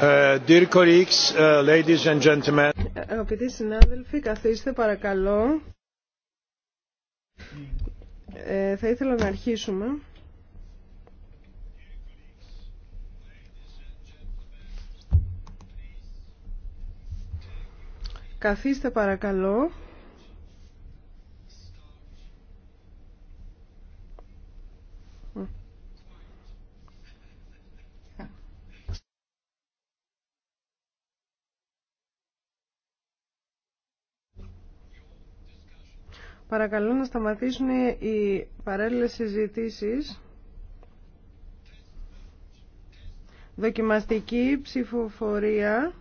Ε, ε, Αγαπητοί συνάδελφοι, καθίστε παρακαλώ. Ε, θα ήθελα να αρχίσουμε. Καθίστε παρακαλώ. Παρακαλώ να σταματήσουν οι παράλληλες συζητήσεις. Δοκιμαστική ψηφοφορία.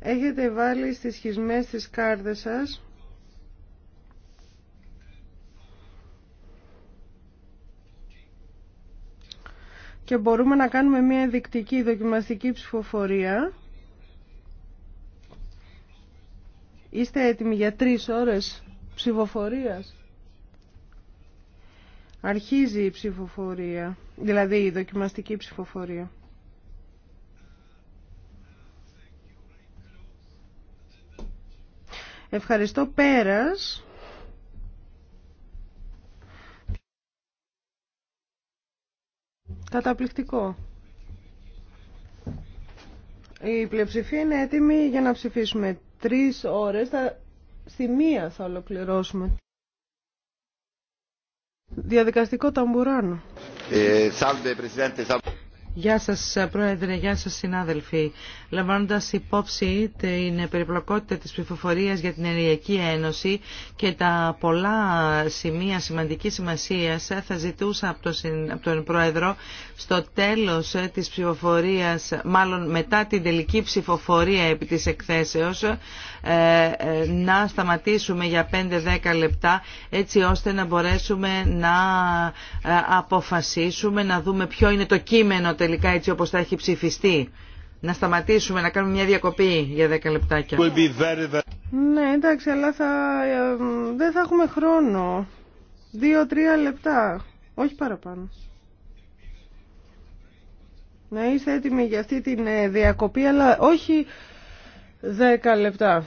Έχετε βάλει στις χισμές τις κάρτες σας. Και μπορούμε να κάνουμε μια δεικτική δοκιμαστική ψηφοφορία. Είστε έτοιμοι για τρεις ώρες ψηφοφορίας. Αρχίζει η ψηφοφορία, δηλαδή η δοκιμαστική ψηφοφορία. Ευχαριστώ πέρας. Καταπληκτικό. Η πλειοψηφία είναι έτοιμη για να ψηφίσουμε τρεις ώρες, θα, στη μία θα ολοκληρώσουμε. Διαδικαστικό ταμπουράνο. Ε, Γεια σας Πρόεδρε, γεια σας συνάδελφοι. Λαμβάνοντας υπόψη την περιπλοκότητα της ψηφοφορία για την Ενεργειακή Ένωση και τα πολλά σημεία σημαντική σημασία. θα ζητούσα από, τον Πρόεδρο στο τέλος της ψηφοφορία, μάλλον μετά την τελική ψηφοφορία επί της εκθέσεως, ε, ε, να σταματήσουμε για 5-10 λεπτά έτσι ώστε να μπορέσουμε να ε, αποφασίσουμε, να δούμε ποιο είναι το κείμενο τελικά έτσι όπως θα έχει ψηφιστεί. Να σταματήσουμε, να κάνουμε μια διακοπή για 10 λεπτάκια. Ναι, εντάξει, αλλά θα, ε, δεν θα έχουμε χρόνο. Δύο-τρία λεπτά, όχι παραπάνω. Να είστε έτοιμοι για αυτή τη ε, διακοπή, αλλά όχι 10 λεπτά.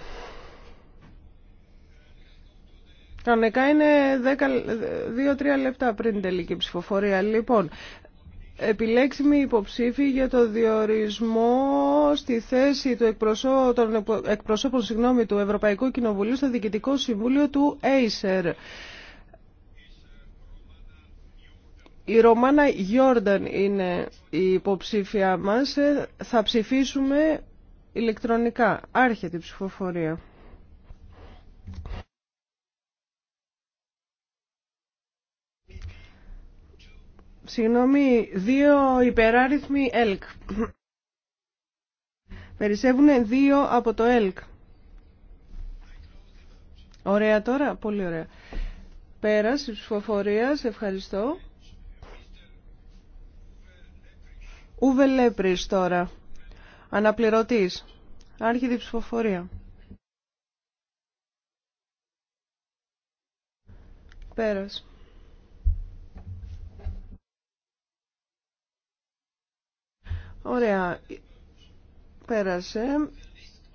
Κανονικά είναι 2-3 ε, λεπτά πριν τελική ψηφοφορία. Λοιπόν, Επιλέξιμη υποψήφοι για το διορισμό στη θέση του των εκπροσώπων συγγνώμη, του Ευρωπαϊκού Κοινοβουλίου στο Διοικητικό Συμβούλιο του Acer. Η Ρωμάνα Γιόρνταν είναι η υποψήφια μας. Ε, θα ψηφίσουμε ηλεκτρονικά. Άρχεται η ψηφοφορία. συγγνώμη, δύο υπεράριθμοι ΕΛΚ. Περισσεύουν δύο από το ΕΛΚ. Ωραία τώρα, πολύ ωραία. Πέρας ψηφοφορία, ευχαριστώ. Ούβε τώρα, αναπληρωτής, άρχιδη ψηφοφορία. Πέρας. Ωραία. Πέρασε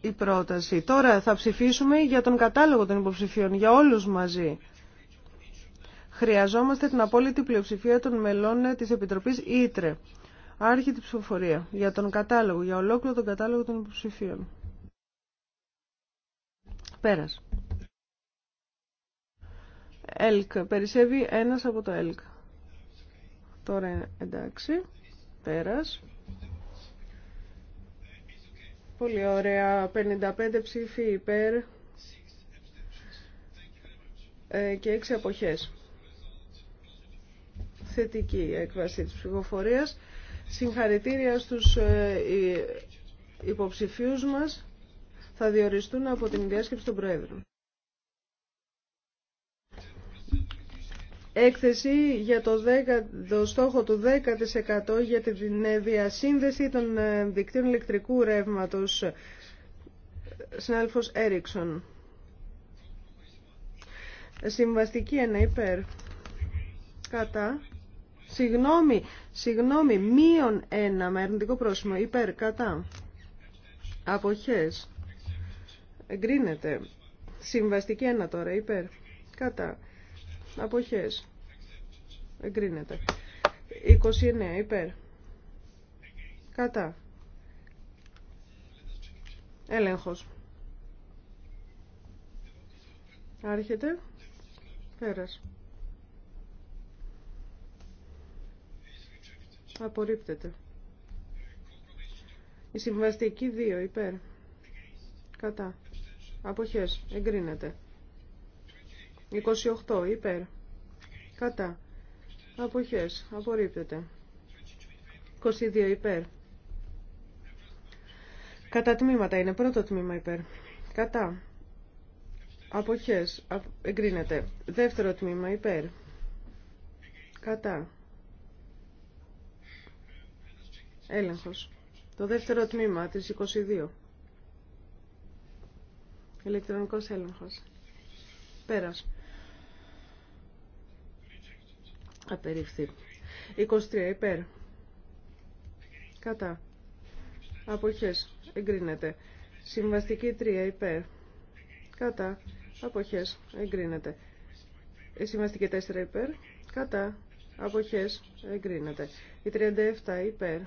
η πρόταση. Τώρα θα ψηφίσουμε για τον κατάλογο των υποψηφίων, για όλους μαζί. Χρειαζόμαστε την απόλυτη πλειοψηφία των μελών της Επιτροπής Ήτρε. Άρχεται ψηφοφορία για τον κατάλογο, για ολόκληρο τον κατάλογο των υποψηφίων. Πέρας. ΕΛΚ. Περισσεύει ένας από το ΕΛΚ. Τώρα εντάξει. Πέρας. Πολύ ωραία. 55 ψήφοι υπέρ ε, και 6 αποχές. Θετική έκβαση της ψηφοφορίας. Συγχαρητήρια στους ε, υποψηφίους μας θα διοριστούν από την διάσκεψη των Προέδρων. έκθεση για το, 10, το στόχο του 10% για την διασύνδεση των ε, δικτύων ηλεκτρικού ρεύματος. Συνάλφος Έριξον. Συμβαστική ένα υπέρ. Κατά. Συγγνώμη, συγγνώμη, μείον ένα με αρνητικό πρόσημο. Υπέρ, κατά. Αποχές. Εγκρίνεται. Συμβαστική ένα τώρα, υπέρ. Κατά. Αποχές. Εγκρίνεται. 29 υπέρ. Κατά. Έλεγχος. Άρχεται. Πέρας. Απορρίπτεται. Η συμβαστική 2 υπέρ. Κατά. Αποχές. Εγκρίνεται. 28 υπέρ. Κατά. Αποχές. Απορρίπτεται. 22 υπέρ. Κατά τμήματα είναι. Πρώτο τμήμα υπέρ. Κατά. Αποχές. Εγκρίνεται. Δεύτερο τμήμα υπέρ. Κατά. Έλεγχος. Το δεύτερο τμήμα της 22. Ηλεκτρονικός έλεγχος. Πέρας. Απερίφθη. 23 υπέρ. Κατά. Αποχές. Εγκρίνεται. Συμβαστική 3 υπέρ. Κατά. Αποχές. Εγκρίνεται. Η συμβαστική 4 υπέρ. Κατά. Αποχές. Εγκρίνεται. Η 37 υπέρ.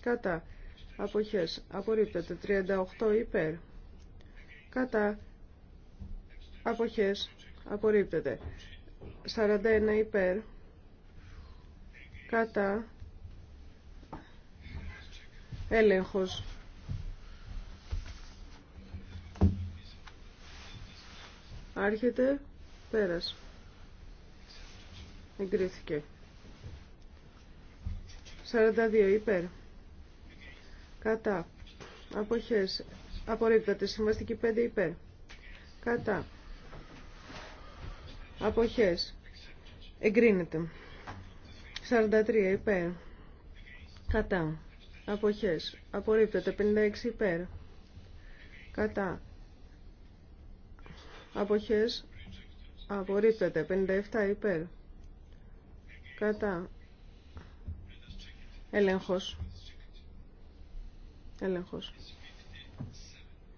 Κατά. Αποχές. Απορρίπτεται. 38 υπέρ. Κατά. Αποχές. Απορρίπτεται. 41 υπέρ. Κατά. Έλεγχος. Άρχεται. Πέρας. Εγκρίθηκε. 42 υπέρ. Κατά. Αποχές. Απορρίπτεται. Συμβαστική 5 υπέρ. Κατά. Αποχές. Εγκρίνεται. 43 υπέρ. Κατά. Αποχές. Απορρίπτεται. 56 υπέρ. Κατά. Αποχές. Απορρίπτεται. 57 υπέρ. Κατά. Έλεγχος. Έλεγχος.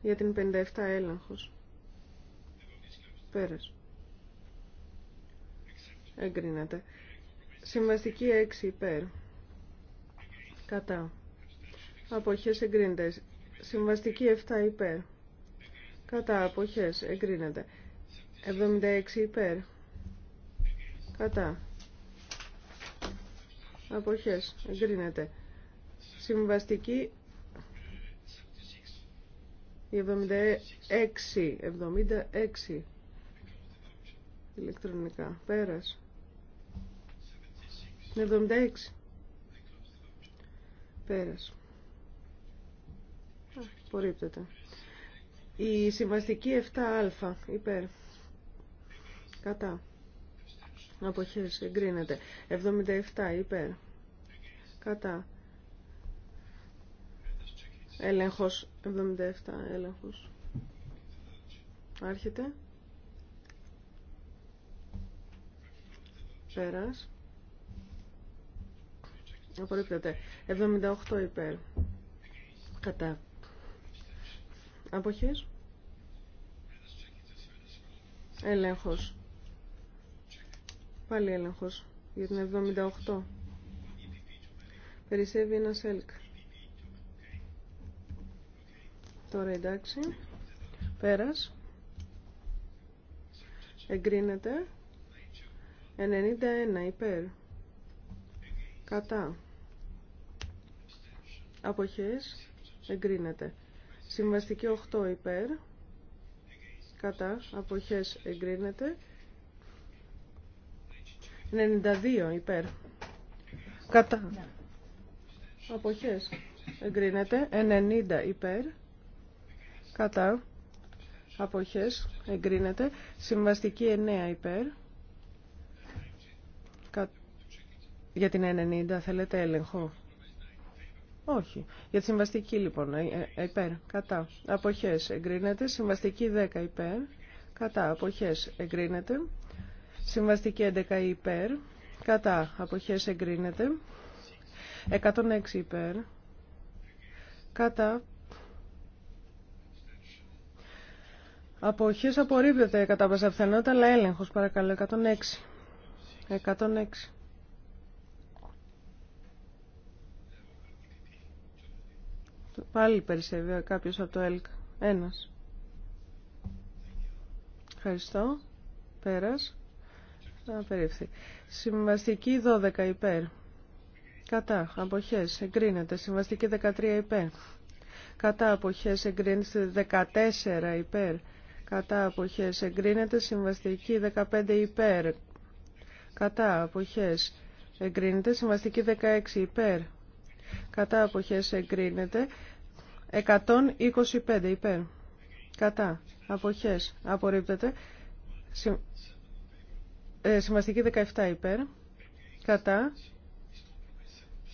Για την 57 έλεγχος. Πέρας. Εγκρίνεται. Συμβαστική 6 υπέρ. Κατά. Αποχές εγκρίνεται. Συμβαστική 7 υπέρ. Κατά. Αποχές εγκρίνεται. 76 υπέρ. Κατά. Αποχές εγκρίνεται. Συμβαστική 76. 76. Ηλεκτρονικά. Πέρας. 76. Πέρας. Απορρίπτεται. Η συμβαστική 7α υπέρ. Κατά. Αποχέ. εγκρίνεται. 77 υπέρ. Κατά. Έλεγχος. 77 έλεγχος. Άρχεται. Πέρασε. Απορρίπτεται. 78 υπέρ. Κατά. Αποχές. Έλεγχος. Πάλι έλεγχος. Για την 78. Περισσεύει ένα σέλκ. Τώρα εντάξει. Πέρας. Εγκρίνεται. 91 υπέρ. Κατά αποχές εγκρίνεται. Συμβαστική 8 υπέρ, κατά, αποχές εγκρίνεται. 92 υπέρ, κατά, αποχές εγκρίνεται. 90 υπέρ, κατά, αποχές εγκρίνεται. Συμβαστική 9 υπέρ, για την 90 θέλετε έλεγχο. Όχι. Για τη συμβαστική λοιπόν, ε, ε, ε, υπέρ, κατά, αποχές εγκρίνεται. Συμβαστική 10 υπέρ, κατά, αποχές εγκρίνεται. Συμβαστική 11 υπέρ, κατά, αποχές εγκρίνεται. 106 υπέρ, κατά, αποχές απορρίπτεται κατά πασαφθενότητα, αλλά έλεγχος παρακαλώ, 106. 106. Πάλι περισσεύει κάποιος από το ΕΛΚ. Ένας. Ευχαριστώ. Πέρας. Απερίφθη. Συμβαστική 12 υπέρ. Κατά. Αποχές. Εγκρίνεται. Συμβαστική 13 υπέρ. Κατά. Αποχές. Εγκρίνεται. 14 υπέρ. Κατά. Αποχές. Εγκρίνεται. Συμβαστική 15 υπέρ. Κατά. Αποχές. Εγκρίνεται. Συμβαστική 16 υπέρ κατά αποχές εγκρίνεται 125 υπέρ κατά αποχές απορρίπτεται ε, συμβαστική 17 υπέρ κατά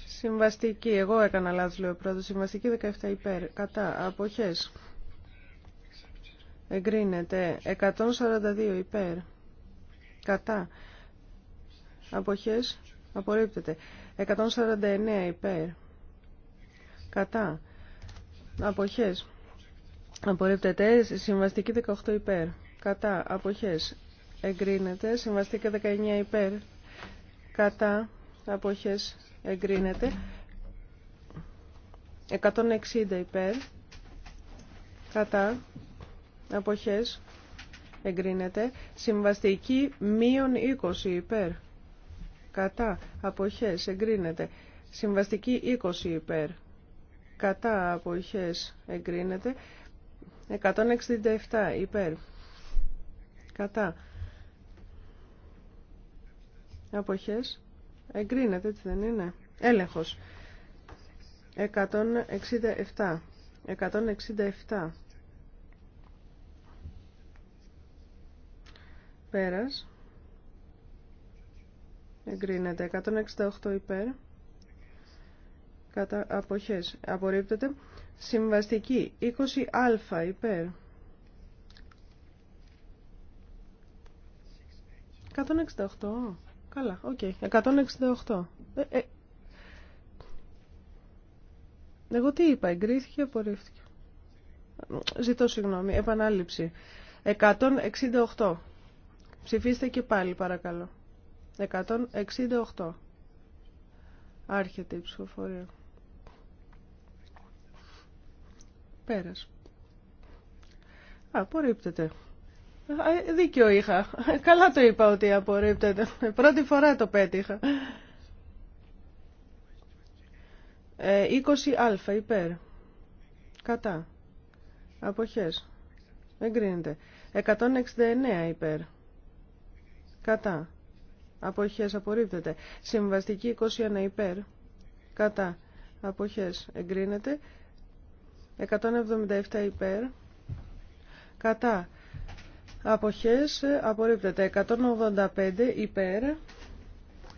συμβαστική εγώ έκανα λάθος λέω πρώτος συμβαστική 17 υπέρ κατά αποχές εγκρίνεται 142 υπέρ κατά αποχές απορρίπτεται 149 υπέρ Κατά. Αποχές. Απορρίπτεται. Συμβαστική 18 υπέρ. Κατά. Αποχές. Εγκρίνεται. Συμβαστική 19 υπέρ. Κατά. Αποχές. Εγκρίνεται. 160 υπέρ. Κατά. Αποχές. Εγκρίνεται. Συμβαστική μείον 20 υπέρ. Κατά. Αποχές. Εγκρίνεται. Συμβαστική 20 υπέρ κατά αποχές εγκρίνεται 167 υπέρ κατά αποχές εγκρίνεται έτσι δεν είναι έλεγχος 167 167 πέρας εγκρίνεται 168 υπέρ κατά αποχές απορρίπτεται συμβαστική 20α υπέρ 168 καλά οκ okay. 168 ε, ε. εγώ τι είπα εγκρίθηκε απορρίφθηκε ζητώ συγγνώμη επανάληψη 168 ψηφίστε και πάλι παρακαλώ 168 άρχεται η ψηφοφορία Πέρας. Απορρίπτεται. Ε, δίκιο είχα. Καλά το είπα ότι απορρίπτεται. Πρώτη φορά το πέτυχα. 20α ε, υπέρ. Κατά. Αποχές. Εγκρίνεται. 169 υπέρ. Κατά. Αποχές απορρίπτεται. Συμβαστική 21 υπέρ. Κατά. Αποχές εγκρίνεται. 177 υπέρ. Κατά. Αποχές απορρίπτεται. 185 υπέρ.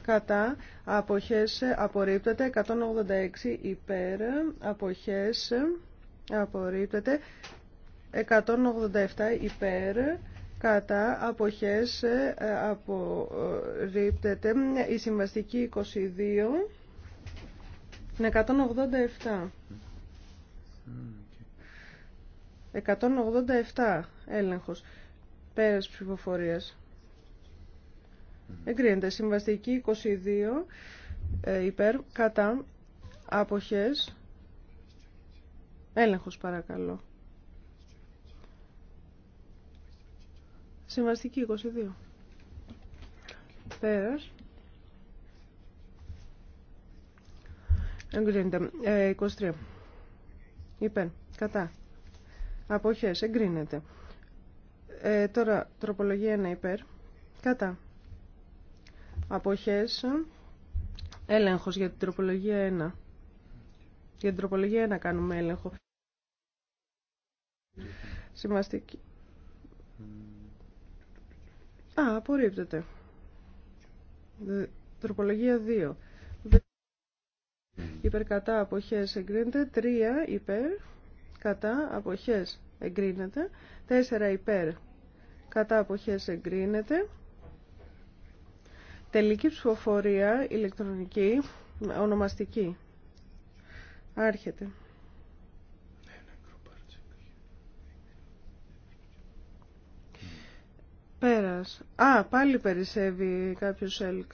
Κατά. Αποχές απορρίπτεται. 186 υπέρ. Αποχές απορρίπτεται. 187 υπέρ. Κατά αποχές απορρίπτεται η συμβαστική 22 187. 187 έλεγχος πέρας ψηφοφορίας. Εγκρίνεται. Συμβαστική 22 ε, υπέρ κατά αποχές. Έλεγχος παρακαλώ. Συμβαστική 22. Πέρας. Εγκρίνεται. 23. Ε, Υπέρ. Κατά. Αποχές. Εγκρίνεται. Ε, τώρα, τροπολογία 1 υπέρ. Κατά. Αποχές. Έλεγχος για την τροπολογία 1. Για την τροπολογία 1 κάνουμε έλεγχο. Σημαστική. Α, απορρίπτεται. Τροπολογία 2 υπέρ κατά αποχές εγκρίνεται. 3 υπέρ κατά αποχές εγκρίνεται. τέσσερα υπέρ κατά αποχές εγκρίνεται. Τελική ψηφοφορία ηλεκτρονική, ονομαστική. Άρχεται. Πέρας. Α, πάλι περισσεύει κάποιος ΕΛΚ.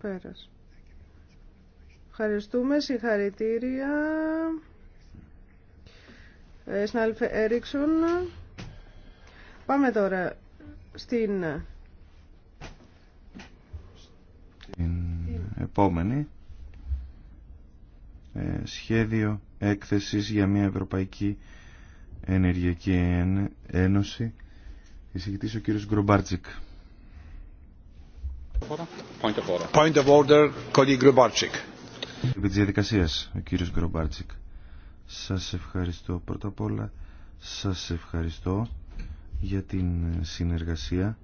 Πέρας. Ευχαριστούμε, συγχαρητήρια. Ε, Σνάλφε Έριξον. Πάμε τώρα στην... επόμενη. Ε, σχέδιο έκθεσης για μια Ευρωπαϊκή Ενεργειακή Ένωση. Εισηγητής ο κύριος Γκρομπάρτζικ. Point of order, Point Επί τη διαδικασίας, ο κύριος Γκρομπάρτσικ. Σας ευχαριστώ πρώτα απ' όλα. Σας ευχαριστώ για την συνεργασία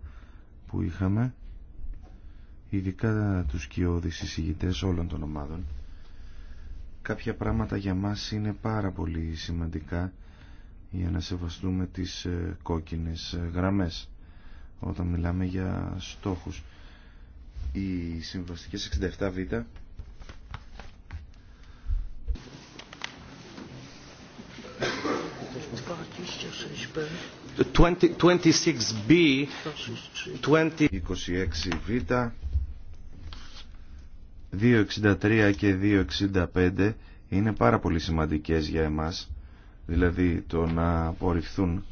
που είχαμε ειδικά τους κοιόδης εισηγητές όλων των ομάδων. Κάποια πράγματα για μας είναι πάρα πολύ σημαντικά για να σεβαστούμε τις ε, κόκκινες ε, γραμμές όταν μιλάμε για στόχους. Οι συμβαστικές 67β 26B 26B 263 και 265 είναι πάρα πολύ σημαντικές για εμάς δηλαδή το να απορριφθούν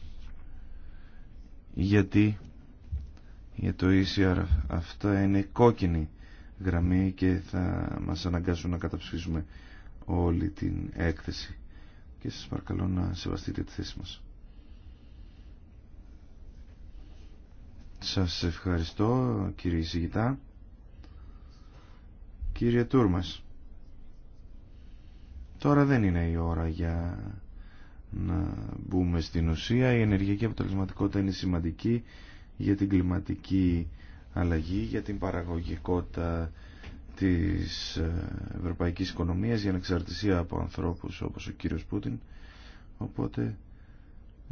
γιατί για το ECR αυτά είναι κόκκινη γραμμή και θα μας αναγκάσουν να καταψηφίσουμε όλη την έκθεση και σας παρακαλώ να σεβαστείτε τη θέση μας. Σας ευχαριστώ κύριε Ισηγητά. Κύριε Τούρμας, τώρα δεν είναι η ώρα για να μπούμε στην ουσία. Η ενεργειακή αποτελεσματικότητα είναι σημαντική για την κλιματική αλλαγή, για την παραγωγικότητα της ε, ευρωπαϊκής οικονομίας για ανεξαρτησία από ανθρώπους όπως ο κύριος Πούτιν οπότε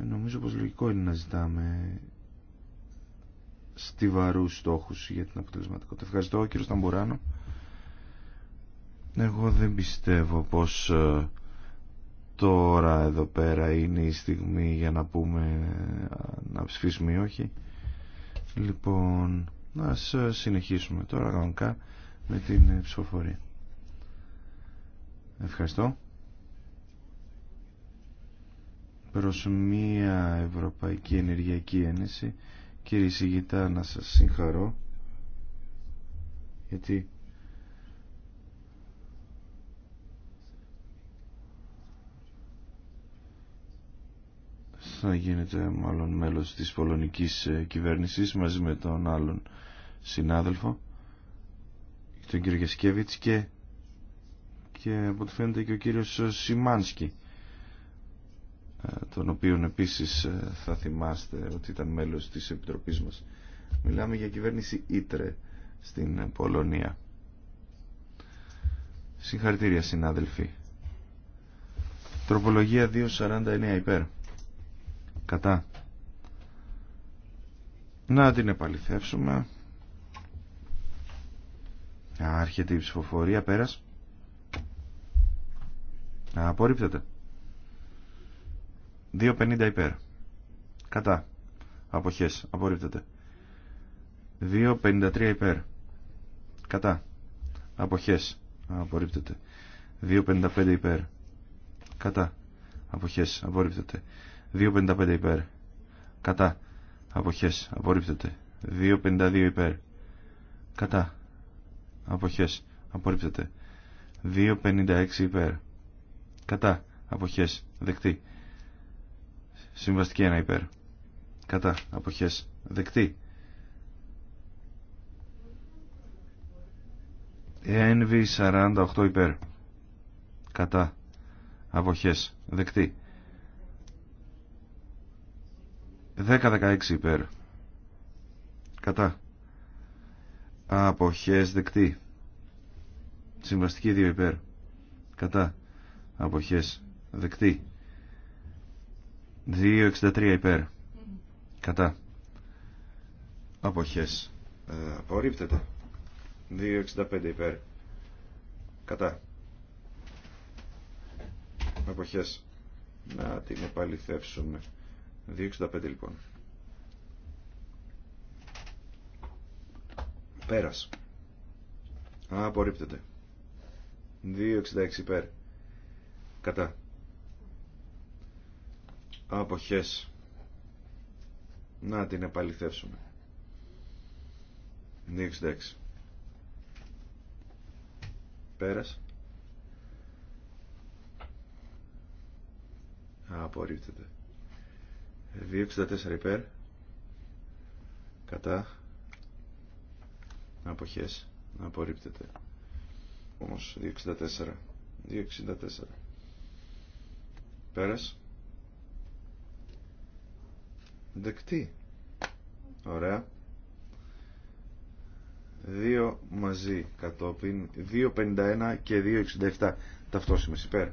νομίζω πως λογικό είναι να ζητάμε στιβαρούς στόχους για την αποτελεσματικότητα. Ευχαριστώ κύριο Σταμπουράνο. Εγώ δεν πιστεύω πως ε, τώρα εδώ πέρα είναι η στιγμή για να πούμε ε, να ψηφίσουμε ή όχι. Λοιπόν, να συνεχίσουμε τώρα κανονικά με την ε, ψηφοφορία. Ευχαριστώ. Προς μια Ευρωπαϊκή Ενεργειακή Ένωση κύριε Σιγητά να σας συγχαρώ γιατί θα γίνεται μάλλον μέλος της πολωνικής ε, κυβέρνησης μαζί με τον άλλον συνάδελφο τον κύριο Γεσκεβίτς και, και από ό,τι φαίνεται και ο κύριος Σιμάνσκι ε, τον οποίον επίσης ε, θα θυμάστε ότι ήταν μέλος της Επιτροπής μας. Μιλάμε για κυβέρνηση Ήτρε στην Πολωνία. Συγχαρητήρια συνάδελφοι. Τροπολογία 2.49 υπέρ. Κατά. Να την επαληθεύσουμε. Άρχεται η ψηφοφορία πέρας. Απορρίπτεται. 2.50 υπέρ. Κατά. Αποχές. Απορρίπτεται. 2.53 υπέρ. Κατά. Αποχές. Απορρίπτεται. 2.55 υπέρ. Κατά. Αποχές. Απορρίπτεται. 2.55 υπέρ. Κατά. Αποχές. Απορρίπτεται. 2.52 υπέρ. Κατά αποχές απορρίπτεται 2.56 υπέρ κατά αποχές δεκτή συμβαστική 1 υπέρ κατά αποχές δεκτή ένβη 48 υπέρ κατά αποχές 10.16 υπέρ κατά αποχές δεκτή συμβαστική 2 υπέρ κατά αποχές δεκτή 2.63 υπέρ κατά αποχές ε, απορρίπτεται 2.65 υπέρ κατά αποχές να την επαληθεύσουμε 2.65 λοιπόν Πέρας. Απορρίπτεται. 2.66 υπέρ. Κατά. Αποχές. Να την επαληθεύσουμε. 2.66. Πέρας. Απορρίπτεται. 2.64 υπέρ. Κατά αποχές απορρίπτεται όμως 264 264 πέρας δεκτή ωραία δύο μαζί κατόπιν 251 και 267 ταυτόσιμες υπέρ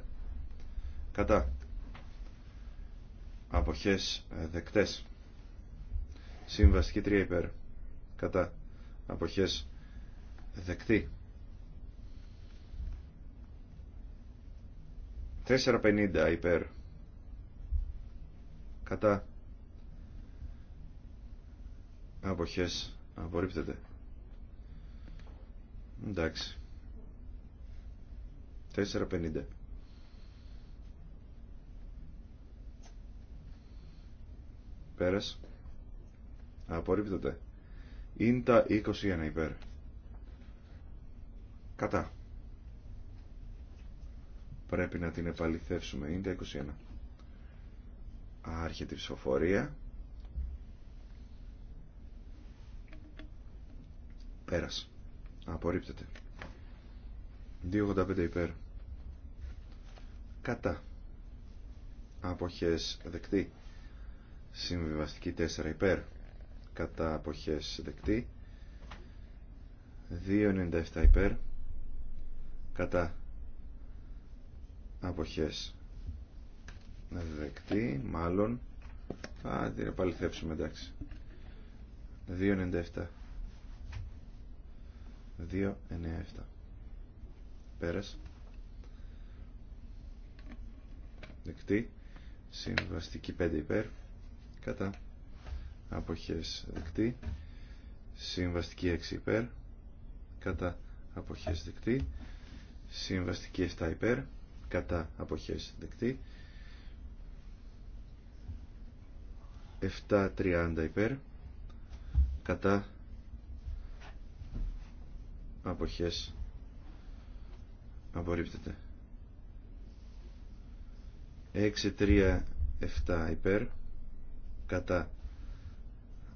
κατά αποχές ε, δεκτές συμβαστική τρία υπέρ κατά αποχές δεκτή 4.50 υπέρ κατά αποχές απορρίπτεται εντάξει 4.50 πέρας απορρίπτεται τα 21 υπέρ. Κατά. Πρέπει να την επαληθεύσουμε. τα 21. Άρχεται η ψηφοφορία. Πέρασε. Απορρίπτεται. 2.85 υπέρ. Κατά. Αποχές δεκτή. Συμβιβαστική 4 υπέρ κατά αποχές δεκτή 2.97 υπέρ κατά αποχές δεκτή μάλλον α την επαληθεύσουμε εντάξει 2.97 2.97 πέρας δεκτή συμβαστική 5 υπέρ κατά αποχές δεκτή συμβαστική 6 υπέρ κατά αποχές δεκτή συμβαστική 7 υπέρ κατά αποχές δεκτή 7.30 υπέρ κατά αποχές απορρίπτεται 6.37 υπέρ κατά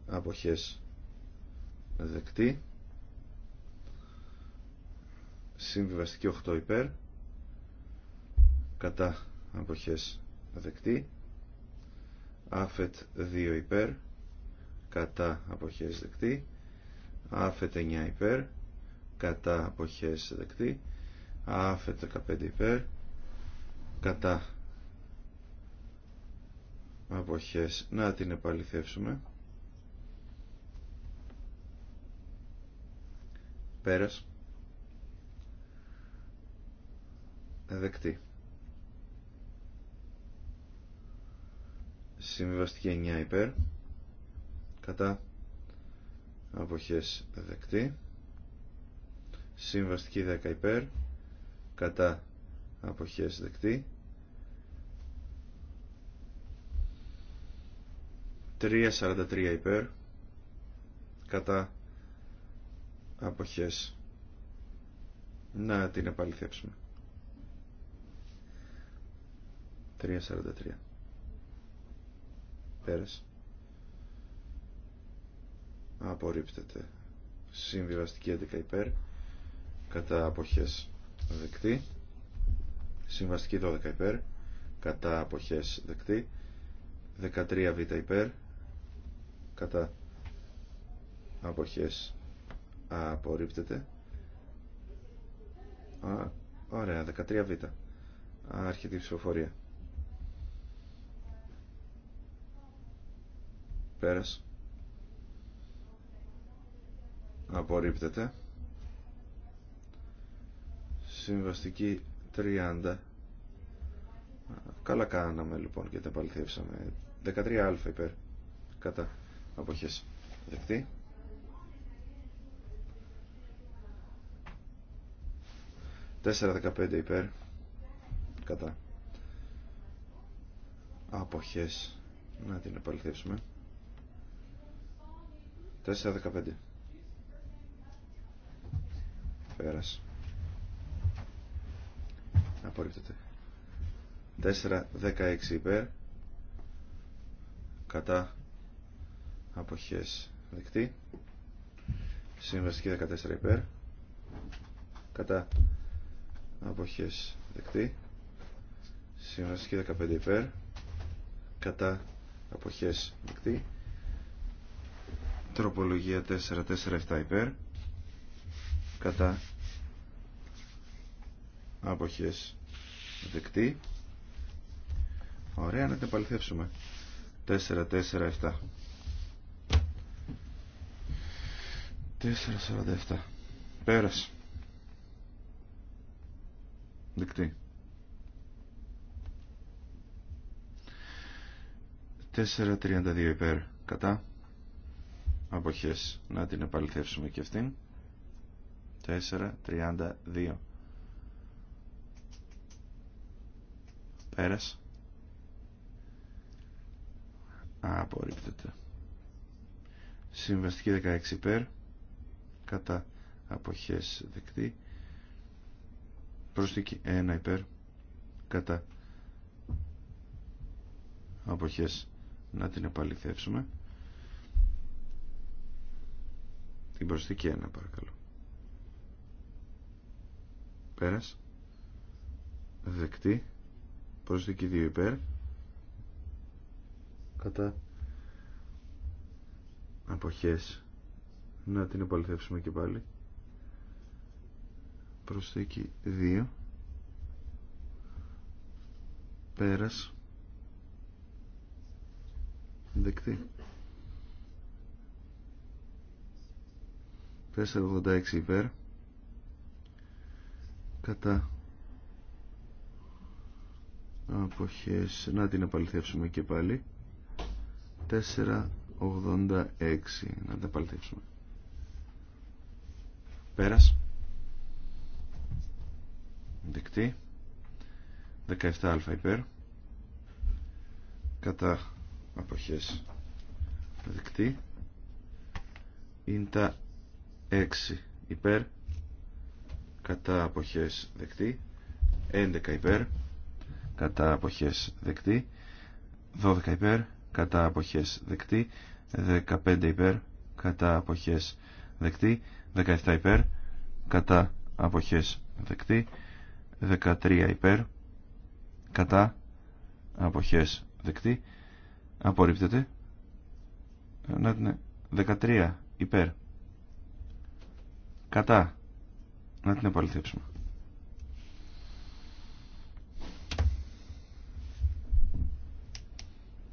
αποχές δεκτή συμβιβαστική 8 υπέρ κατά αποχές δεκτή άφετ 2 υπέρ κατά αποχές δεκτή άφετ 9 υπέρ κατά αποχές δεκτή άφετ 15 υπέρ κατά αποχές να την επαληθεύσουμε Πέρας. Δεκτή. Συμβιβαστική 9 υπέρ. Κατά. Αποχές δεκτή. Συμβαστική 10 υπέρ. Κατά. Αποχές δεκτή. 3.43 υπέρ. Κατά αποχές να την επαληθεύσουμε 3.43 πέρασε απορρίπτεται συμβιβαστική 11 υπέρ κατά αποχές δεκτή συμβαστική 12 υπέρ κατά αποχές δεκτή 13 β υπέρ κατά αποχές απορρίπτεται Α, ωραία 13β άρχεται η ψηφοφορία πέρας απορρίπτεται συμβαστική 30 καλά κάναμε λοιπόν και τα παληθεύσαμε 13α υπέρ κατά αποχές δεκτή 4-15 υπέρ κατά αποχές να την επαληθεύσουμε 4-15 πέρας απορρίπτεται 4-16 υπέρ κατά αποχές δεκτή συμβαστική 14 υπέρ κατά αποχές δεκτή συμβαστική 15 υπέρ κατά αποχές δεκτή τροπολογία 447 υπέρ κατά αποχές δεκτή ωραία να τα παληθεύσουμε 447 447 πέρασε Δεκτή. 4.32 υπέρ κατά αποχές. Να την επαληθεύσουμε και αυτήν. 4.32 Πέρας. Απορρίπτεται. Συμβαστική 16 υπέρ κατά αποχές δεκτή. Προσθήκη ένα υπέρ κατά αποχές να την επαληθεύσουμε την προσθήκη 1 παρακαλώ πέρας δεκτή προσθήκη 2 υπέρ κατά αποχές να την επαληθεύσουμε και πάλι προσθήκη 2 πέρας δεκτή 486 υπέρ κατά αποχές να την επαληθεύσουμε και πάλι 486 να την επαληθεύσουμε πέρας δεκτή 17α υπέρ κατά αποχές δεκτή ίντα 6 υπέρ κατά αποχές δεκτή 11 υπέρ κατά αποχές δεκτή 12 υπέρ κατά αποχές δεκτή 15 υπέρ κατά αποχές δεκτή 17 υπέρ κατά αποχές δεκτή 13 υπέρ κατά αποχές δεκτή απορρίπτεται ε, να 13 ναι, υπέρ κατά να την επαληθεύσουμε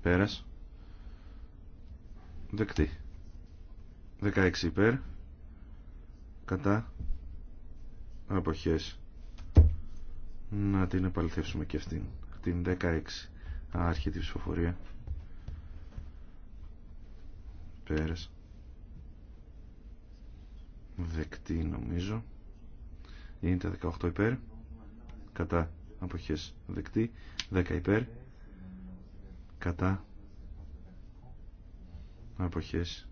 πέρας δεκτή 16 υπέρ κατά αποχές να την επαληθεύσουμε και αυτήν την 16 αρχη τη ψηφοφορία πέρας δεκτή νομίζω είναι τα 18 υπέρ κατά αποχές δεκτή 10 υπέρ κατά αποχές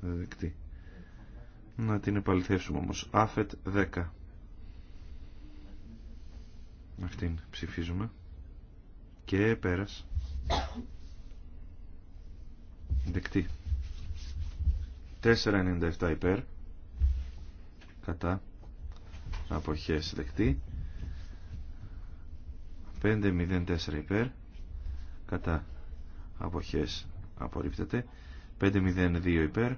δεκτή να την επαληθεύσουμε όμως άφετ 10 Αυτήν ψηφίζουμε. Και πέρας. Δεκτή. 4,97 υπέρ. Κατά. Αποχές δεκτή. 5,04 υπέρ. Κατά. Αποχές απορρίπτεται. 5,02 υπέρ.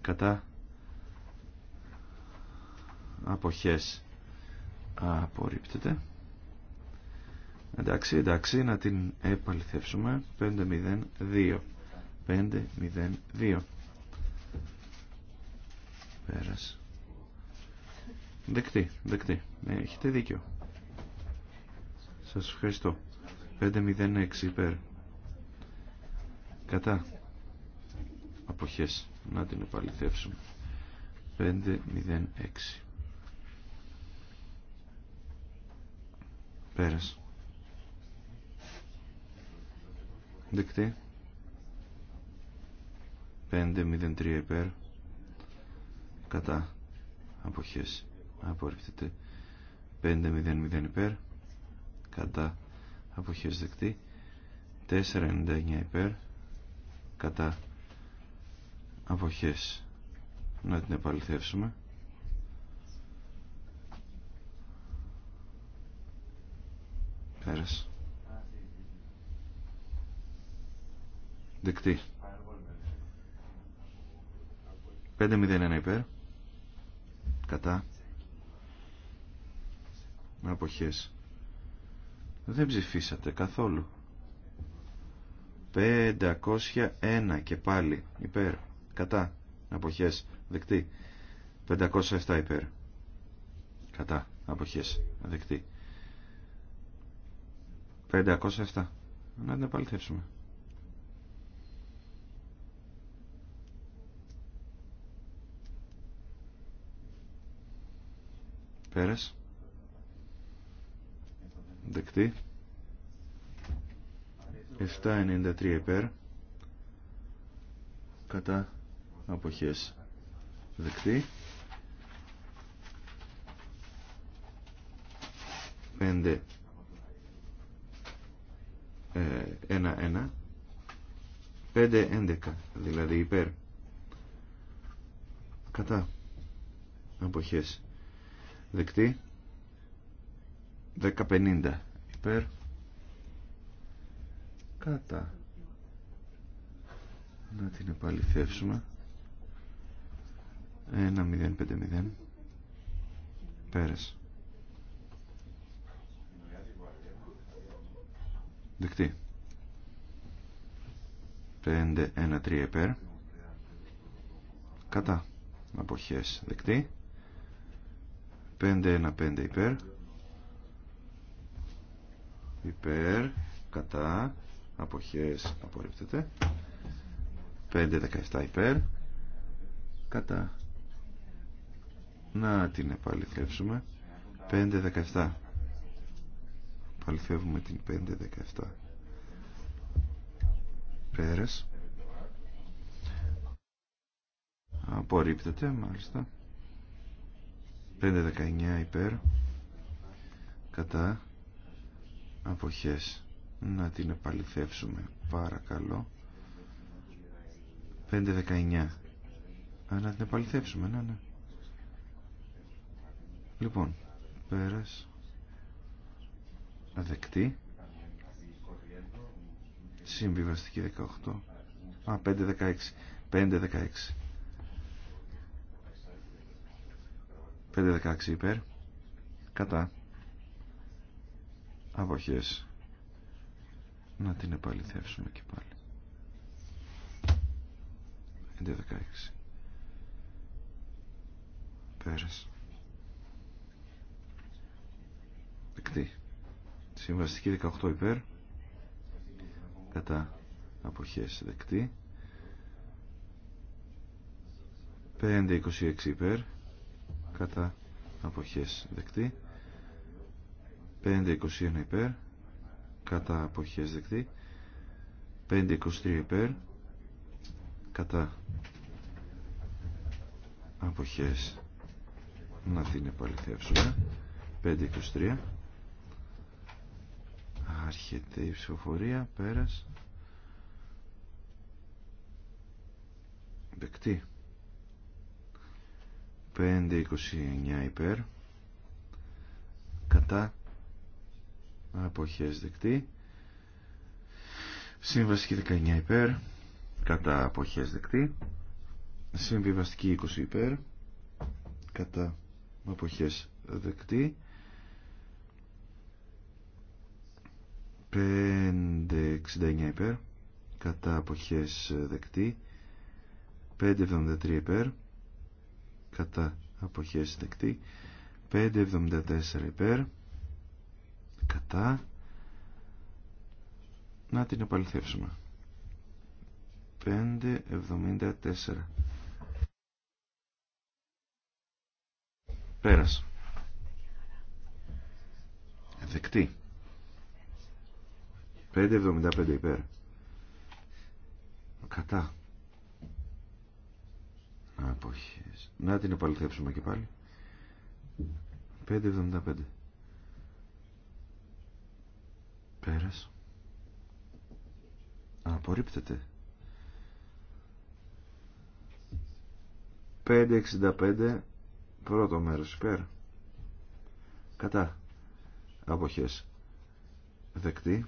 Κατά. Αποχές απορρίπτεται εντάξει εντάξει να την επαληθεύσουμε 5-0-2 5-0-2 πέρας δεκτή δεκτή ναι, έχετε δίκιο σας ευχαριστώ 5-0-6 υπέρ κατά αποχές να την επαληθεύσουμε 5-0-6 Πέρας. Δεκτή. 5-0-3 υπέρ. Κατά. Αποχές. απορριπτεται 5 5-0-0 υπέρ. Κατά. Αποχές δεκτή. 4-99 υπέρ. Κατά. Αποχές. Να την επαληθεύσουμε. δεκτη Δεκτή. 5-0-1 υπέρ. Κατά. Αποχές. Δεν ψηφίσατε καθόλου. 501 και πάλι υπέρ. Κατά. Αποχές. Δεκτή. 507 υπέρ. Κατά. Αποχές. Δεκτή. 507. Να την επαληθεύσουμε. Πέρες. Δεκτή. 793 υπέρ. Κατά αποχές. Δεκτή. 5 1-1 5-11 δηλαδή υπέρ κατά αποχές δεκτή 10-50 υπέρ κατά να την επαληθεύσουμε 1-0-5-0 πέρασε Δεκτή. 5-1-3 υπέρ. Κατά. Αποχές. Δεκτή. 5-1-5 υπέρ. Υπέρ. Κατά. Αποχές. Απορρίπτεται. 5-17 υπέρ. Κατά. Να την επαληθεύσουμε. 5-17 επαληθεύουμε την 517. Πέρας. Απορρίπτεται, μάλιστα. 519 υπέρ. Κατά. Αποχές. Να την επαληθεύσουμε, παρακαλώ. 519. να την επαληθεύσουμε, ναι, ναι. Λοιπόν, πέρας δεκτή συμβιβαστική 18 α 5-16 5-16 5-16 υπέρ κατά αποχές να την επαληθεύσουμε και πάλι 5-16 πέρας δεκτή Συμβαστική 18 υπέρ. Κατά αποχές δεκτή. 5.26 υπέρ. Κατά αποχές δεκτή. 5.21 υπέρ. Κατά αποχές δεκτή. 5.23 υπέρ. Κατά αποχές να την επαληθεύσουμε 5.23 έρχεται η ψηφοφορία. Πέρας. Δεκτή. 5-29 υπέρ. Κατά. Αποχές δεκτή. Συμβαστική 19 υπέρ. Κατά αποχές δεκτή. Συμβιβαστική 20 υπέρ. Κατά αποχές δεκτή. 569 ε, υπέρ κατά αποχές δεκτή 573 υπέρ κατά αποχές δεκτή 574 υπέρ κατά να την επαληθεύσουμε 574 πέρας δεκτή 5.75 υπέρ. Κατά. Αποχές. Να την επαληθεύσουμε και πάλι. 5.75. Πέρας. Απορρίπτεται. 5.65 πρώτο μέρος υπέρ. Κατά. Αποχές. Δεκτή.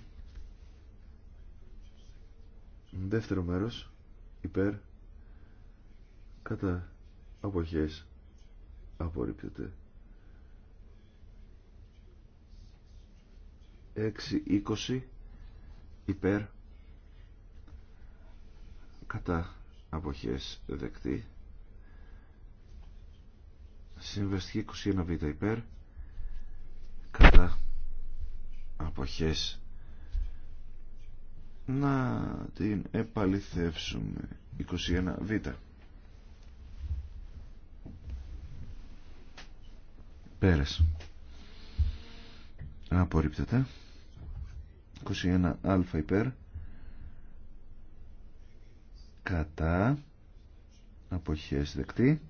Δεύτερο μέρος υπέρ κατά αποχές απορρίπτεται. 6-20 υπέρ κατά αποχές δεκτή. Συμβαστική 21β υπέρ κατά αποχές να την επαληθεύσουμε 21β πέρας απορρίπτεται 21α υπέρ κατά αποχές δεκτή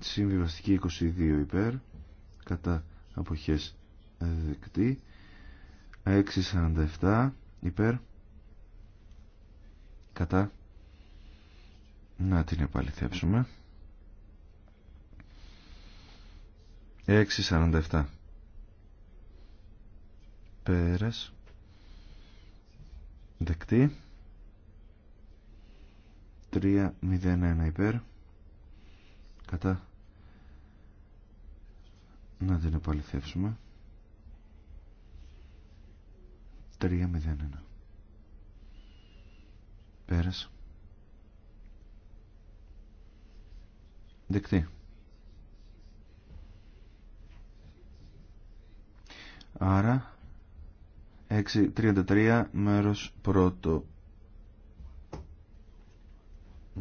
συμβιβαστική 22 υπέρ κατά αποχές δεκτή 6.47 υπέρ κατά να την επαληθεύσουμε 6.47 πέρας δεκτή 3.01 υπέρ κατά να την επαληθεύσουμε 301 Δεκτεί. δεκτή άρα 6.33 μέρος πρώτο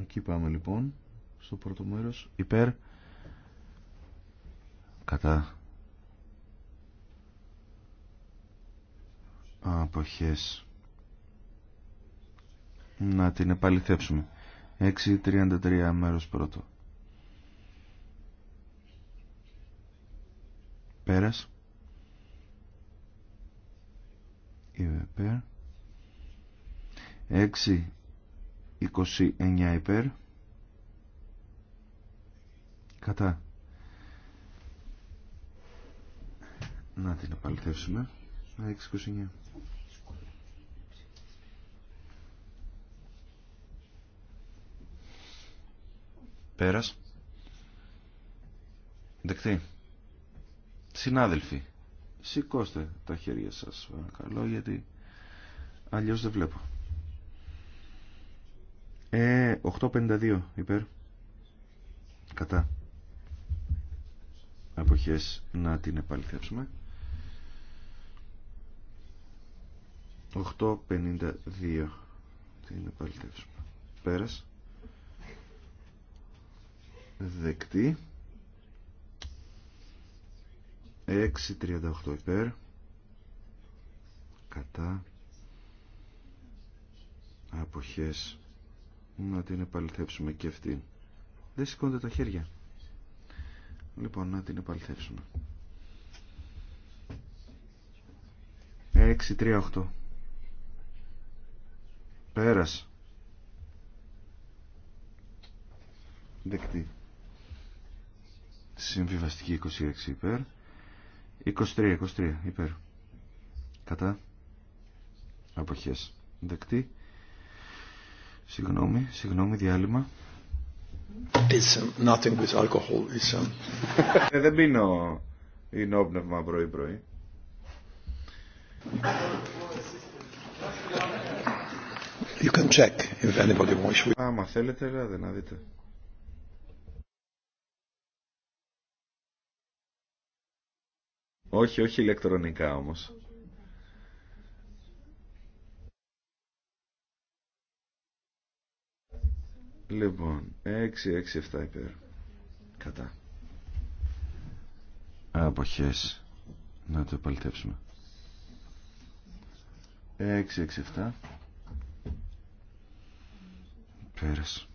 εκεί πάμε λοιπόν στο πρώτο μέρος υπέρ κατά αποχές να την επαληθεύσουμε 6.33 μέρος πρώτο πέρας υπέρ 6.29 υπέρ κατά να την επαληθεύσουμε 629. Πέρας. Δεκτή. Συνάδελφοι, σηκώστε τα χέρια σας παρακαλώ γιατί αλλιώς δεν βλέπω. Ε, 8.52 υπέρ. Κατά. Αποχές να την επαληθεύσουμε. 8.52 την επαληθεύσουμε πέρας δεκτή 6.38 υπέρ κατά αποχές να την επαληθεύσουμε και αυτή δεν σηκώνται τα χέρια λοιπόν να την επαληθεύσουμε 6.38 Πέρας. Δεκτή. Συμβιβαστική 26 υπέρ. 23, 23 υπέρ. Κατά. Αποχές. Δεκτή. Συγγνώμη, συγγνώμη, διάλειμμα. It's um, nothing with alcohol. It's... Um, ε, δεν πίνω ινόπνευμα πρωί-πρωί. You can check if anybody wants. Άμα θέλετε, ελάτε να δείτε. Όχι, όχι ηλεκτρονικά όμως. Λοιπόν, 6, 6, 7 υπέρ. Κατά. Αποχές. Να το επαλτεύσουμε. 6, 6, 7. Πέρας.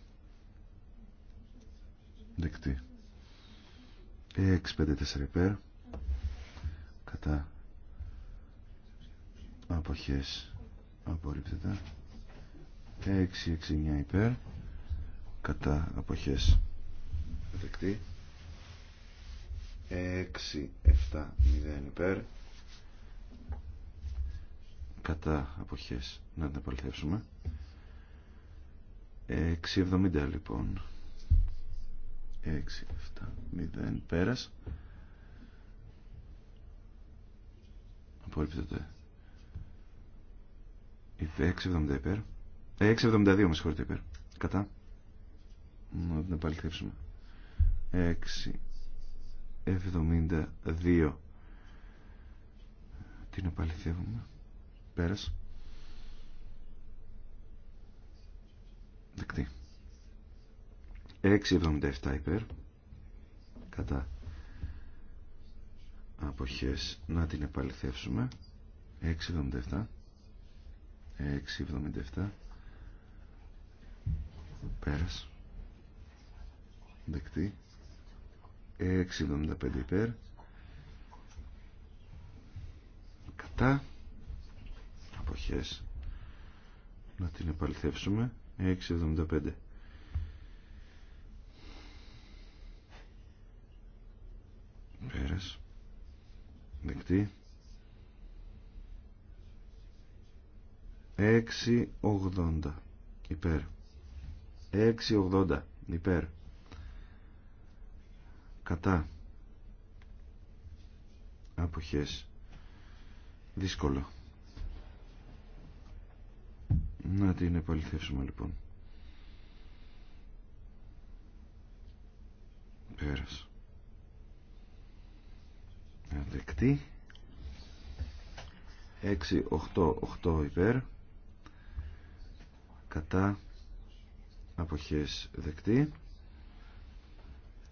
Έξι υπέρ. Κατά. Αποχές. Έξι έξι υπερ Κατά. Αποχές. Έξι εφτά μηδέν υπερ Κατά. Αποχές. Να την απολυθέψουμε. 6.70 λοιπόν 6.70 πέρας απορρίπτεται η 6.70 υπέρ 6.72 ε, με συγχωρείτε υπέρ κατά να την επαληθεύσουμε 6.72 την επαληθεύουμε πέρας Δεκτή. 6,77 υπέρ. Κατά αποχές. Να την επαληθεύσουμε. 6,77. 6,77. Πέρας. Δεκτή. 6,75 υπέρ. Κατά αποχές. Να την επαληθεύσουμε. 6.75 πέρας δεκτή 6.80 υπέρ 6.80 υπέρ κατά αποχές δύσκολο να την επαληθεύσουμε λοιπόν. Πέρας. Δεκτή. 6-8-8 υπέρ. Κατά. Αποχές δεκτή.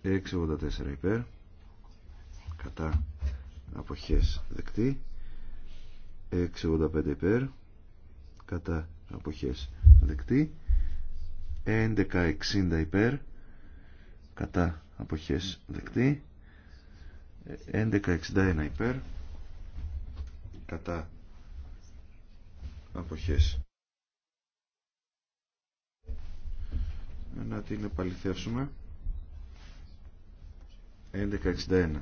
6-84 υπέρ. Κατά. Αποχές δεκτή. 6-85 υπέρ κατά αποχές δεκτή 1160 υπέρ κατά αποχές δεκτή 1161 υπέρ κατά αποχές να την επαληθεύσουμε 1161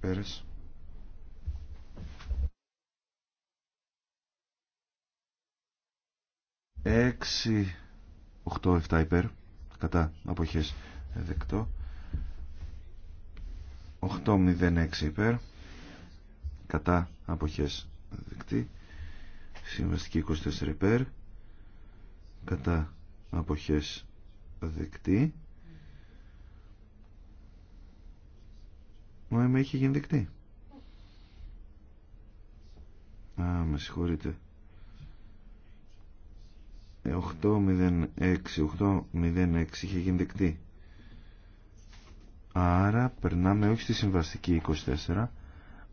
πέρασε 6, 8, 7 υπέρ. Κατά αποχές δεκτό. 8-0-6 υπέρ υπέρ. Κατά αποχές δεκτή. Συμβαστική 24 υπέρ. Κατά αποχές δεκτή. ΕΜΕ έχει γίνει δεκτή. Α, με συγχωρείτε. 8-0-6, 8-0-6 είχε γεννιδεκτεί. Άρα περνάμε όχι στη συμβαστική 24,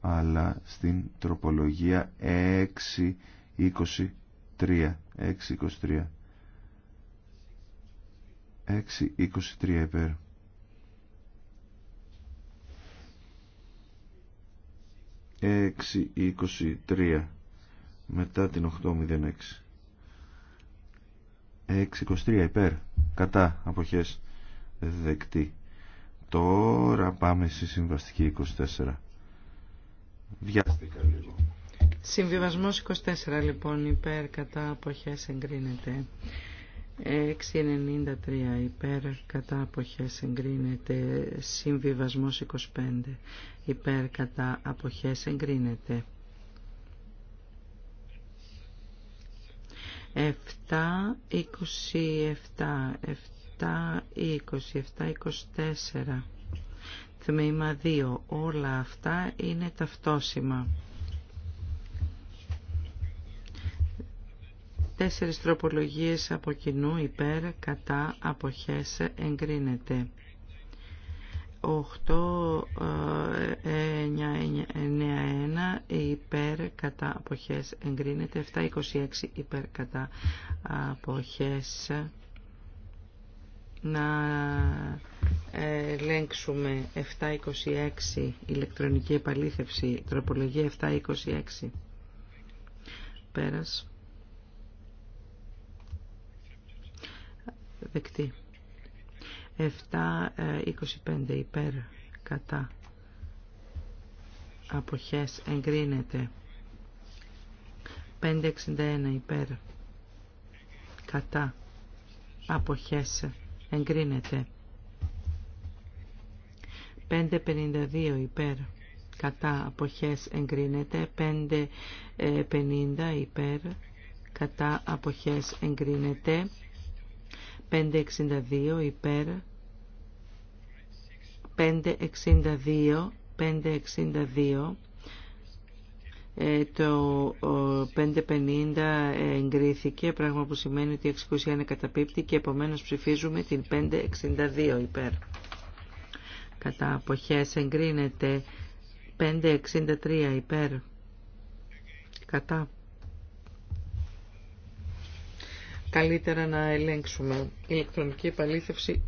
αλλά στην τροπολογία 6 23, 6 23, 3 6-2-3 μετα την 8-0-6. 623 υπέρ κατά αποχές δεκτή τώρα πάμε στη συμβαστική 24 βιάστηκα λίγο Συμβιβασμός 24 λοιπόν υπέρ κατά αποχές εγκρίνεται 693 υπέρ κατά αποχές εγκρίνεται συμβιβασμός 25 υπέρ κατά αποχές εγκρίνεται 7, 27, 7, 27, 24. Τμήμα 2. Όλα αυτά είναι ταυτόσημα. Τέσσερις τροπολογίες από κοινού υπέρ κατά αποχές εγκρίνεται. 891 ε, υπέρ κατά αποχές εγκρίνεται 726 υπέρ κατά αποχές να ε, ελέγξουμε 726 ηλεκτρονική επαλήθευση τροπολογία 726 πέρας δεκτή 7.25 ε, υπέρ κατά αποχές εγκρίνεται 5.61 υπέρ κατά αποχές εγκρίνεται 5.52 υπέρ κατά αποχές εγκρίνεται 5.50 ε, υπέρ κατά αποχές εγκρίνεται 562 υπέρ 562 562 ε, το 550 εγκρίθηκε, πράγμα που σημαίνει ότι η είναι καταπίπτει και επομένως ψηφίζουμε την 562 υπέρ. Κατά αποχές εγκρίνεται 563 υπέρ. Κατά καλύτερα να ελέγξουμε. Ηλεκτρονική επαλήθευση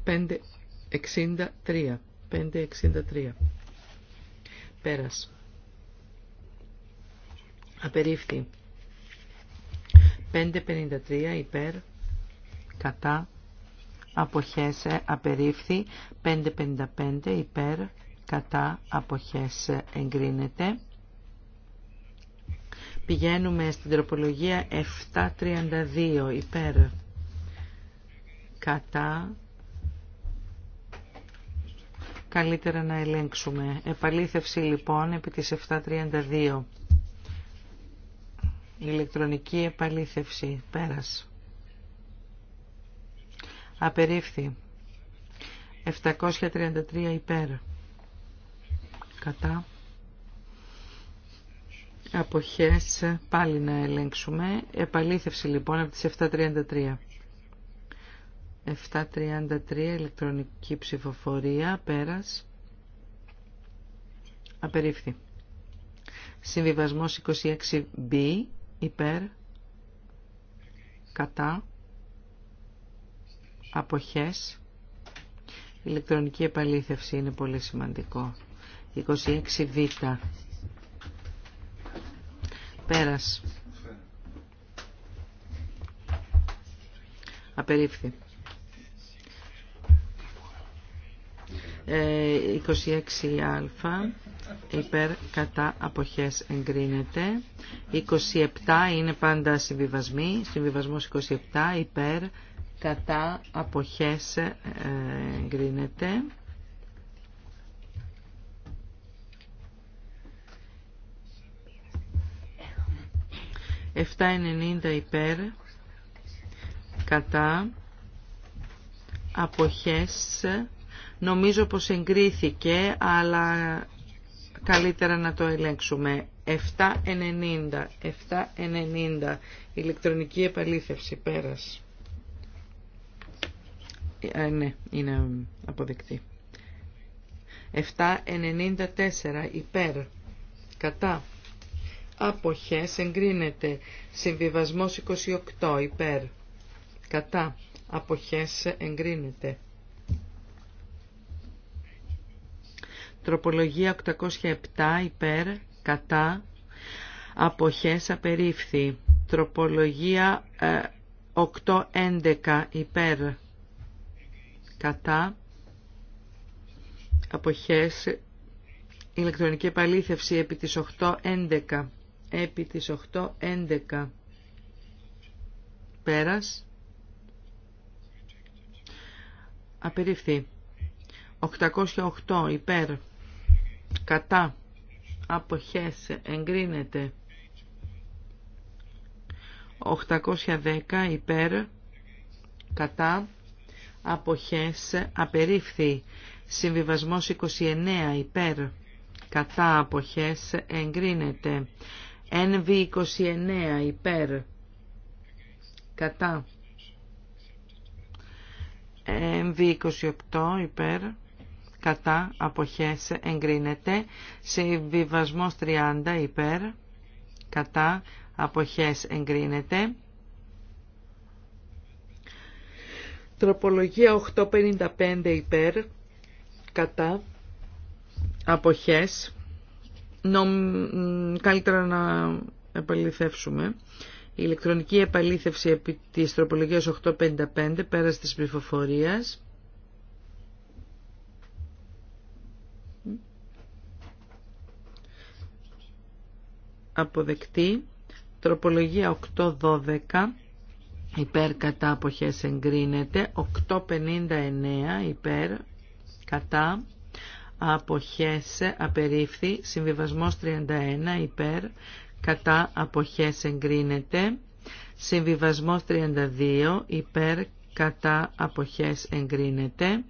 563. 563. Πέρας. Απερίφθη. 553 υπέρ κατά αποχέσε απερίφθη 555 υπέρ κατά αποχέσε εγκρίνεται Πηγαίνουμε στην τροπολογία 732 υπέρ κατά καλύτερα να ελέγξουμε. Επαλήθευση λοιπόν επί της 732. Ηλεκτρονική επαλήθευση. Πέρας. Απερίφθη. 733 υπέρ. Κατά. Αποχές πάλι να ελέγξουμε. Επαλήθευση λοιπόν από τις 7.33. 7.33 ηλεκτρονική ψηφοφορία, πέρας, απερίφθη. Συμβιβασμός 26B, υπέρ, κατά, αποχές, ηλεκτρονική επαλήθευση είναι πολύ σημαντικό. 26Β, Πέρας. Απερίφθη. 26α ε, υπέρ κατά αποχές εγκρίνεται 27 είναι πάντα συμβιβασμοί συμβιβασμός 27 υπέρ κατά αποχές ε, εγκρίνεται 790 υπέρ κατά αποχές νομίζω πως εγκρίθηκε αλλά καλύτερα να το ελέγξουμε 790 790 ηλεκτρονική επαλήθευση πέρας ε, ναι είναι αποδεκτή 794 υπέρ κατά αποχές εγκρίνεται. Συμβιβασμός 28 υπέρ. Κατά αποχές εγκρίνεται. Τροπολογία 807 υπέρ. Κατά αποχές απερίφθη. Τροπολογία 811 ε, υπέρ. Κατά αποχές ηλεκτρονική επαλήθευση επί της 8.11 επί 8 8.11 πέρας απερίφθη 808 υπέρ κατά αποχές εγκρίνεται 810 υπέρ κατά αποχές απερίφθη συμβιβασμός 29 υπέρ κατά αποχές εγκρίνεται NV29 υπέρ κατά NV28 υπέρ κατά αποχές εγκρίνεται συμβιβασμός 30 υπέρ κατά αποχές εγκρίνεται τροπολογία 855 υπέρ κατά αποχές καλύτερα να επαληθεύσουμε. Η ηλεκτρονική επαλήθευση επί της τροπολογίας 855 πέρας της ψηφοφορίας. Αποδεκτή. Τροπολογία 812 υπέρ κατά αποχές εγκρίνεται. 859 υπέρ κατά αποχές απερίφθη, συμβιβασμός 31 υπέρ, κατά αποχές εγκρίνεται, συμβιβασμός 32 υπέρ, κατά αποχές εγκρίνεται,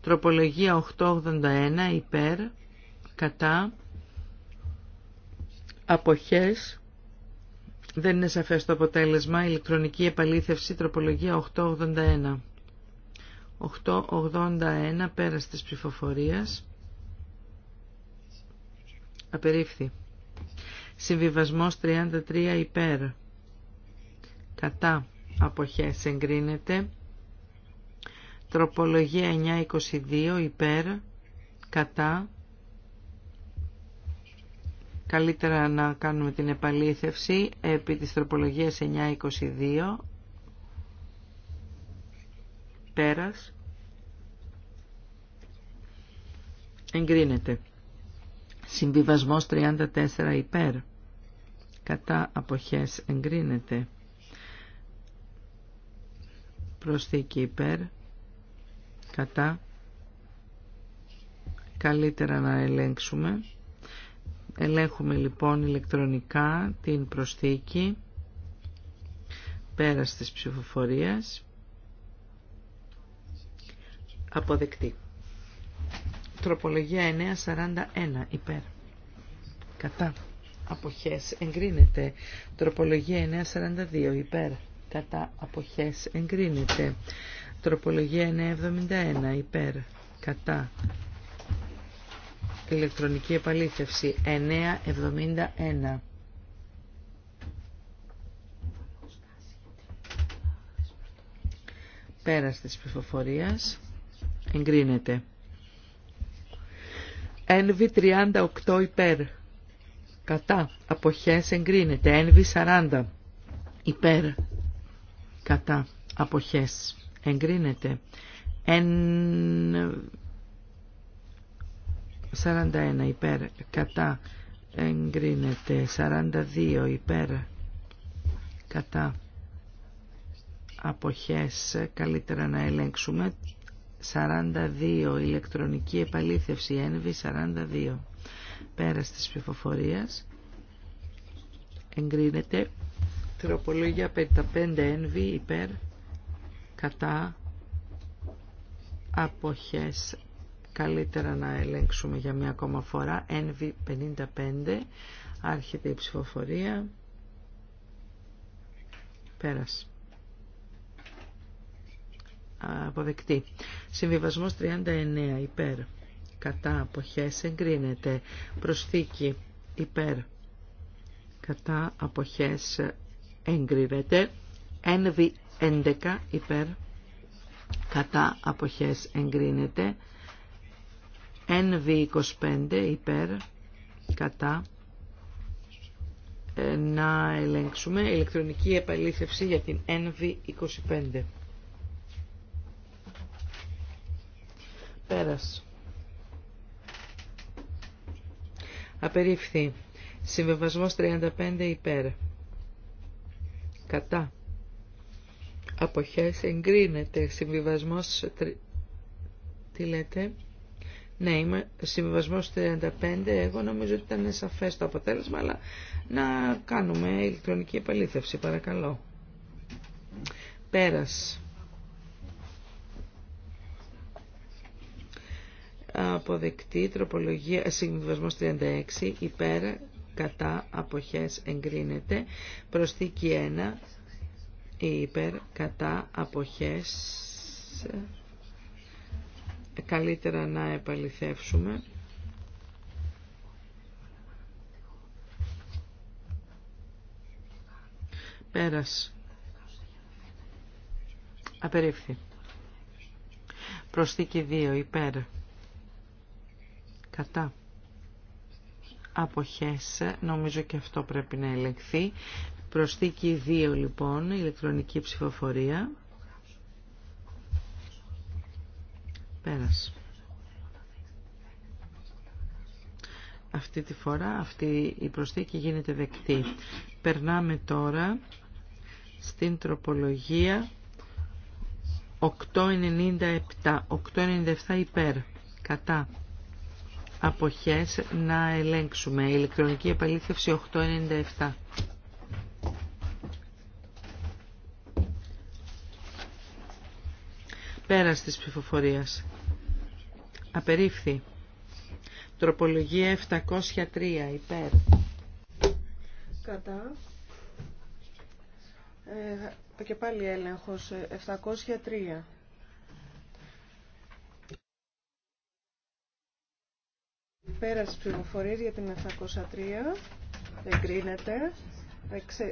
τροπολογία 881 υπέρ, κατά αποχές δεν είναι σαφές το αποτέλεσμα, ηλεκτρονική επαλήθευση, τροπολογία 881. 881 πέρας της ψηφοφορίας απερίφθη συμβιβασμός 33 υπέρ κατά αποχές εγκρίνεται τροπολογία 922 υπέρ κατά καλύτερα να κάνουμε την επαλήθευση επί της τροπολογίας 922 Πέρας. Εγκρίνεται. Συμβιβασμός 34 υπέρ. Κατά αποχές εγκρίνεται. Προσθήκη υπέρ. Κατά. Καλύτερα να ελέγξουμε. Ελέγχουμε λοιπόν ηλεκτρονικά την προσθήκη πέρας της ψηφοφορίας Αποδεκτή. Τροπολογία 941 υπέρ. Κατά. Αποχές εγκρίνεται. Τροπολογία 942 υπέρ. Κατά. Αποχές εγκρίνεται. Τροπολογία 971 υπέρ. Κατά. Ηλεκτρονική επαλήθευση 971. Πέρας της ψηφοφορίας εγκρίνεται. Ένβη 38 υπέρ, κατά, αποχές εγκρίνεται. Ένβη 40 υπέρ, κατά, αποχές εγκρίνεται. Εν... 41 υπέρ, κατά, εγκρίνεται. 42 υπέρ, κατά, αποχές, καλύτερα να ελέγξουμε 42 ηλεκτρονική επαλήθευση NV42 πέρας της ψηφοφορίας εγκρίνεται τροπολογία 55 NV υπέρ κατά αποχές καλύτερα να ελέγξουμε για μια ακόμα φορά NV55 άρχεται η ψηφοφορία πέρας αποδεκτή Συμβιβασμός 39 υπέρ. Κατά αποχές εγκρίνεται. Προσθήκη υπέρ. Κατά αποχές εγκρίνεται. nv 11 υπέρ. Κατά αποχές εγκρίνεται. εγκρίνεται. 25 υπέρ. Κατά ε, να ελέγξουμε ηλεκτρονική επαλήθευση για την NV25. Πέρας. Απερίφθη. Συμβεβασμός 35 υπέρ. Κατά. Αποχές εγκρίνεται. Συμβιβασμός... Τι λέτε... Ναι, είμαι συμβιβασμό 35. Εγώ νομίζω ότι ήταν σαφέ το αποτέλεσμα, αλλά να κάνουμε ηλεκτρονική επαλήθευση, παρακαλώ. Πέρας. αποδεκτή τροπολογία ε, συμβιβασμός 36 υπέρ κατά αποχές εγκρίνεται προσθήκη 1 υπέρ κατά αποχές ε, καλύτερα να επαληθεύσουμε πέρας απερίφθη προσθήκη 2 υπέρ κατά αποχές, νομίζω και αυτό πρέπει να ελεγχθεί. Προσθήκη 2 λοιπόν, ηλεκτρονική ψηφοφορία. Πέρασε. Αυτή τη φορά αυτή η προσθήκη γίνεται δεκτή. Περνάμε τώρα στην τροπολογία 897, 897 υπέρ, κατά αποχές να ελέγξουμε. Ηλεκτρονική επαλήθευση 897. Πέρας της ψηφοφορίας. Απερίφθη. Τροπολογία 703 υπέρ. Κατά. Ε, και πάλι έλεγχος 703. Ε, Πέρας ψηφοφορίας για την 703 εγκρίνεται,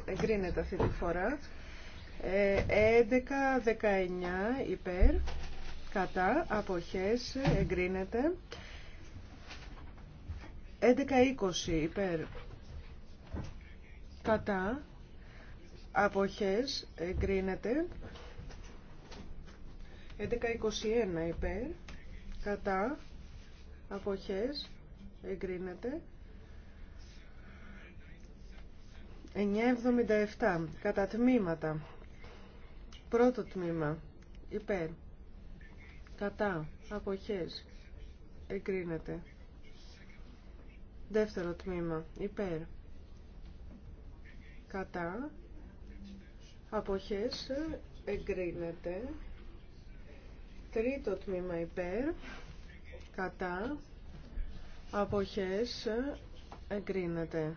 εγκρίνεται αυτή τη φορά. 11-19 ε, υπέρ, κατά, αποχές, εγκρίνεται. 11-20 υπέρ, κατά, αποχές, εγκρίνεται. 11-21 υπέρ, κατά, αποχές, εγκρίνεται. 977 κατά τμήματα. Πρώτο τμήμα υπέρ. Κατά αποχές εγκρίνεται. Δεύτερο τμήμα υπέρ. Κατά αποχές εγκρίνεται. Τρίτο τμήμα υπέρ. Κατά Αποχές εγκρίνεται.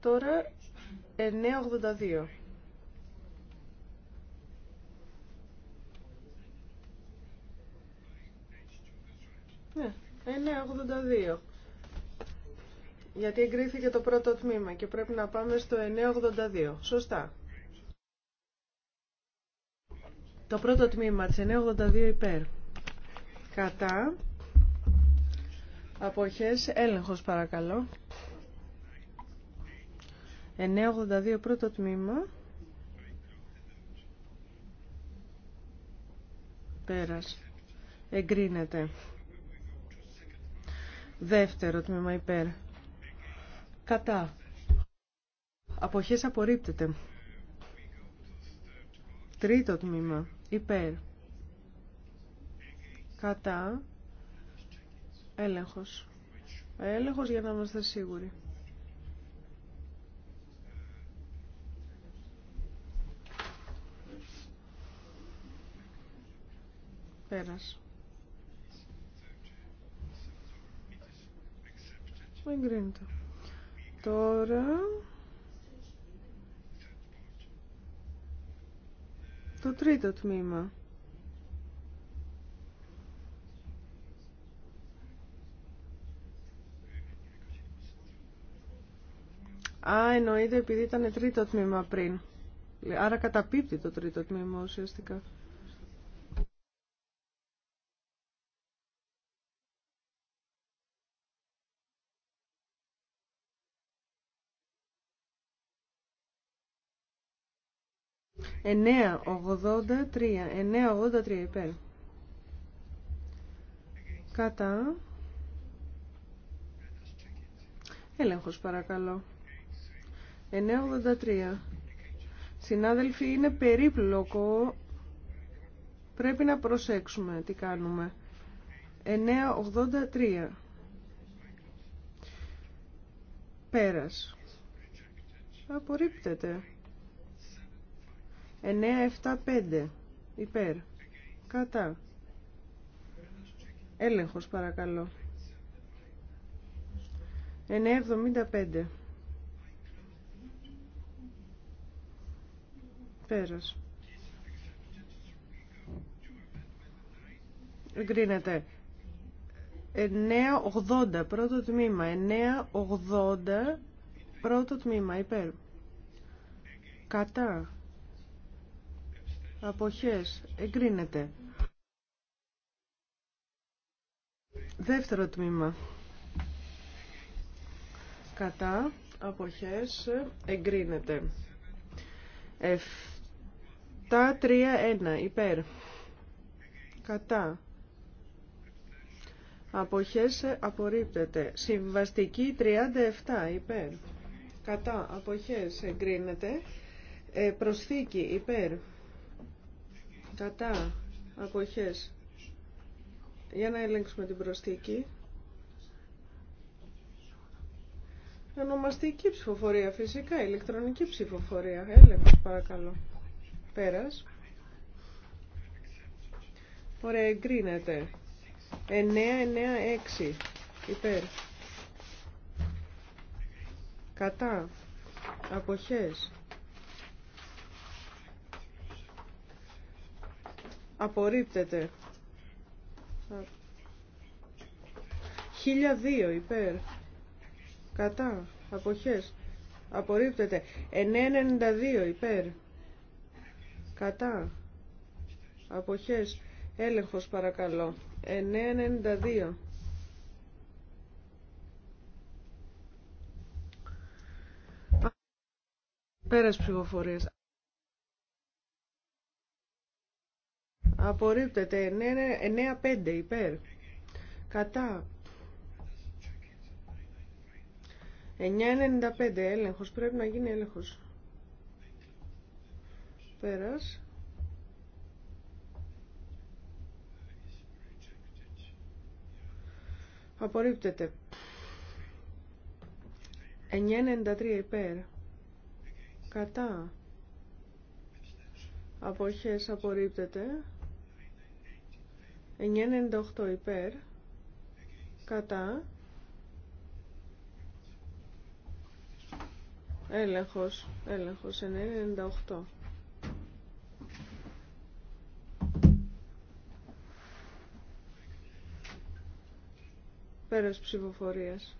Τώρα 982. Ναι, 982. Γιατί εγκρίθηκε το πρώτο τμήμα και πρέπει να πάμε στο 982. Σωστά. Το πρώτο τμήμα της 982 υπέρ. Κατά. Αποχές. Έλεγχος παρακαλώ. 982 πρώτο τμήμα. Πέρας. Εγκρίνεται. Δεύτερο τμήμα υπέρ. Κατά. Αποχές απορρίπτεται. Τρίτο τμήμα υπέρ κατά έλεγχος έλεγχος για να είμαστε σίγουροι πέρας εγκρίνεται τώρα Το τρίτο τμήμα. Α, εννοείται επειδή ήταν τρίτο τμήμα πριν. Άρα καταπίπτει το τρίτο τμήμα ουσιαστικά. 983. 983 υπέρ. Κατά. Έλεγχος παρακαλώ. 983. Συνάδελφοι, είναι περίπλοκο. Πρέπει να προσέξουμε τι κάνουμε. 983. Πέρας. Απορρίπτεται. 975 υπέρ κατά Έλεγχο, παρακαλώ 975 πέρας εγκρίνεται 980 πρώτο τμήμα 980 πρώτο τμήμα υπέρ κατά αποχές εγκρίνεται δεύτερο τμήμα κατά αποχές Εφτά. 3 Ένα. υπέρ κατά αποχές απορρίπτεται συμβαστική 37 υπέρ κατά αποχές εγκρίνεται ε, προσθήκη υπέρ κατά αποχές για να ελέγξουμε την προσθήκη ονομαστική ψηφοφορία φυσικά ηλεκτρονική Έλεγχο έλεγχος παρακαλώ πέρας ωραία εγκρίνεται 9-9-6 υπέρ κατά αποχές απορρίπτεται. 1002 υπέρ. Κατά. Αποχές. Απορρίπτεται. 992 υπέρ. Κατά. Αποχές. Έλεγχος παρακαλώ. 992. Πέρας ψηφοφορίες. Απορρίπτεται. 9-5 ναι, ναι, υπέρ. Κατά. 9.95 έλεγχος. Πρέπει να γίνει έλεγχος. Πέρας. Απορρίπτεται. 9.93 υπέρ. Κατά. Αποχές απορρίπτεται. 998 υπέρ κατά έλεγχος έλεγχος 998 Πέρας ψηφοφορίας.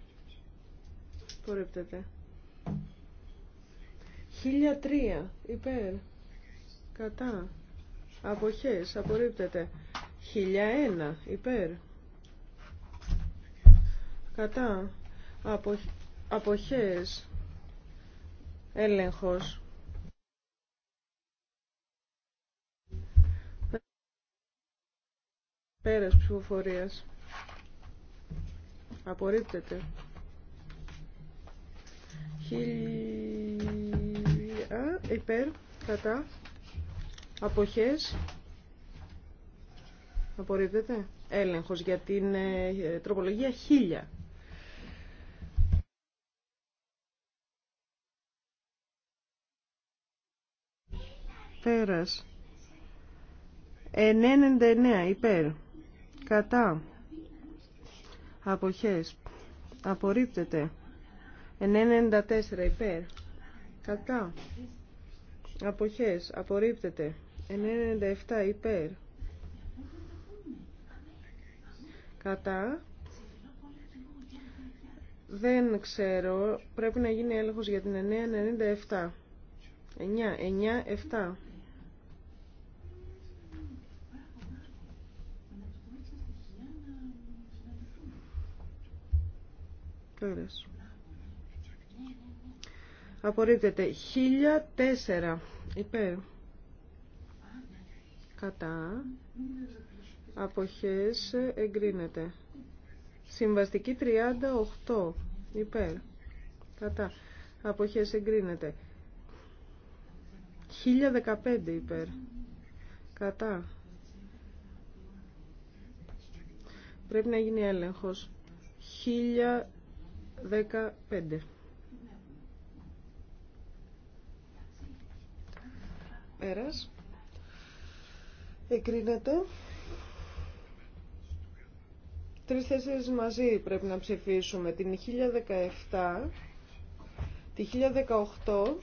Απορρίπτεται. 1003. Υπέρ. Κατά. Αποχές. Απορρίπτεται. 1001 υπέρ κατά απο, αποχές έλεγχος πέρας ψηφοφορίας απορρίπτεται 1000 υπέρ κατά αποχές Απορρίπτεται. Έλεγχος για την ε, τροπολογία 1000. Πέρας. 99 υπέρ. Κατά. Αποχές. Απορρίπτεται. 94 υπέρ. Κατά. Αποχές. Απορρίπτεται. 97 υπέρ. Κατά. Δεν ξέρω. Πρέπει να γίνει έλεγχος για την 997. 9, 9, 7. Πέρας. Απορρίπτεται. 1004. Υπέρ. Κατά αποχές εγκρίνεται. Συμβαστική 38 υπέρ κατά αποχές εγκρίνεται. 1015 υπέρ κατά πρέπει να γίνει έλεγχος 1015 Πέρας. Εκρίνεται. Τρεις θέσεις μαζί πρέπει να ψηφίσουμε. Την 1017, τη 1018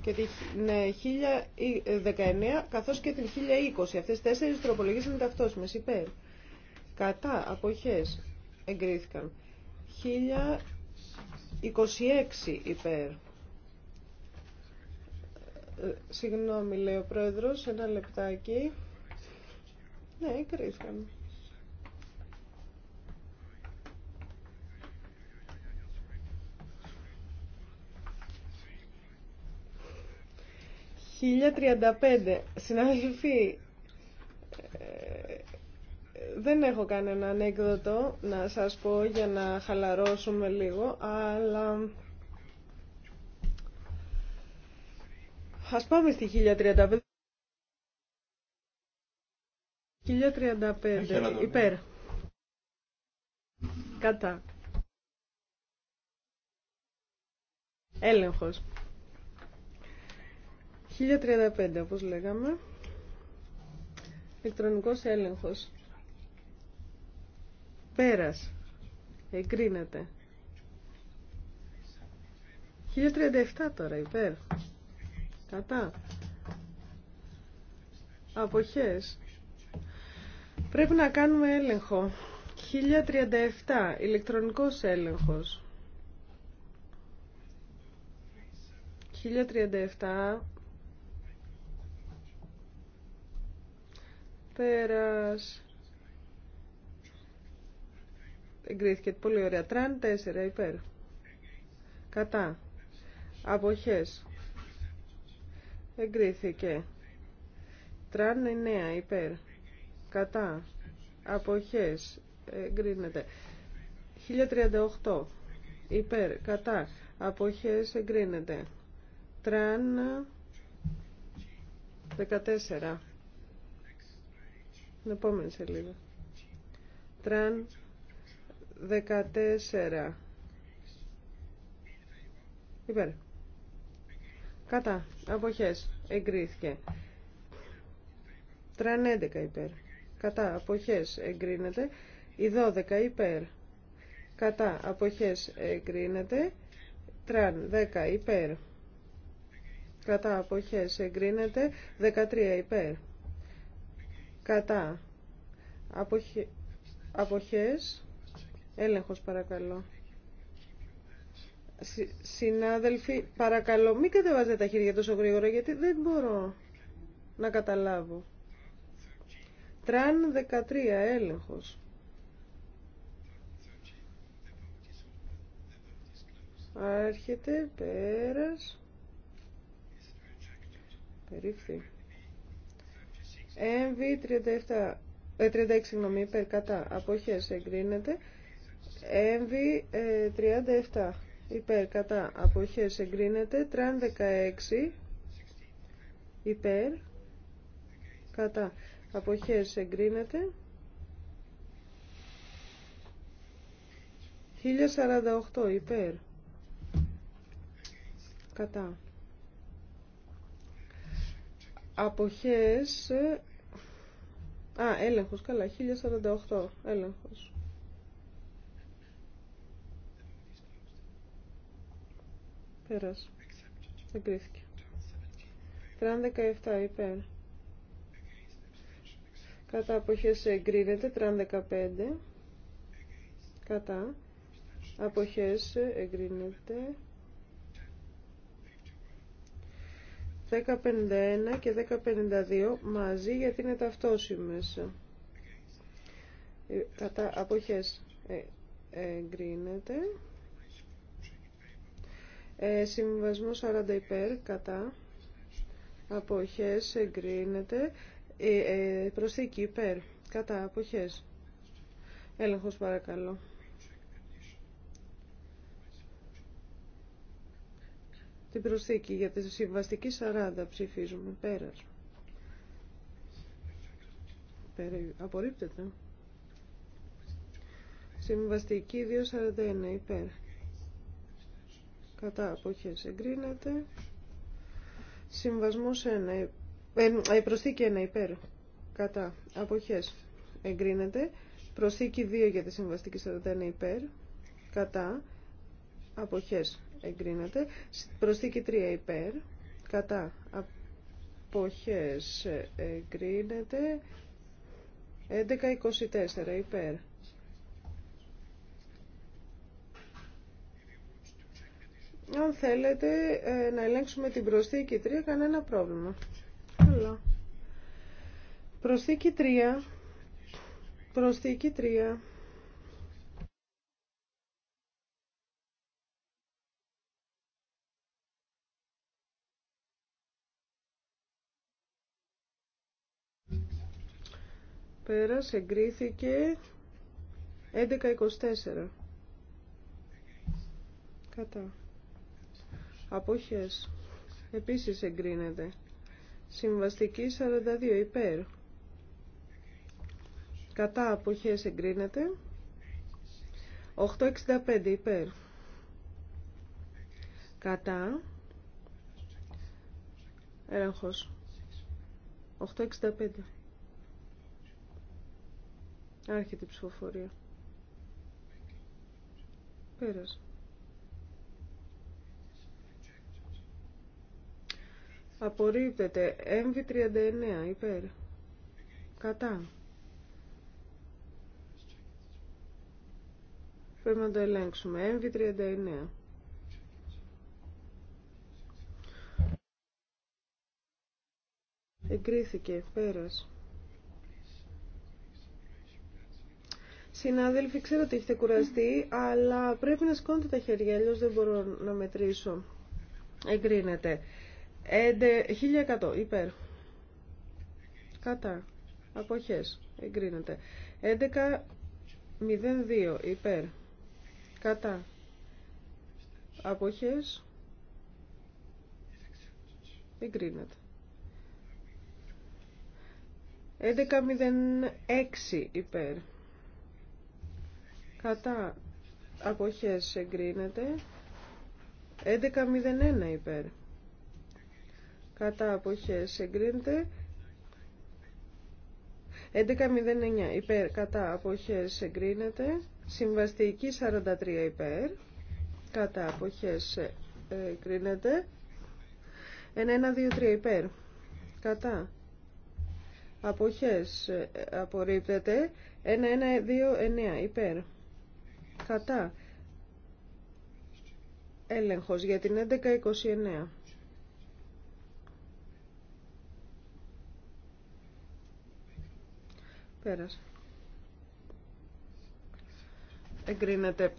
και την ναι, 1019 καθώς και την 1020. Αυτές τις τέσσερις τροπολογίες είναι ταυτόσιμες υπέρ. Κατά αποχές εγκρίθηκαν. 1026 υπέρ. Ε, συγγνώμη λέει ο πρόεδρος, ένα λεπτάκι. Ναι, εγκρίθηκαν. 1035. Συναδελφοί, ε, δεν έχω κανένα ανέκδοτο να σας πω για να χαλαρώσουμε λίγο, αλλά ας πάμε στη 1035. 1035, υπέρ. Κατά. Έλεγχος. 1035 όπως λέγαμε. Ηλεκτρονικός έλεγχος. Πέρας. Εγκρίνεται. 1037 τώρα υπέρ. Κατά. Αποχές. Πρέπει να κάνουμε έλεγχο. 1037. Ηλεκτρονικός έλεγχος. 1037. Πέρας. Εγκρίθηκε πολύ ωραία. Τραν 4 υπέρ. Κατά. Αποχές. Εγκρίθηκε. Τραν 9 υπέρ. Κατά. Αποχές. Εγκρίνεται. 1038 υπέρ. Κατά. Αποχές. Εγκρίνεται. Τραν 14 την επόμενη σελίδα. Τραν 14. Υπέρ. Κατά. Αποχές. Εγκρίθηκε. Τραν 11 υπέρ. Κατά. Αποχές. Εγκρίνεται. Η 12 υπέρ. Κατά. Αποχές. Εγκρίνεται. Τραν 10 υπέρ. Κατά. Αποχές. Εγκρίνεται. 13 υπέρ κατά αποχε... αποχές έλεγχος παρακαλώ Συ... συνάδελφοι παρακαλώ μην κατεβάζετε τα χέρια τόσο γρήγορα γιατί δεν μπορώ να καταλάβω τραν 13 έλεγχος Άρχεται, πέρας, περίφθη. MV37, 36 ε, συγγνώμη, υπέρ κατά αποχές εγκρίνεται. MV37 ε, υπέρ κατά αποχές εγκρίνεται. Τραν 16 υπέρ κατά αποχές εγκρίνεται. 1048 υπέρ κατά Αποχές... Ε, α, έλεγχος, καλά, 1048, έλεγχος. Πέρασε. Εγκρίθηκε. 317 17, υπέρ. Κατά αποχές εγκρίνεται, 315 Κατά αποχές εγκρίνεται, 1051 και 1052 μαζί γιατί είναι ταυτόσιμες. Ε, κατά αποχές ε, εγκρίνεται. Ε, συμβασμό 40 υπέρ κατά αποχές εγκρίνεται. Ε, ε, προσθήκη υπέρ κατά αποχές. Έλεγχος παρακαλώ. την προσθήκη για τη συμβαστική 40 ψηφίζουμε πέρας. Πέρα, απορρίπτεται. Συμβαστική 241 υπέρ. Κατά αποχές εγκρίνεται. Συμβασμός 1, ε, ε, προσθήκη 1 υπέρ. Κατά αποχές εγκρίνεται. Προσθήκη 2 για τη συμβαστική 41 υπέρ. Κατά αποχές εγκρίνεται. Προσθήκη 3 υπέρ, κατά αποχές ε, εγκρίνεται. 11-24 υπέρ. Αν θέλετε ε, να ελέγξουμε την προσθήκη 3, κανένα πρόβλημα. Καλά. Προσθήκη 3. Προσθήκη 3. Πέρας εγκρίθηκε 11.24. Κατά. Αποχές. Επίσης εγκρίνεται. Συμβαστική 42 υπέρ. Κατά αποχές εγκρίνεται. 8.65 υπέρ. Κατά. Έραγχος. 8.65. Άρχεται η ψηφοφορία. Πέρασε. Απορρίπτεται. MV39 υπέρ. Κατά. Πρέπει να το ελέγξουμε. MV39. Εγκρίθηκε. Πέρασε. Συνάδελφοι, ξέρω ότι έχετε κουραστεί, αλλά πρέπει να σκόνετε τα χέρια, αλλιώς δεν μπορώ να μετρήσω. Εγκρίνεται. 1100 υπέρ. Κατά. Αποχές. Εγκρίνεται. 11.02 υπέρ. Κατά. Αποχές. Εγκρίνεται. 11.06 υπέρ κατά αποχές εγκρίνεται 11.01 υπέρ κατά αποχές εγκρίνεται 11.09 υπέρ κατά αποχές εγκρίνεται συμβαστική 43 υπέρ κατά αποχές εγκρίνεται 1.1.2.3 υπέρ κατά αποχές απορρίπτεται 1.1.2.9 υπέρ Κατά. Έλεγχος για την 1129. Πέρασε. Εγκρίνεται.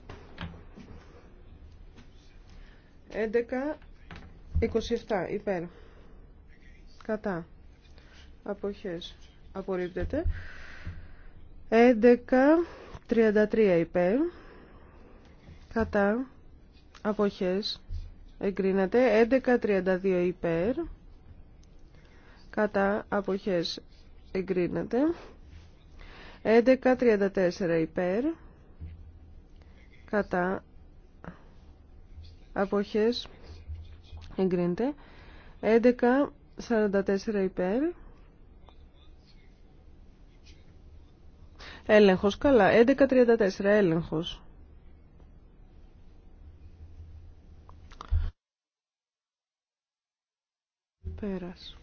11, υπέρ. Κατά. Αποχές. Απορρίπτεται. 11, υπέρ κατά αποχές εγκρίνεται 11.32 υπέρ κατά αποχές εγκρίνεται 11.34 υπέρ κατά αποχές εγκρίνεται 11.44 υπέρ έλεγχος καλά 11.34 έλεγχος Πέρας.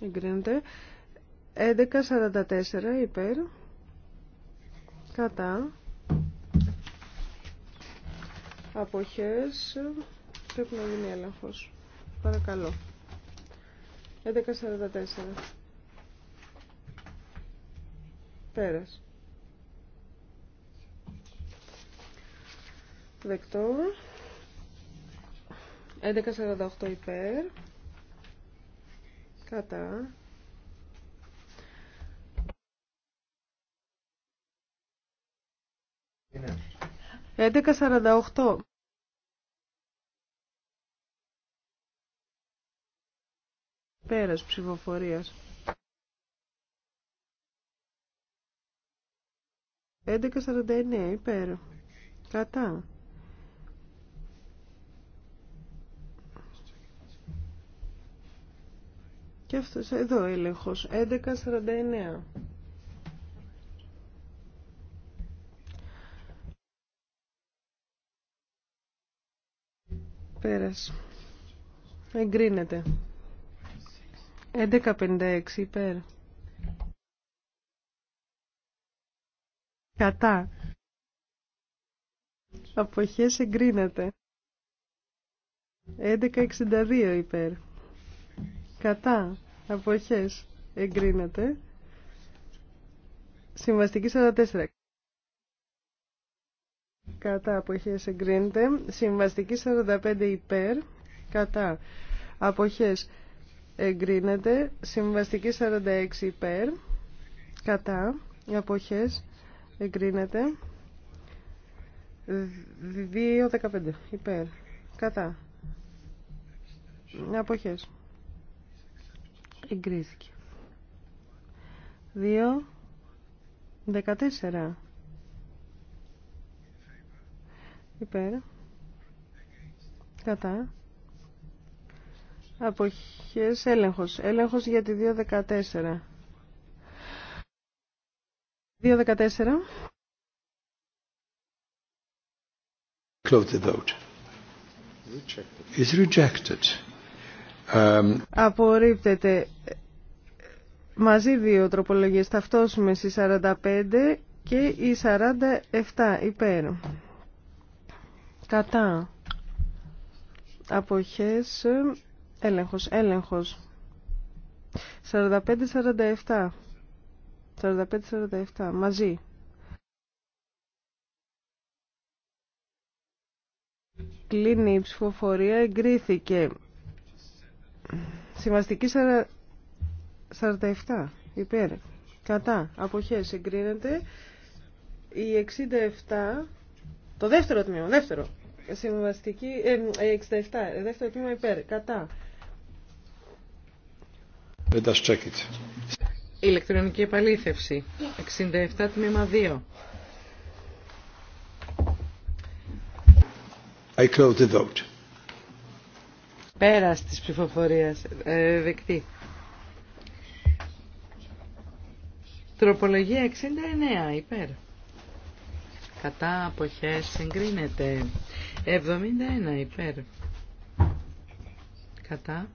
Εγκρίνεται. 11.44 υπέρ. Κατά. Αποχές. Πρέπει να γίνει έλεγχος. Παρακαλώ. 11.44. Πέρας. Δεκτό. 11.48 υπέρ. Κατά. Είναι. 11.48. Πέρας ψηφοφορίας. 11.49 υπέρ. Κατά. Και αυτός εδώ έλεγχος. 11.49. Πέρας. Εγκρίνεται. 11.56 υπέρ. Κατά. Αποχές εγκρίνεται. 11.62 υπέρ. Κατά αποχές εγκρίνεται. Συμβαστική 44. Κατά αποχές εγκρίνεται. Συμβαστική 45 υπέρ. Κατά αποχές εγκρίνεται. Συμβαστική 46 υπέρ. Κατά αποχές εγκρίνεται. 2.15 υπέρ. Κατά. Αποχές εγκρίθηκε. 2. 14. Υπέρ. Κατά. Αποχές έλεγχος. Έλεγχος για τη 2.14. 2.14. Close the vote. Is rejected. Απορρίπτεται. Μαζί δύο τροπολογίες ταυτόσουμε στις 45 και οι 47 υπέρ. Κατά. Αποχές. Έλεγχος. Έλεγχος. 45-47. 45-47. Μαζί. Κλείνει η ψηφοφορία. Εγκρίθηκε. Συμβαστική 47 υπέρ. Κατά. Αποχές εγκρίνεται. Η 67. Το δεύτερο τμήμα. Δεύτερο. Συμβαστική. 67. Ε, ε, δεύτερο τμήμα υπέρ. Κατά. Let us check it. Ηλεκτρονική επαλήθευση. 67 τμήμα 2. I close the vote. Πέρας της ψηφοφορίας. Ε, δεκτή. Τροπολογία 69. Υπέρ. Κατά αποχές εγκρίνεται. 71. Υπέρ. Κατά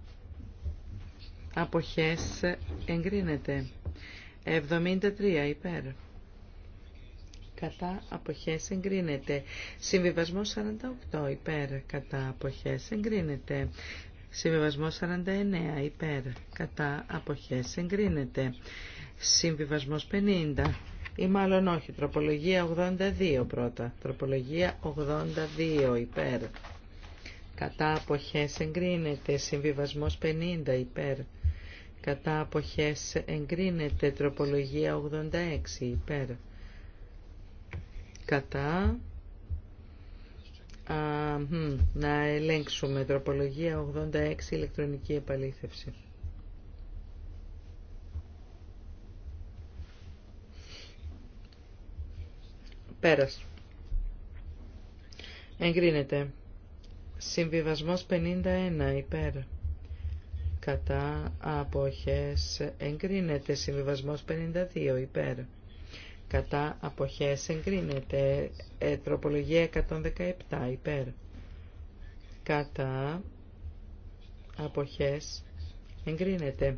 αποχές εγκρίνεται. 73. Υπέρ κατά αποχές εγκρίνεται. Συμβιβασμός 48 υπέρ κατά αποχές εγκρίνεται. Συμβιβασμό 49 υπέρ κατά αποχές εγκρίνεται. Συμβιβασμός 50 ή μάλλον όχι, τροπολογία 82 πρώτα. Τροπολογία 82 υπέρ. Κατά αποχές εγκρίνεται. Συμβιβασμός 50 υπέρ. Κατά αποχές εγκρίνεται. Τροπολογία 86 υπέρ κατά. να ελέγξουμε τροπολογία 86 ηλεκτρονική επαλήθευση. Πέρας. Εγκρίνεται. Συμβιβασμός 51 υπέρ. Κατά αποχές εγκρίνεται. Συμβιβασμός 52 υπέρ κατά αποχές εγκρίνεται ε, τροπολογία 117 υπέρ κατά αποχές εγκρίνεται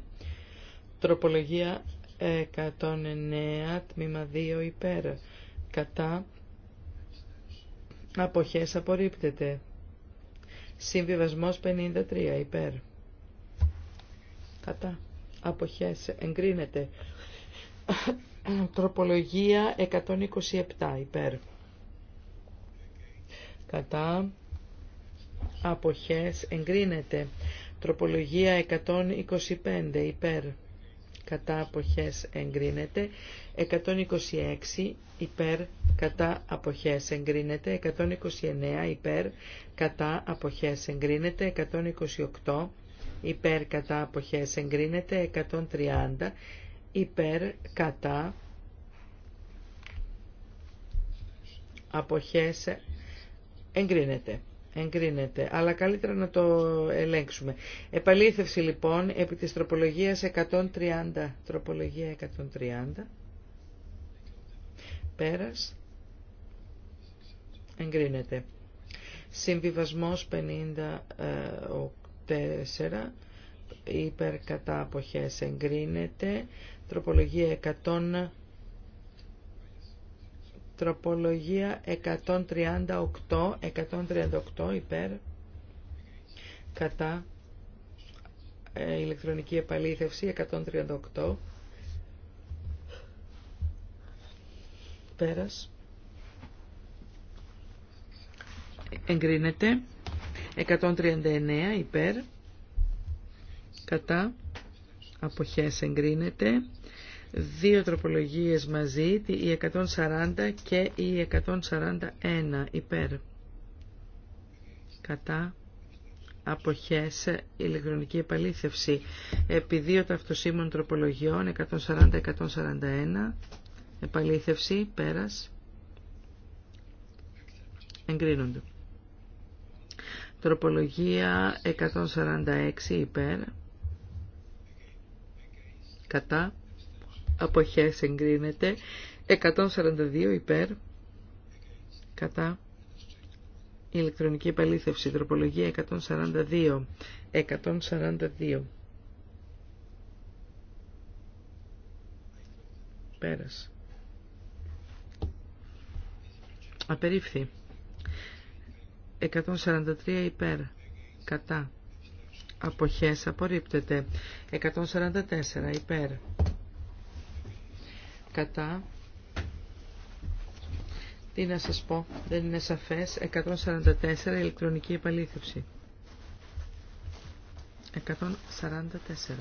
τροπολογία 109 τμήμα 2 υπέρ κατά αποχές απορρίπτεται συμβιβασμός 53 υπέρ κατά αποχές εγκρίνεται Τροπολογία 127 υπέρ. Κατά αποχές εγκρίνεται. Τροπολογία 125 υπέρ. Κατά αποχές εγκρίνεται. 126 υπέρ. Κατά αποχές εγκρίνεται. 129 υπέρ. Κατά αποχές εγκρίνεται. 128 υπέρ κατά αποχές εγκρίνεται 130 Υπερκατά κατά, αποχές, εγκρίνεται. αλλά καλύτερα να το ελέγξουμε. Επαλήθευση λοιπόν επί της τροπολογίας 130. Τροπολογία 130. Πέρας. Εγκρίνεται. Συμβιβασμός 54. Ε, Υπερκατά αποχές εγκρίνεται τροπολογία 100, τροπολογία 138, 138 υπέρ, κατά ε, ηλεκτρονική επαλήθευση 138 πέρας εγκρίνεται 139 υπέρ κατά αποχές εγκρίνεται δύο τροπολογίες μαζί, η 140 και η 141 υπέρ. Κατά αποχές ηλεκτρονική επαλήθευση επί δύο ταυτοσύμων τροπολογιών 140-141 επαλήθευση πέρας εγκρίνονται τροπολογία 146 υπέρ κατά αποχές εγκρίνεται 142 υπέρ κατά ηλεκτρονική επαλήθευση τροπολογία 142 142 πέρας απερίφθη 143 υπέρ κατά αποχές απορρίπτεται 144 υπέρ κατά. Τι να σας πω, δεν είναι σαφές. 144 ηλεκτρονική επαλήθευση. 144.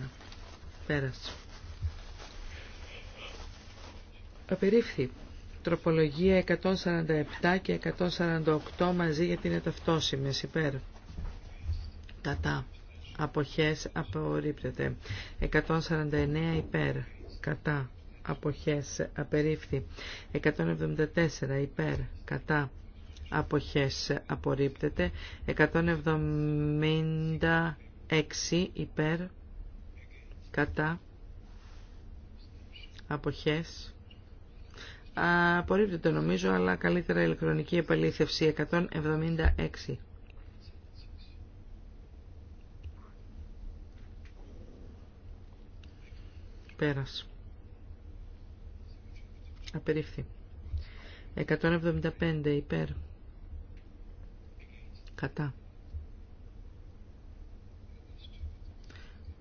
Πέρας. Απερίφθη. Τροπολογία 147 και 148 μαζί γιατί είναι ταυτόσιμες υπέρ. Κατά. Αποχές απορρίπτεται. 149 υπέρ. Κατά αποχές απερίφθη 174 υπέρ κατά αποχές απορρίπτεται 176 υπέρ κατά αποχές απορρίπτεται νομίζω αλλά καλύτερα ηλεκτρονική επαλήθευση 176 πέρασε Απερίφθη. 175 υπέρ. Κατά.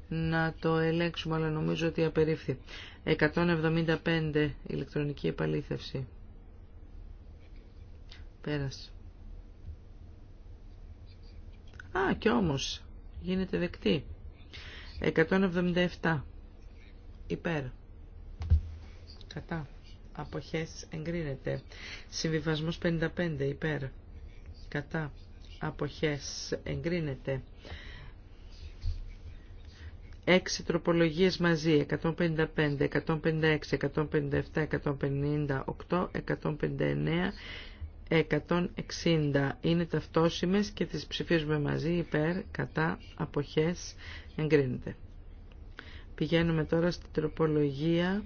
Να το ελέγξουμε, αλλά νομίζω ότι απερίφθη. 175 ηλεκτρονική επαλήθευση. Πέρασε. Α, και όμως γίνεται δεκτή. 177. Υπέρ. Κατά αποχές εγκρίνεται. Συμβιβασμός 55 υπέρ κατά αποχές εγκρίνεται. Έξι τροπολογίες μαζί, 155, 156, 157, 158, 159, 160 είναι ταυτόσιμες και τις ψηφίζουμε μαζί υπέρ, κατά, αποχές, εγκρίνεται. Πηγαίνουμε τώρα στην τροπολογία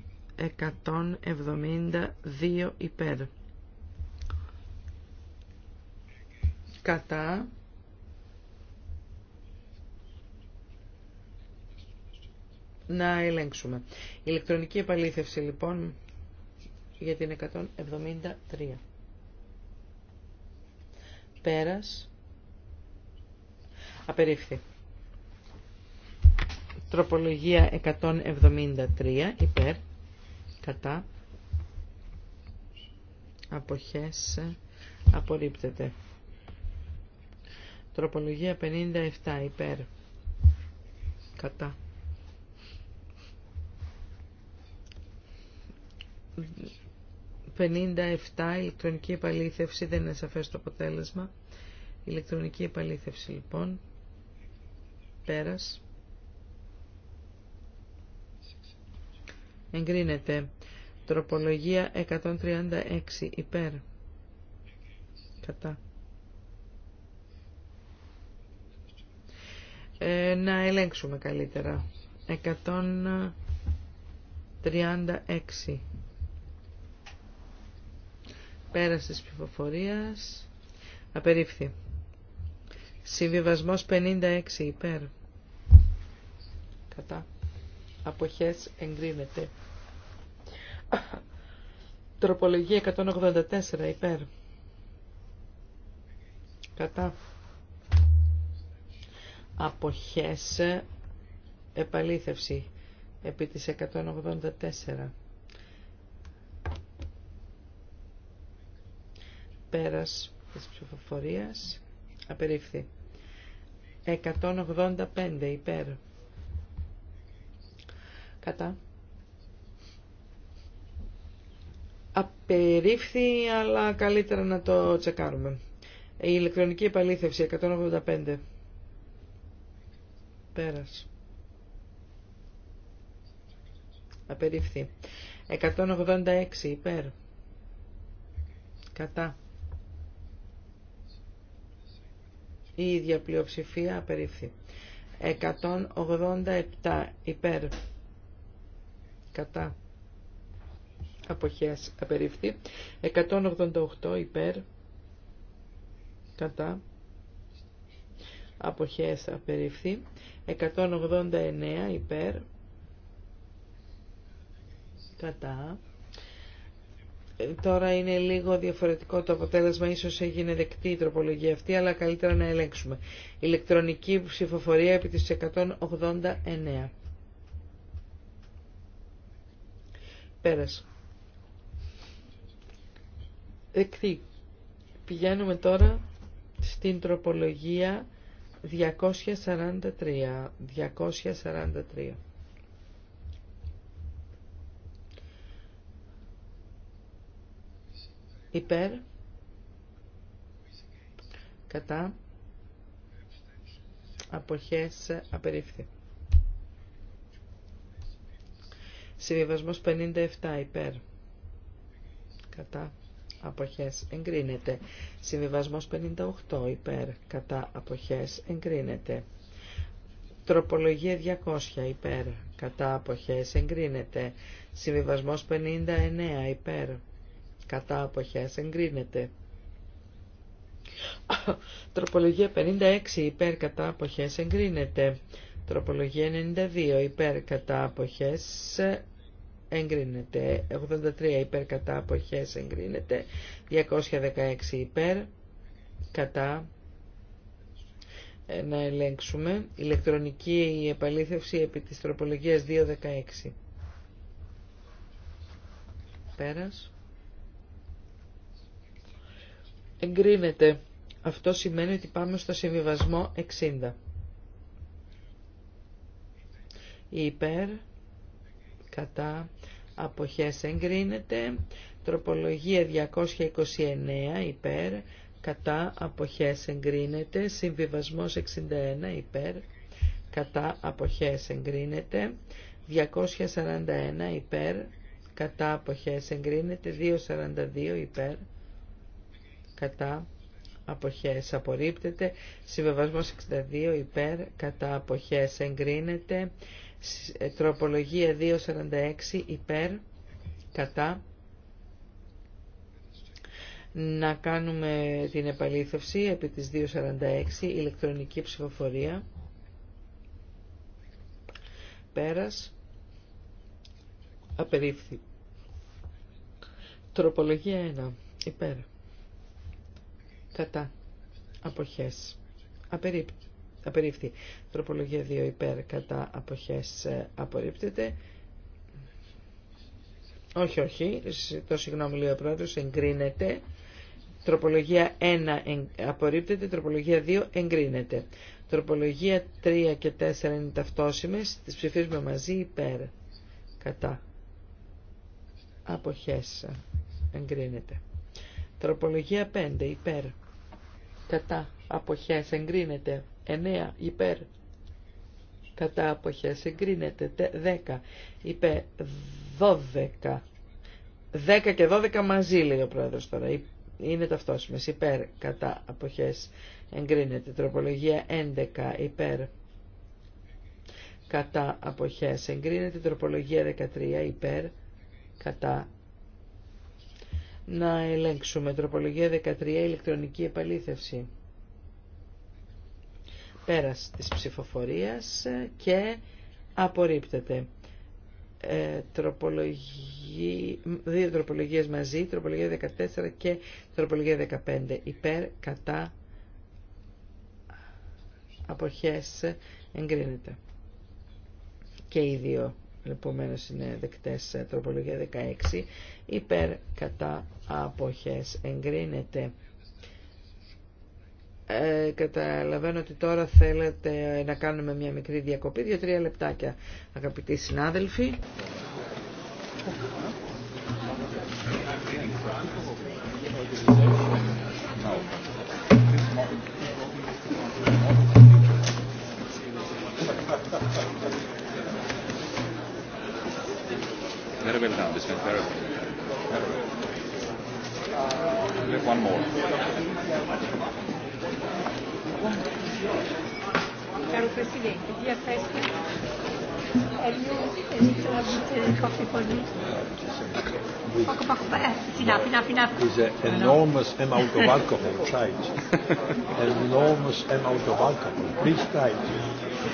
172 υπέρ. Κατά. Να ελέγξουμε. Ηλεκτρονική επαλήθευση λοιπόν για την 173. Πέρας. Απερίφθη. Τροπολογία 173 υπέρ κατά αποχές απορρίπτεται. Τροπολογία 57 υπέρ κατά. «57 ηλεκτρονική επαλήθευση, δεν είναι σαφές το αποτέλεσμα. Ηλεκτρονική επαλήθευση λοιπόν, πέρας. εγκρίνεται. Τροπολογία 136 υπέρ. Κατά. Ε, να ελέγξουμε καλύτερα. 136. Πέραση της ψηφοφορίας. Απερίφθη. Συμβιβασμός 56 υπέρ. Κατά αποχές εγκρίνεται. Τροπολογία 184 υπέρ. Κατά. Αποχές επαλήθευση επί της 184. Πέρας της ψηφοφορίας απερίφθη. 185 υπέρ. Κατά. Απερίφθη, αλλά καλύτερα να το τσεκάρουμε. Η ηλεκτρονική επαλήθευση 185. Πέρας. Απερίφθη. 186 υπέρ. Κατά. Η ίδια πλειοψηφία απερίφθη. 187 υπέρ κατά αποχές απερίφθη 188 υπέρ κατά αποχές απερίφθη 189 υπέρ κατά ε, Τώρα είναι λίγο διαφορετικό το αποτέλεσμα, ίσως έγινε δεκτή η τροπολογία αυτή, αλλά καλύτερα να ελέγξουμε. Ηλεκτρονική ψηφοφορία επί της 189. Πέρασε. Δεκτή. Πηγαίνουμε τώρα στην τροπολογία 243. 243. Υπέρ. Κατά. Αποχές απερίφθη. Συμβιβασμός 57 υπέρ. Κατά αποχές εγκρίνεται. Συμβιβασμός 58 υπέρ. Κατά αποχές εγκρίνεται. Τροπολογία 200 υπέρ. Κατά αποχές εγκρίνεται. Συμβιβασμός 59 υπέρ. Κατά αποχές εγκρίνεται. Τροπολογία 56 υπέρ κατά αποχές εγκρίνεται. Τροπολογία 92 υπέρ κατά αποχές εγκρίνεται. 83 υπέρ κατά αποχές εγκρίνεται. 216 υπέρ κατά ε, να ελέγξουμε. Ηλεκτρονική επαλήθευση επί της τροπολογίας 2.16. Πέρας. Εγκρίνεται. Αυτό σημαίνει ότι πάμε στο συμβιβασμό 60. Η υπέρ κατά αποχές εγκρίνεται. Τροπολογία 229 υπέρ κατά αποχές εγκρίνεται. Συμβιβασμός 61 υπέρ κατά αποχές εγκρίνεται. 241 υπέρ κατά αποχές εγκρίνεται. 242 υπέρ κατά αποχές απορρίπτεται. Συμβιβασμός 62 υπέρ κατά αποχές εγκρίνεται. Τροπολογία 246 υπέρ, κατά. Να κάνουμε την επαλήθευση επί της 246, ηλεκτρονική ψηφοφορία. Πέρας. Απερίφθη. Τροπολογία 1. Υπέρ. Κατά. Αποχές. απερίφθη απερίφθη. Τροπολογία 2 υπέρ κατά αποχές ε, απορρίπτεται. Όχι, όχι, το συγγνώμη λέει ο πρόεδρος, εγκρίνεται. Τροπολογία 1 απορρίπτεται, τροπολογία 2 εγκρίνεται. Τροπολογία 3 και 4 είναι ταυτόσιμες, τις ψηφίζουμε μαζί υπέρ κατά αποχές εγκρίνεται. Τροπολογία 5 υπέρ κατά αποχές εγκρίνεται. 9 υπέρ κατά αποχές εγκρίνεται 10 υπέρ 12 10 και 12 μαζί λέει ο πρόεδρος τώρα είναι ταυτόσιμες υπέρ κατά αποχές εγκρίνεται τροπολογία 11 υπέρ κατά αποχές εγκρίνεται τροπολογία 13 υπέρ κατά να ελέγξουμε τροπολογία 13 ηλεκτρονική επαλήθευση Πέρας της ψηφοφορίας και απορρίπτεται. Ε, δύο τροπολογίες μαζί, τροπολογία 14 και τροπολογία 15. Υπέρ, κατά, αποχές, εγκρίνεται. Και οι δύο Επομένω είναι δεκτές τροπολογία 16. Υπέρ κατά αποχές εγκρίνεται. Ε, καταλαβαίνω ότι τώρα θέλετε να κάνουμε μια μικρή διακοπή, δύο-τρία λεπτάκια αγαπητοί συνάδελφοι. Caro Presidente, a an enormous amount of alcohol, try enormous amount of alcohol. Please try it.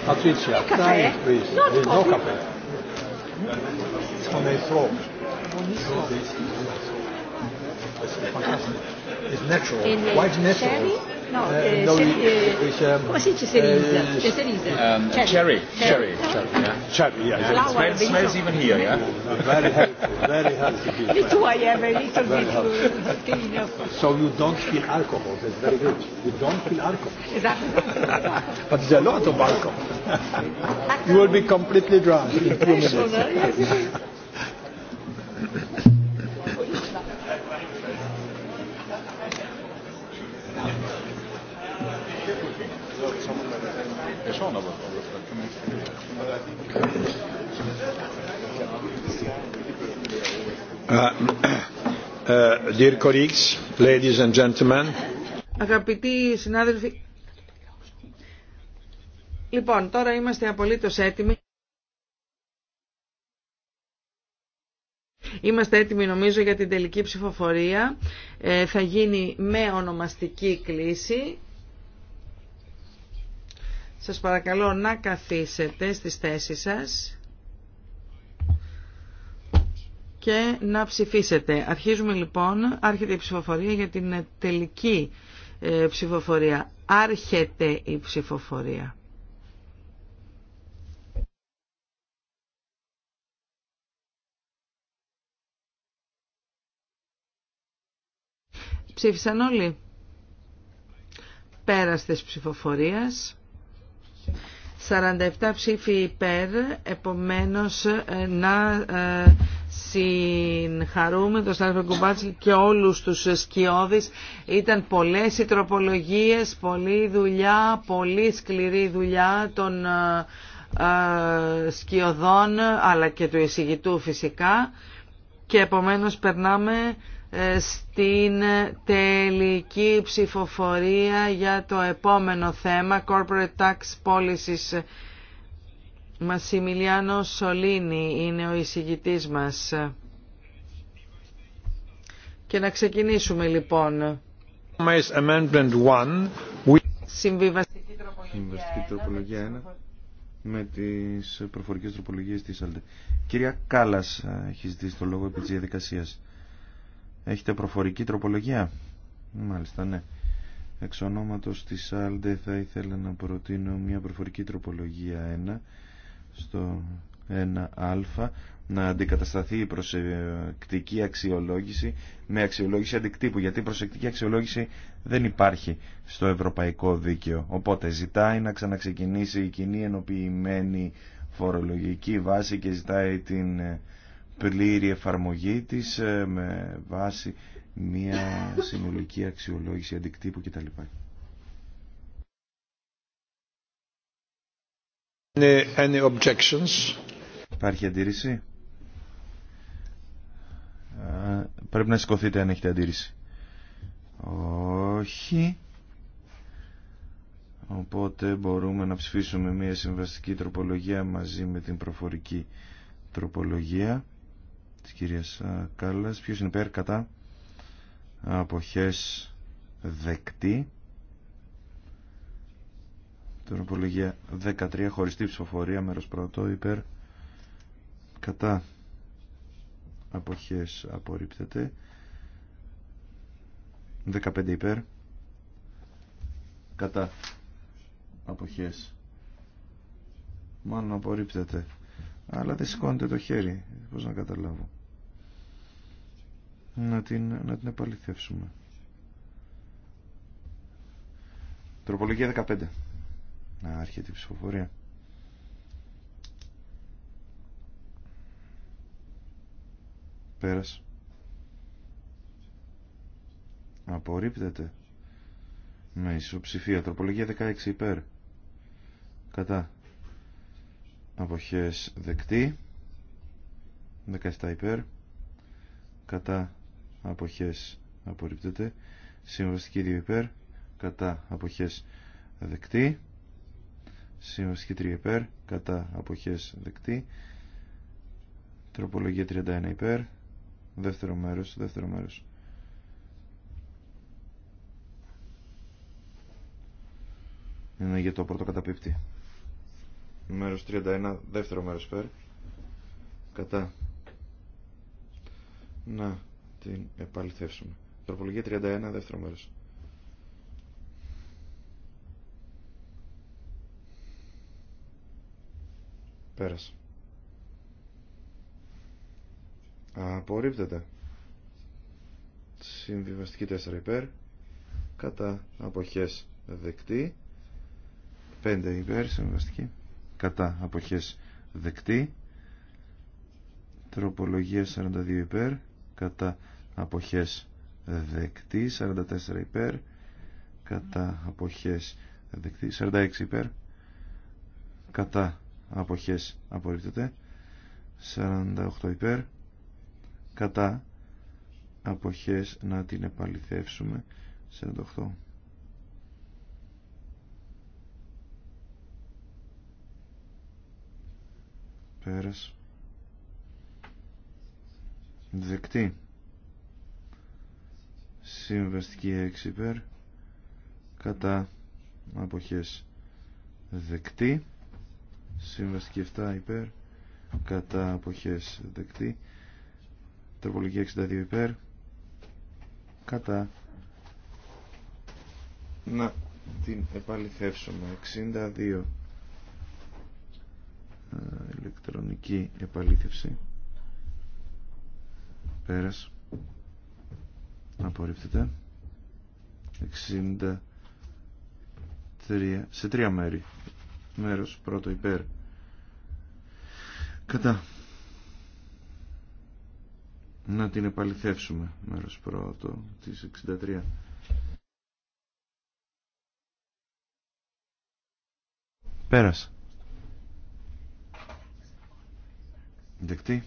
Patricia, try it, please. There's no It's a It's It's natural. Quite natural. No, eh, come si cherry. Cherry. Cherry, Cherry, yeah. even here, yeah? Very healthy. Very healthy. I a little bit So you don't feel alcohol. That's very good. You don't feel alcohol. Exactly. but there's a lot of alcohol. you will be completely drunk in two minutes. Uh, uh, and gentlemen. Αγαπητοί συνάδελφοι, λοιπόν, τώρα είμαστε απολύτω έτοιμοι. Είμαστε έτοιμοι νομίζω για την τελική ψηφοφορία. Ε, θα γίνει με ονομαστική κλίση. Σας παρακαλώ να καθίσετε στις θέσεις σας και να ψηφίσετε. Αρχίζουμε λοιπόν, άρχεται η ψηφοφορία για την τελική ε, ψηφοφορία. Άρχεται η ψηφοφορία. Ψήφισαν όλοι. Πέρας της ψηφοφορίας. 47 ψήφοι υπέρ, επομένως ε, να ε, συγχαρούμε τον Στάνφερ Κουμπάτσικ και όλους τους σκιώδεις. Ήταν πολλές οι τροπολογίες, πολλή δουλειά, πολύ σκληρή δουλειά των ε, σκιωδών αλλά και του εισηγητού φυσικά και επομένως περνάμε ε, στην τελική ψηφοφορία για το επόμενο θέμα Corporate Tax Policies Μασιμιλιάνο Σολίνη είναι ο εισηγητής μας και να ξεκινήσουμε λοιπόν Συμβιβαστική τροπολογία 1 με τις προφορικές τροπολογίες της ΑΛΤΕ Κυρία Κάλλας ε, έχει ζητήσει το λόγο επί της διαδικασίας Έχετε προφορική τροπολογία. Μάλιστα, ναι. Εξ ονόματος της ΑΛΔΕ θα ήθελα να προτείνω μια προφορική τροπολογία 1 στο 1α να αντικατασταθεί η προσεκτική αξιολόγηση με αξιολόγηση αντικτύπου γιατί η προσεκτική αξιολόγηση δεν υπάρχει στο ευρωπαϊκό δίκαιο οπότε ζητάει να ξαναξεκινήσει η κοινή ενοποιημένη φορολογική βάση και ζητάει την ε, πλήρη εφαρμογή της ε, με βάση μια συνολική αξιολόγηση αντικτύπου κτλ. Any, any objections? Υπάρχει αντίρρηση. Πρέπει να σηκωθείτε αν έχετε αντίρρηση. Όχι. Οπότε μπορούμε να ψηφίσουμε μια συμβαστική τροπολογία μαζί με την προφορική τροπολογία της κυρίας ε, Κάλλας. Ποιος είναι υπέρ κατά αποχές δεκτή. Τροπολογία 13 χωριστή ψηφοφορία μέρος πρώτο υπέρ κατά αποχές απορρίπτεται. 15 υπέρ κατά αποχές μάλλον απορρίπτεται αλλά δεν σηκώνεται το χέρι πώς να καταλάβω να την, να την επαληθεύσουμε. Τροπολογία 15. Να έρχεται η ψηφοφορία. Πέρασε. Απορρίπτεται. Με ισοψηφία. Τροπολογία 16 υπέρ. Κατά. Αποχές δεκτή. 17 υπέρ. Κατά αποχές απορρίπτεται συμβαστική 2 υπέρ κατά αποχές δεκτή συμβαστική 3 υπέρ κατά αποχές δεκτή τροπολογία 31 υπέρ δεύτερο μέρος δεύτερο μέρος είναι για το πρώτο καταπίπτη μέρος 31 δεύτερο μέρος υπέρ κατά να την επαληθεύσουμε. Τροπολογία 31, δεύτερο μέρος. Πέρασε. Απορρίπτεται. Συμβιβαστική 4 υπέρ. Κατά αποχές δεκτή. 5 υπέρ συμβιβαστική. Κατά αποχές δεκτή. Τροπολογία 42 υπέρ. Κατά αποχές δεκτή 44 υπέρ κατά αποχές δεκτή 46 υπέρ κατά αποχές απορρίπτεται 48 υπέρ κατά αποχές να την επαληθεύσουμε 48 πέρας δεκτή Συμβαστική 6 υπέρ. Κατά αποχές δεκτή. Συμβαστική 7 υπέρ. Κατά αποχές δεκτή. Τροπολογική 62 υπέρ. Κατά. Να την επαληθεύσουμε. 62 ε, ηλεκτρονική επαλήθευση πέρασε απορρίπτεται 63 σε τρία μέρη μέρος πρώτο υπέρ κατά να την επαληθεύσουμε μέρος πρώτο της 63 πέρασε δεκτή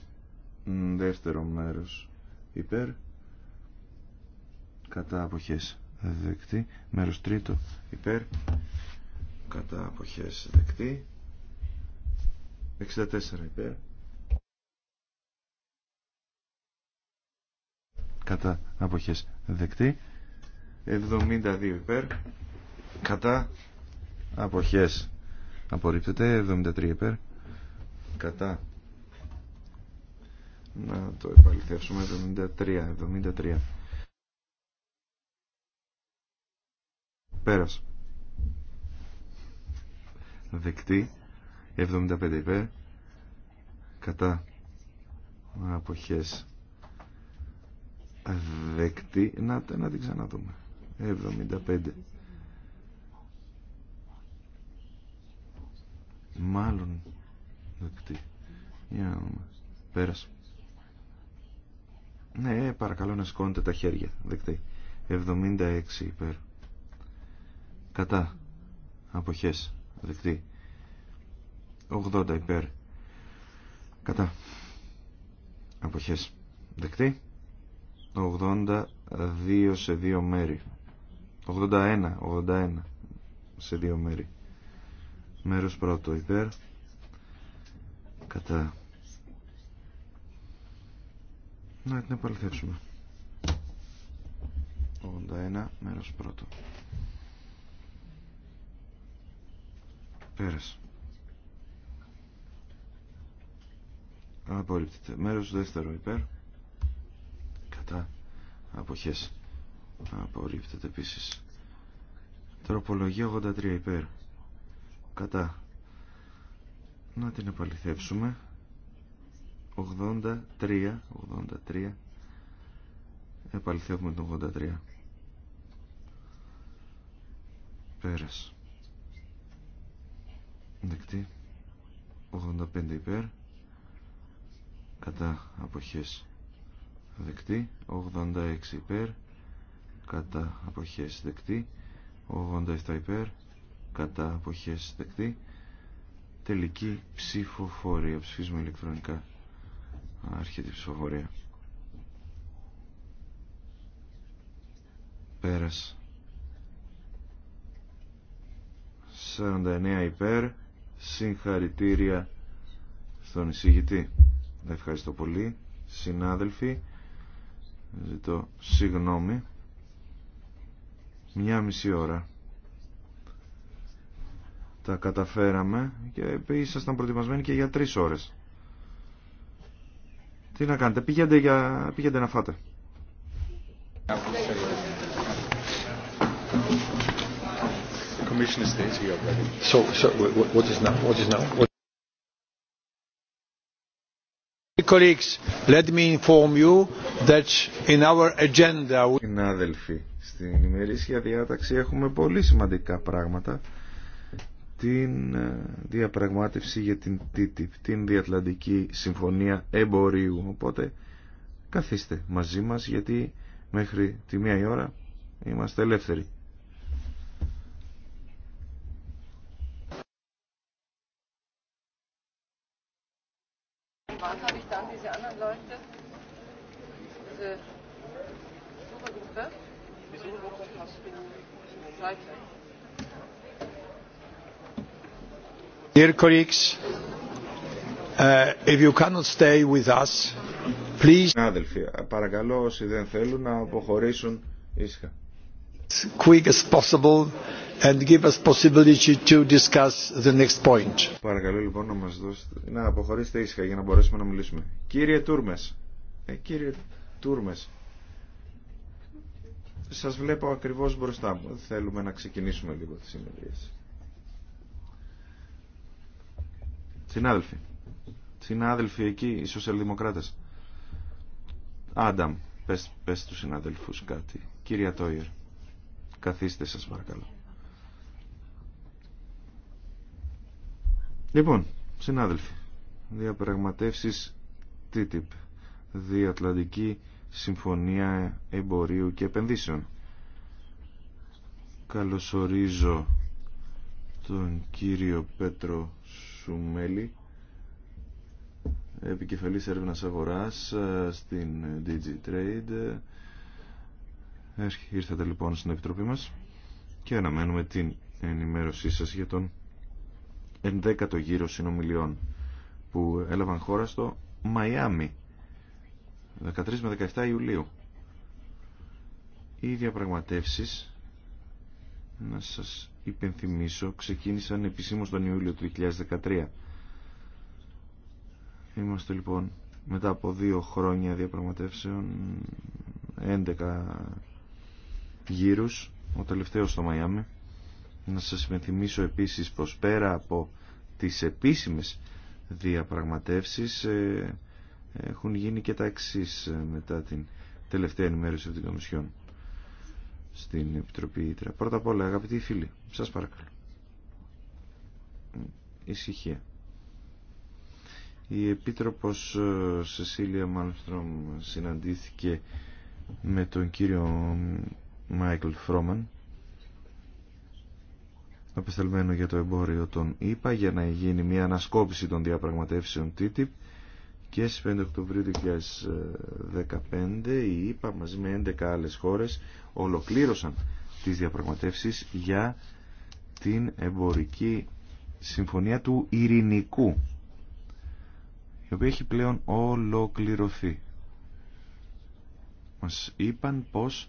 δεύτερο μέρος υπέρ κατά αποχές δεκτή μέρος τρίτο υπέρ κατά αποχές δεκτή 64 υπέρ κατά αποχές δεκτή 72 υπέρ κατά αποχές απορρίπτεται 73 υπέρ κατά να το επαληθεύσουμε 73 73 Πέρας. Δεκτή. 75 υπέρ. Κατά. Αποχές. Δεκτή. Να, να την ξαναδούμε. 75. Μάλλον δεκτή. Για να δούμε. Πέρας. Ναι, παρακαλώ να σηκώνετε τα χέρια. Δεκτή. 76 υπέρ κατά αποχές δεκτή 80 υπέρ κατά αποχές δεκτή 82 σε δύο μέρη 81 81 σε δύο μέρη μέρος πρώτο υπέρ κατά να την επαληθεύσουμε 81 μέρος πρώτο Καλησπέρα. Απορρίπτεται. Μέρος δεύτερο υπέρ. Κατά. Αποχές. Απορρίπτεται επίση. Τροπολογία 83 υπέρ. Κατά. Να την επαληθεύσουμε. 83. 83. Επαληθεύουμε τον 83. Πέρασε. Δεκτή. 85 υπέρ. Κατά αποχές. Δεκτή. 86 υπέρ. Κατά αποχές. Δεκτή. 87 υπέρ. Κατά αποχές. Δεκτή. Τελική ψηφοφορία. Ψηφίζουμε ηλεκτρονικά. Αρχίτη ψηφοφορία. Πέρας. 49 υπέρ Συγχαρητήρια στον εισηγητή. Ευχαριστώ πολύ. Συνάδελφοι, ζητώ συγγνώμη. Μια μισή ώρα τα καταφέραμε και ήσασταν προετοιμασμένοι και για τρεις ώρες. Τι να κάνετε, πήγαινε για... να φάτε. Ναι. Commissioner stays Συνάδελφοι, στην ημερήσια διάταξη έχουμε πολύ σημαντικά πράγματα. Την ε, διαπραγμάτευση για την TTIP, την Διατλαντική Συμφωνία Εμπορίου. Οπότε καθίστε μαζί μας γιατί μέχρι τη μία η ώρα είμαστε ελεύθεροι. Dear colleagues, uh, if you cannot stay with us, please. Αδελφοί, παρακαλώ όσοι δεν θέλουν να αποχωρήσουν ήσυχα. Quick as possible and give us possibility to discuss the next point. Παρακαλώ λοιπόν να μας δώσετε να αποχωρήσετε ήσυχα για να μπορέσουμε να μιλήσουμε. Κύριε Τούρμες, ε, κύριε Τούρμες, σας βλέπω ακριβώς μπροστά μου. Θέλουμε να ξεκινήσουμε λίγο τη συνεδρίαση. Συνάδελφοι. Συνάδελφοι εκεί, οι σοσιαλδημοκράτες. Άνταμ, πες, πες τους συναδέλφους κάτι. Κυρία Τόιερ, καθίστε σας παρακαλώ. Λοιπόν, συνάδελφοι, διαπραγματεύσεις TTIP, Διατλαντική Συμφωνία Εμπορίου και Επενδύσεων. Καλωσορίζω τον κύριο Πέτρο μέλη επικεφαλής έρευνας αγοράς ε, στην DigiTrade. Ήρθατε λοιπόν στην Επιτροπή μας και αναμένουμε την ενημέρωσή σας για τον 11ο γύρο συνομιλιών που έλαβαν χώρα στο Μαϊάμι 13 με 17 Ιουλίου. Οι διαπραγματεύσεις να σας υπενθυμίσω ξεκίνησαν επισήμως τον Ιούλιο του 2013. Είμαστε λοιπόν μετά από δύο χρόνια διαπραγματεύσεων 11 γύρους ο τελευταίος στο Μαϊάμι να σας υπενθυμίσω επίσης πως πέρα από τις επίσημες διαπραγματεύσεις ε, έχουν γίνει και τα εξής ε, μετά την τελευταία ενημέρωση από την Κομισιόν στην Επιτροπή Ήτρα. Πρώτα απ' όλα, αγαπητοί φίλοι, σας παρακαλώ. Ησυχία. Η Επίτροπος ε, Σεσίλια Μάλμστρομ συναντήθηκε με τον κύριο Μάικλ Φρόμαν απεσταλμένο για το εμπόριο των ΗΠΑ για να γίνει μια ανασκόπηση των διαπραγματεύσεων TTIP και στις 5 Οκτωβρίου 2015 η ΕΠΑ μαζί με 11 άλλες χώρες ολοκλήρωσαν τις διαπραγματεύσεις για την εμπορική συμφωνία του ειρηνικού η οποία έχει πλέον ολοκληρωθεί. Μας είπαν πως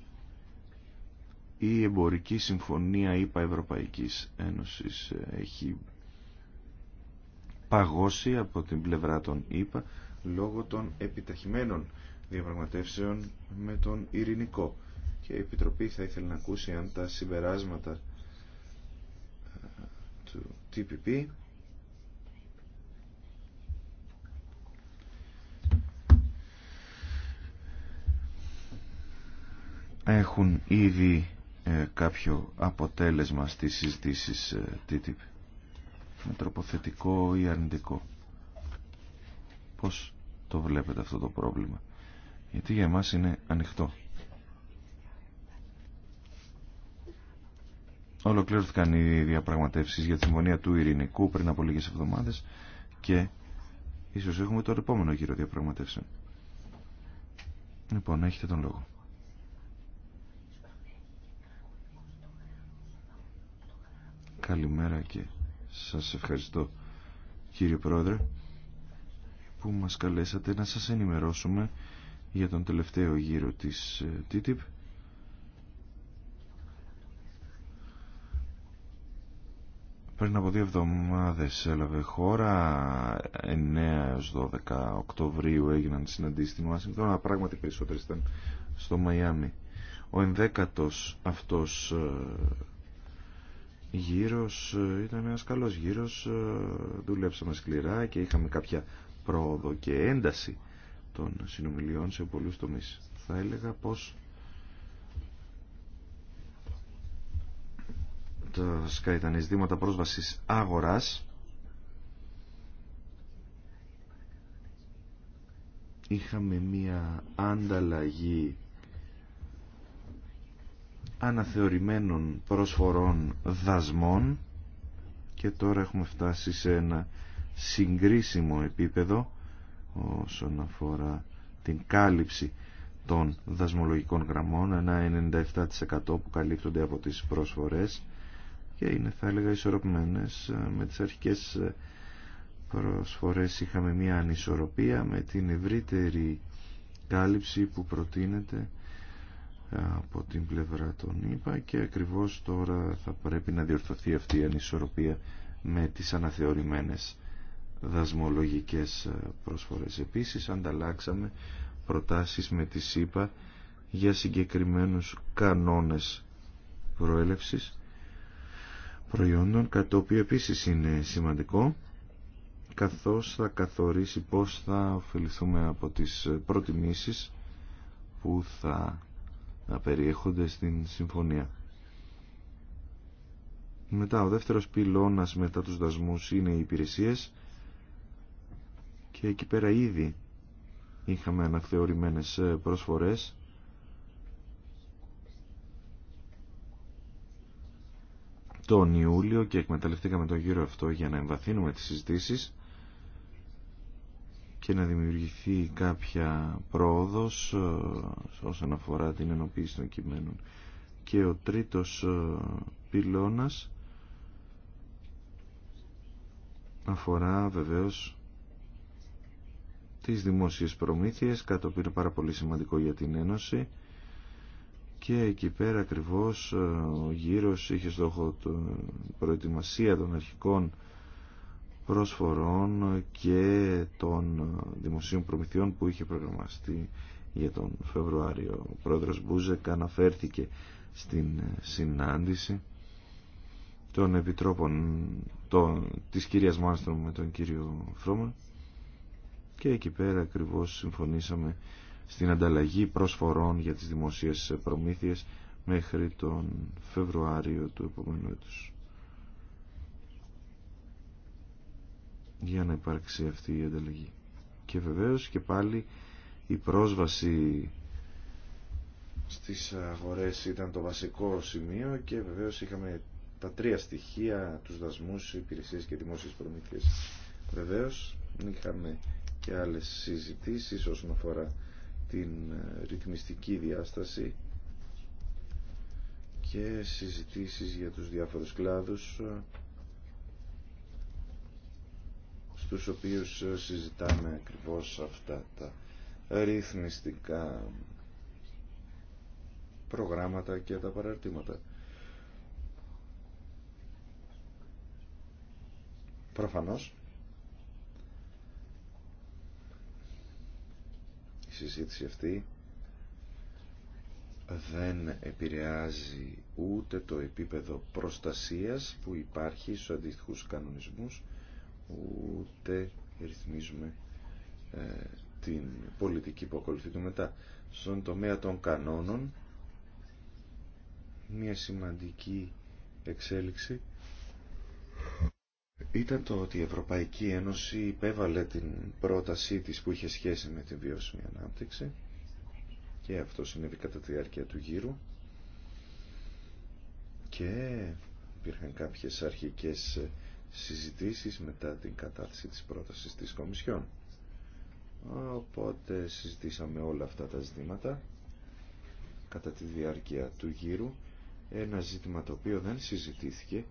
η εμπορική συμφωνία ΕΠΑ Ευρωπαϊκής Ένωσης ε, έχει παγώσει από την πλευρά των ΕΠΑ λόγω των επιταχυμένων διαπραγματεύσεων με τον ειρηνικό. Και η Επιτροπή θα ήθελε να ακούσει αν τα συμπεράσματα ε, του TPP έχουν ήδη ε, κάποιο αποτέλεσμα στις συζητήσεις ε, TTIP με τροποθετικό ή αρνητικό. Πώς το βλέπετε αυτό το πρόβλημα. Γιατί για εμάς είναι ανοιχτό. Ολοκληρώθηκαν οι διαπραγματεύσεις για τη συμφωνία του Ειρηνικού πριν από λίγες εβδομάδες και ίσως έχουμε το επόμενο γύρο διαπραγματεύσεων. Λοιπόν, έχετε τον λόγο. Καλημέρα και σας ευχαριστώ κύριε Πρόεδρε που μας καλέσατε να σας ενημερώσουμε για τον τελευταίο γύρο της ε, TTIP. Πριν από δύο εβδομάδες έλαβε χώρα, 9-12 Οκτωβρίου έγιναν συναντήσεις στην Ουάσιγκτον, αλλά πράγματι περισσότερο ήταν στο Μαϊάμι. Ο ενδέκατος αυτός ε, γύρος ε, ήταν ένας καλός γύρος, δουλέψαμε σκληρά και είχαμε κάποια πρόοδο και ένταση των συνομιλιών σε πολλούς τομείς. Θα έλεγα πως τα σκαϊτανισδήματα δήματα πρόσβασης αγοράς είχαμε μία ανταλλαγή αναθεωρημένων προσφορών δασμών και τώρα έχουμε φτάσει σε ένα συγκρίσιμο επίπεδο όσον αφορά την κάλυψη των δασμολογικών γραμμών, ένα 97% που καλύπτονται από τις προσφορές και είναι θα έλεγα ισορροπημένες με τις αρχικές προσφορές είχαμε μια ανισορροπία με την ευρύτερη κάλυψη που προτείνεται από την πλευρά των ΙΠΑ και ακριβώς τώρα θα πρέπει να διορθωθεί αυτή η ανισορροπία με τις αναθεωρημένες δασμολογικές ε, προσφορές. Επίσης ανταλλάξαμε προτάσεις με τη ΣΥΠΑ για συγκεκριμένους κανόνες προέλευσης προϊόντων, κάτι το οποίο επίσης είναι σημαντικό, καθώς θα καθορίσει πώς θα ωφεληθούμε από τις ε, προτιμήσεις που θα περιέχονται στην συμφωνία. Μετά, ο δεύτερος πυλώνας μετά τους δασμούς είναι οι υπηρεσίες, και εκεί πέρα ήδη είχαμε αναθεωρημένες ε, προσφορές τον Ιούλιο και εκμεταλλευτήκαμε τον γύρο αυτό για να εμβαθύνουμε τις συζητήσεις και να δημιουργηθεί κάποια πρόοδος ε, όσον αφορά την ενοποίηση των κειμένων. Και ο τρίτος ε, πυλώνας αφορά βεβαίως τις δημόσιες προμήθειες, κάτι που είναι πάρα πολύ σημαντικό για την Ένωση και εκεί πέρα ακριβώς ε, ο γύρος είχε στόχο την προετοιμασία των αρχικών προσφορών και των δημοσίων προμηθειών που είχε προγραμμαστεί για τον Φεβρουάριο. Ο πρόεδρος Μπούζεκ αναφέρθηκε στην ε, συνάντηση των επιτρόπων των, της κυρίας Μάνστρομ με τον κύριο Φρόμαν και εκεί πέρα ακριβώς συμφωνήσαμε στην ανταλλαγή προσφορών για τις δημοσίες προμήθειες μέχρι τον Φεβρουάριο του επόμενου έτους. Για να υπάρξει αυτή η ανταλλαγή. Και βεβαίως και πάλι η πρόσβαση στις αγορές ήταν το βασικό σημείο και βεβαίως είχαμε τα τρία στοιχεία, τους δασμούς, υπηρεσίες και δημόσιες προμήθειες. Βεβαίως είχαμε και άλλες συζητήσεις όσον αφορά την ε, ρυθμιστική διάσταση και συζητήσεις για τους διάφορους κλάδους ε, στους οποίους ε, συζητάμε ακριβώς αυτά τα ρυθμιστικά προγράμματα και τα παραρτήματα. Προφανώς συζήτηση αυτή δεν επηρεάζει ούτε το επίπεδο προστασίας που υπάρχει στους αντίστοιχους κανονισμούς, ούτε ρυθμίζουμε ε, την πολιτική που ακολουθεί του μετά. Στον τομέα των κανόνων, μια σημαντική εξέλιξη ήταν το ότι η Ευρωπαϊκή Ένωση υπέβαλε την πρότασή της που είχε σχέση με την βιώσιμη ανάπτυξη και αυτό συνέβη κατά τη διάρκεια του γύρου και υπήρχαν κάποιες αρχικές συζητήσεις μετά την κατάρτιση της πρότασης της Κομισιόν. Οπότε συζητήσαμε όλα αυτά τα ζητήματα κατά τη διάρκεια του γύρου. Ένα ζήτημα το οποίο δεν συζητήθηκε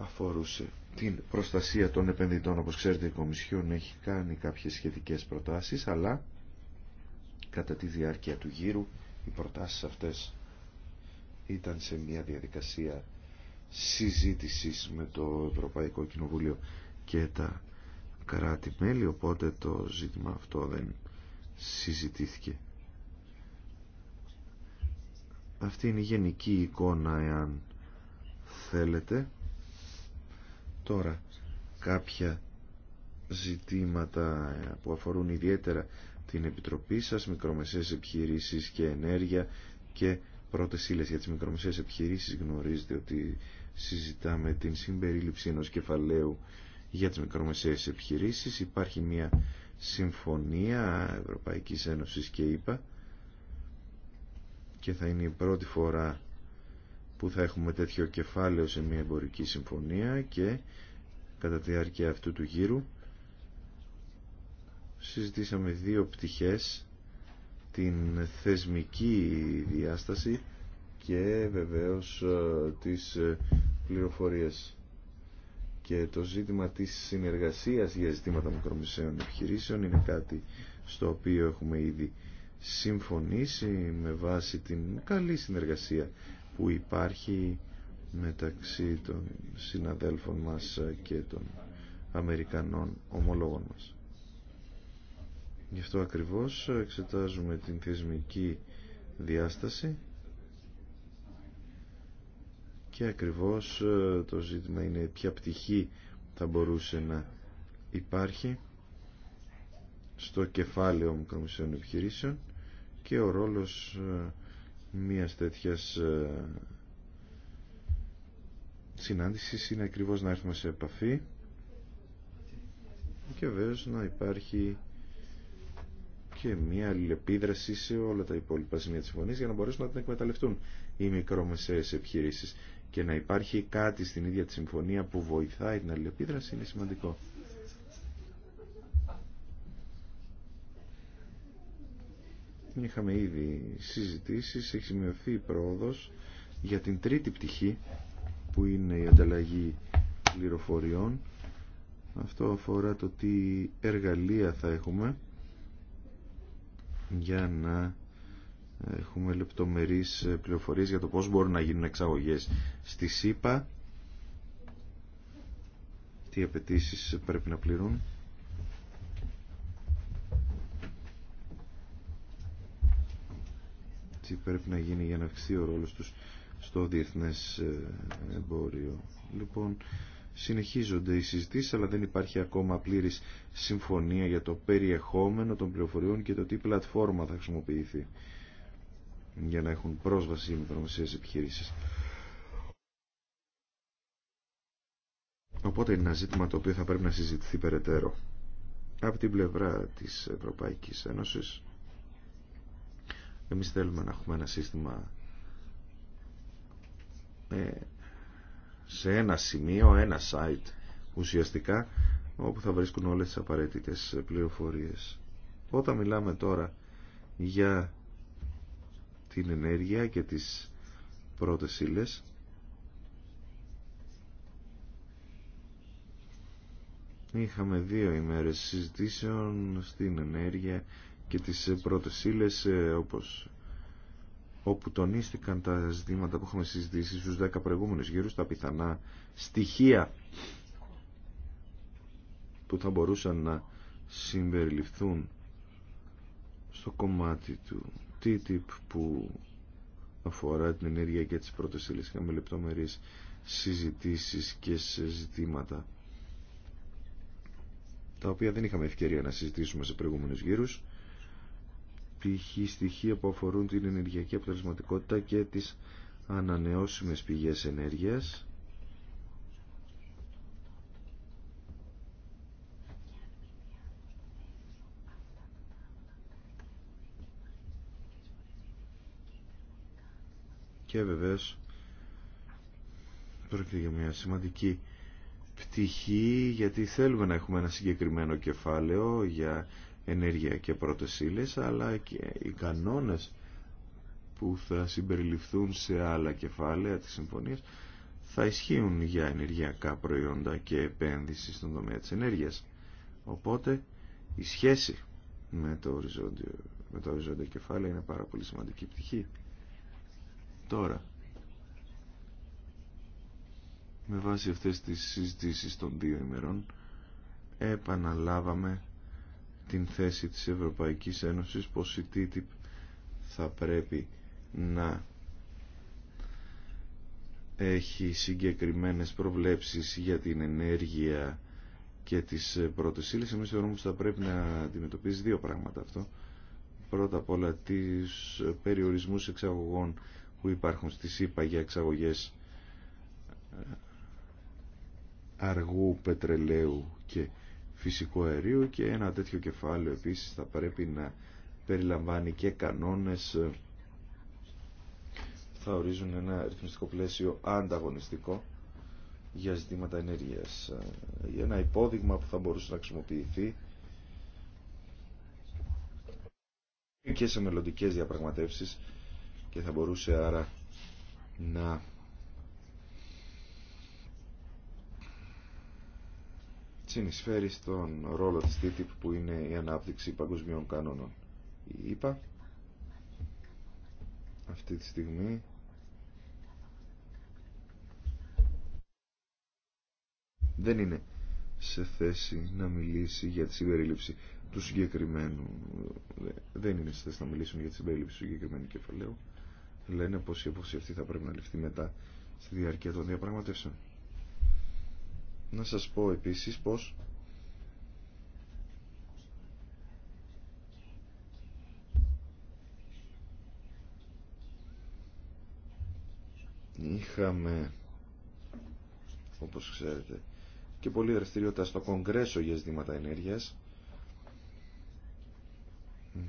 αφορούσε την προστασία των επενδυτών. Όπως ξέρετε η Κομισιόν έχει κάνει κάποιες σχετικές προτάσεις, αλλά κατά τη διάρκεια του γύρου οι προτάσεις αυτές ήταν σε μια διαδικασία συζήτησης με το Ευρωπαϊκό Κοινοβούλιο και τα κράτη-μέλη, οπότε το ζήτημα αυτό δεν συζητήθηκε. Αυτή είναι η γενική εικόνα, εάν θέλετε, Τώρα, κάποια ζητήματα που αφορούν ιδιαίτερα την Επιτροπή σας, μικρομεσαίες επιχειρήσεις και ενέργεια και πρώτες ύλες για τις μικρομεσαίες επιχειρήσεις. Γνωρίζετε ότι συζητάμε την συμπερίληψη ενός κεφαλαίου για τις μικρομεσαίες επιχειρήσεις. Υπάρχει μια συμφωνία Ευρωπαϊκής Ένωσης και ΕΠΑ και θα είναι η πρώτη φορά που θα έχουμε τέτοιο κεφάλαιο σε μια εμπορική συμφωνία και κατά τη διάρκεια αυτού του γύρου συζητήσαμε δύο πτυχές την θεσμική διάσταση και βεβαίως ε, τις ε, πληροφορίες και το ζήτημα της συνεργασίας για ζητήματα μικρομεσαίων επιχειρήσεων είναι κάτι στο οποίο έχουμε ήδη συμφωνήσει με βάση την καλή συνεργασία που υπάρχει μεταξύ των συναδέλφων μας και των Αμερικανών ομολόγων μας. Γι' αυτό ακριβώς εξετάζουμε την θεσμική διάσταση και ακριβώς ε, το ζήτημα είναι ποια πτυχή θα μπορούσε να υπάρχει στο κεφάλαιο μικρομεσαίων επιχειρήσεων και ο ρόλος ε, μία τέτοια ε, συνάντηση είναι ακριβώς να έρθουμε σε επαφή και βέβαια να υπάρχει και μια αλληλεπίδραση σε όλα τα υπόλοιπα σημεία της συμφωνίας για να μπορέσουν να την εκμεταλλευτούν οι μικρομεσαίες επιχειρήσεις και να υπάρχει κάτι στην ίδια τη συμφωνία που βοηθάει την αλληλεπίδραση είναι σημαντικό. την είχαμε ήδη συζητήσει, έχει σημειωθεί η πρόοδος για την τρίτη πτυχή που είναι η ανταλλαγή πληροφοριών. Αυτό αφορά το τι εργαλεία θα έχουμε για να έχουμε λεπτομερείς πληροφορίες για το πώς μπορούν να γίνουν εξαγωγές στη ΣΥΠΑ τι απαιτήσει πρέπει να πληρούν τι πρέπει να γίνει για να αυξηθεί ο ρόλος τους στο διεθνές ε, εμπόριο. Λοιπόν, συνεχίζονται οι συζητήσεις, αλλά δεν υπάρχει ακόμα πλήρης συμφωνία για το περιεχόμενο των πληροφοριών και το τι πλατφόρμα θα χρησιμοποιηθεί για να έχουν πρόσβαση οι μικρομεσαίες επιχειρήσεις. Οπότε είναι ένα ζήτημα το οποίο θα πρέπει να συζητηθεί περαιτέρω. Από την πλευρά της Ευρωπαϊκής Ένωσης εμείς θέλουμε να έχουμε ένα σύστημα ε, σε ένα σημείο, ένα site ουσιαστικά όπου θα βρίσκουν όλες τις απαραίτητες πληροφορίες. Όταν μιλάμε τώρα για την ενέργεια και τις πρώτες ύλες είχαμε δύο ημέρες συζητήσεων στην ενέργεια και τις ε, πρώτες ύλες ε, όπως όπου τονίστηκαν τα ζητήματα που έχουμε συζητήσει στους 10 προηγούμενους γύρους, τα πιθανά στοιχεία που θα μπορούσαν να συμπεριληφθούν στο κομμάτι του TTIP που αφορά την ενέργεια και τις πρώτες ύλες. Είχαμε λεπτομερείς συζητήσεις και σε ζητήματα τα οποία δεν είχαμε ευκαιρία να συζητήσουμε σε προηγούμενους γύρους π.χ. στοιχεία που αφορούν την ενεργειακή αποτελεσματικότητα και τις ανανεώσιμες πηγές ενέργειας. Και βεβαίως πρόκειται για μια σημαντική πτυχή γιατί θέλουμε να έχουμε ένα συγκεκριμένο κεφάλαιο για ενέργεια και πρώτες ύλες, αλλά και οι κανόνες που θα συμπεριληφθούν σε άλλα κεφάλαια της συμφωνίας θα ισχύουν για ενεργειακά προϊόντα και επένδυση στον τομέα της ενέργειας. Οπότε η σχέση με το οριζόντιο, με το οριζόντιο κεφάλαιο είναι πάρα πολύ σημαντική πτυχή. Τώρα, με βάση αυτές τις συζητήσεις των δύο ημερών, επαναλάβαμε την θέση της Ευρωπαϊκής Ένωσης πως η TTIP θα πρέπει να έχει συγκεκριμένες προβλέψεις για την ενέργεια και τις πρώτες ύλες. Εμείς θεωρούμε θα πρέπει να αντιμετωπίζει δύο πράγματα αυτό. Πρώτα απ' όλα τις περιορισμούς εξαγωγών που υπάρχουν στη ΣΥΠΑ για εξαγωγές αργού πετρελαίου και φυσικό αερίου και ένα τέτοιο κεφάλαιο επίσης θα πρέπει να περιλαμβάνει και κανόνες ε, που θα ορίζουν ένα ρυθμιστικό πλαίσιο ανταγωνιστικό για ζητήματα ενέργειας. Ε, ένα υπόδειγμα που θα μπορούσε να χρησιμοποιηθεί και σε μελλοντικέ διαπραγματεύσεις και θα μπορούσε άρα να συνεισφέρει στον ρόλο της TTIP που είναι η ανάπτυξη παγκοσμίων κανόνων. Η αυτή τη στιγμή δεν είναι σε θέση να μιλήσει για τη συμπερίληψη του συγκεκριμένου δεν είναι σε θέση να μιλήσουν για τη συμπερίληψη του συγκεκριμένου κεφαλαίου λένε πως η απόφαση αυτή θα πρέπει να ληφθεί μετά στη διάρκεια των διαπραγματεύσεων. Να σας πω επίσης πως είχαμε όπως ξέρετε και πολλή δραστηριότητα στο Κογκρέσο για ζητήματα ενέργειας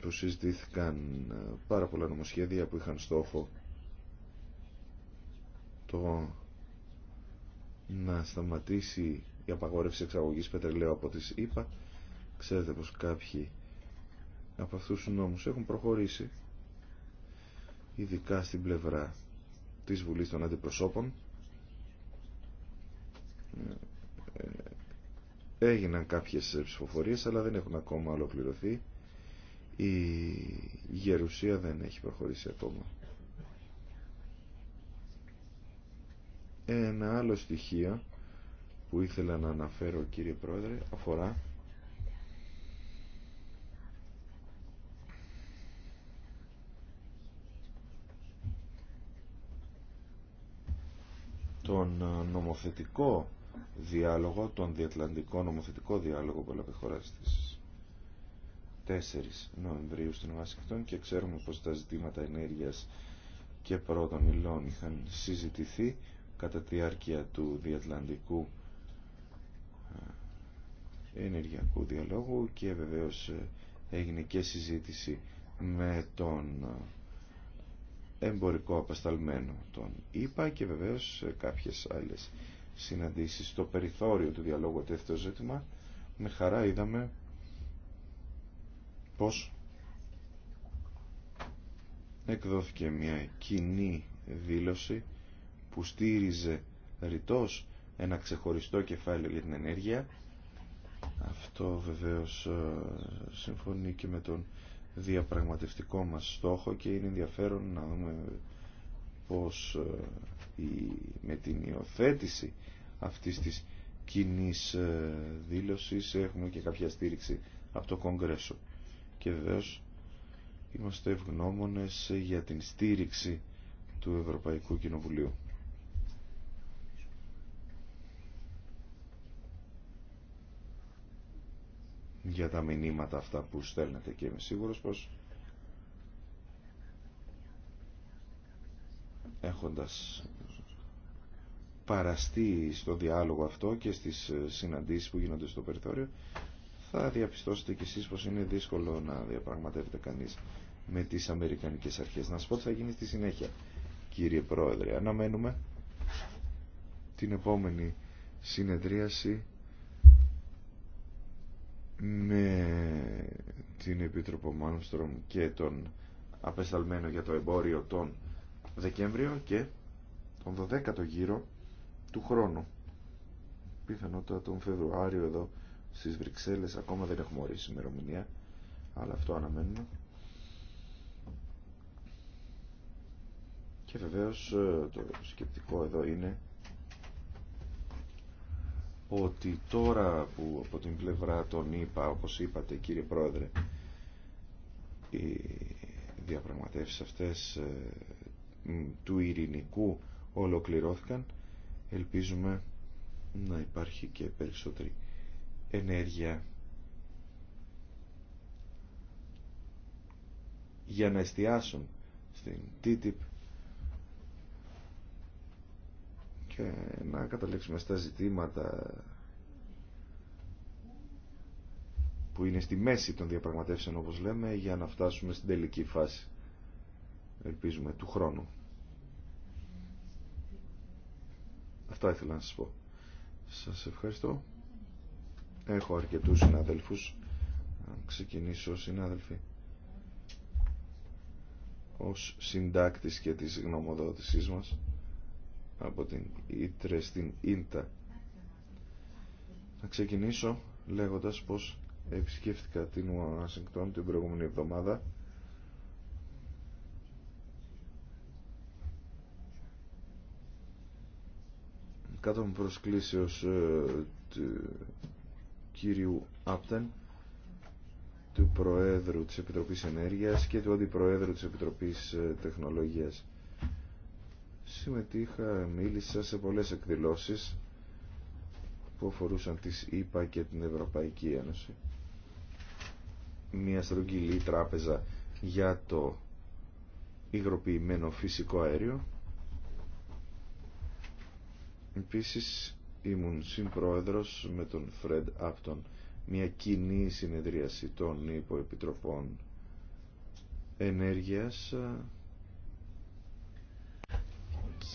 που συζητήθηκαν ε, πάρα πολλά νομοσχέδια που είχαν στόχο το να σταματήσει η απαγόρευση εξαγωγής πετρελαίου από τις ΗΠΑ. Ξέρετε πως κάποιοι από αυτούς τους νόμους έχουν προχωρήσει ειδικά στην πλευρά της Βουλής των Αντιπροσώπων ε, έγιναν κάποιες ψηφοφορίες αλλά δεν έχουν ακόμα ολοκληρωθεί η γερουσία δεν έχει προχωρήσει ακόμα Ένα άλλο στοιχείο που ήθελα να αναφέρω κύριε Πρόεδρε αφορά τον ε, νομοθετικό διάλογο, τον διατλαντικό νομοθετικό διάλογο που έλαβε χώρα στις 4 Νοεμβρίου στην Ουάσιγκτον και ξέρουμε πως τα ζητήματα ενέργειας και πρώτων υλών είχαν συζητηθεί κατά τη διάρκεια του διατλαντικού ε, ενεργειακού διαλόγου και βεβαίως ε, έγινε και συζήτηση με τον ε, εμπορικό απασταλμένο τον ΙΠΑ και βεβαίως κάποιες άλλες συναντήσεις στο περιθώριο του διαλόγου τέτοιο ζήτημα με χαρά είδαμε πως εκδόθηκε μια κοινή δήλωση που στήριζε ρητός ένα ξεχωριστό κεφάλαιο για την ενέργεια. Αυτό βεβαίως ε, συμφωνεί και με τον διαπραγματευτικό μας στόχο και είναι ενδιαφέρον να δούμε πως ε, με την υιοθέτηση αυτής της κοινή ε, δήλωσης έχουμε και κάποια στήριξη από το Κόγκρέσο. Και βεβαίως είμαστε ευγνώμονες για την στήριξη του Ευρωπαϊκού Κοινοβουλίου. για τα μηνύματα αυτά που στέλνετε και είμαι σίγουρος πως έχοντας παραστεί στο διάλογο αυτό και στις συναντήσεις που γίνονται στο περιθώριο θα διαπιστώσετε κι εσείς πως είναι δύσκολο να διαπραγματεύεται κανείς με τις Αμερικανικές αρχές. Να σας πω τι θα γίνει στη συνέχεια, κύριε Πρόεδρε. Αναμένουμε την επόμενη συνεδρίαση με την Επίτροπο Μάνστρομ και τον απεσταλμένο για το εμπόριο τον Δεκέμβριο και τον 12ο γύρο του χρόνου. Πιθανότατα τον Φεβρουάριο εδώ στις Βρυξέλλες ακόμα δεν έχουμε ορίσει ημερομηνία αλλά αυτό αναμένουμε. Και βεβαίως ε, το σκεπτικό εδώ είναι ότι τώρα που από την πλευρά των ΙΠΑ, όπως είπατε κύριε Πρόεδρε, οι διαπραγματεύσεις αυτές ε, του ειρηνικού ολοκληρώθηκαν, ελπίζουμε να υπάρχει και περισσότερη ενέργεια για να εστιάσουν στην TTIP και να καταλήξουμε στα ζητήματα που είναι στη μέση των διαπραγματεύσεων όπως λέμε για να φτάσουμε στην τελική φάση ελπίζουμε του χρόνου αυτά ήθελα να σας πω σας ευχαριστώ έχω αρκετούς συναδέλφους να ξεκινήσω συνάδελφοι ως συντάκτης και της γνωμοδότησής μας από την Ήτρε στην Ίντα. Θα ξεκινήσω λέγοντας πως επισκέφτηκα την Ουάσιγκτον την προηγούμενη εβδομάδα κάτω από προσκλήσεως ε, του κύριου Άπτεν του Προέδρου της Επιτροπής Ενέργειας και του Αντιπροέδρου της Επιτροπής ε, Τεχνολογίας συμμετείχα, μίλησα σε πολλές εκδηλώσεις που αφορούσαν τις ΗΠΑ και την Ευρωπαϊκή Ένωση. Μια στρογγυλή τράπεζα για το υγροποιημένο φυσικό αέριο. Επίσης ήμουν συμπρόεδρος με τον Φρέντ Άπτον μια κοινή συνεδρίαση των υποεπιτροπών ενέργειας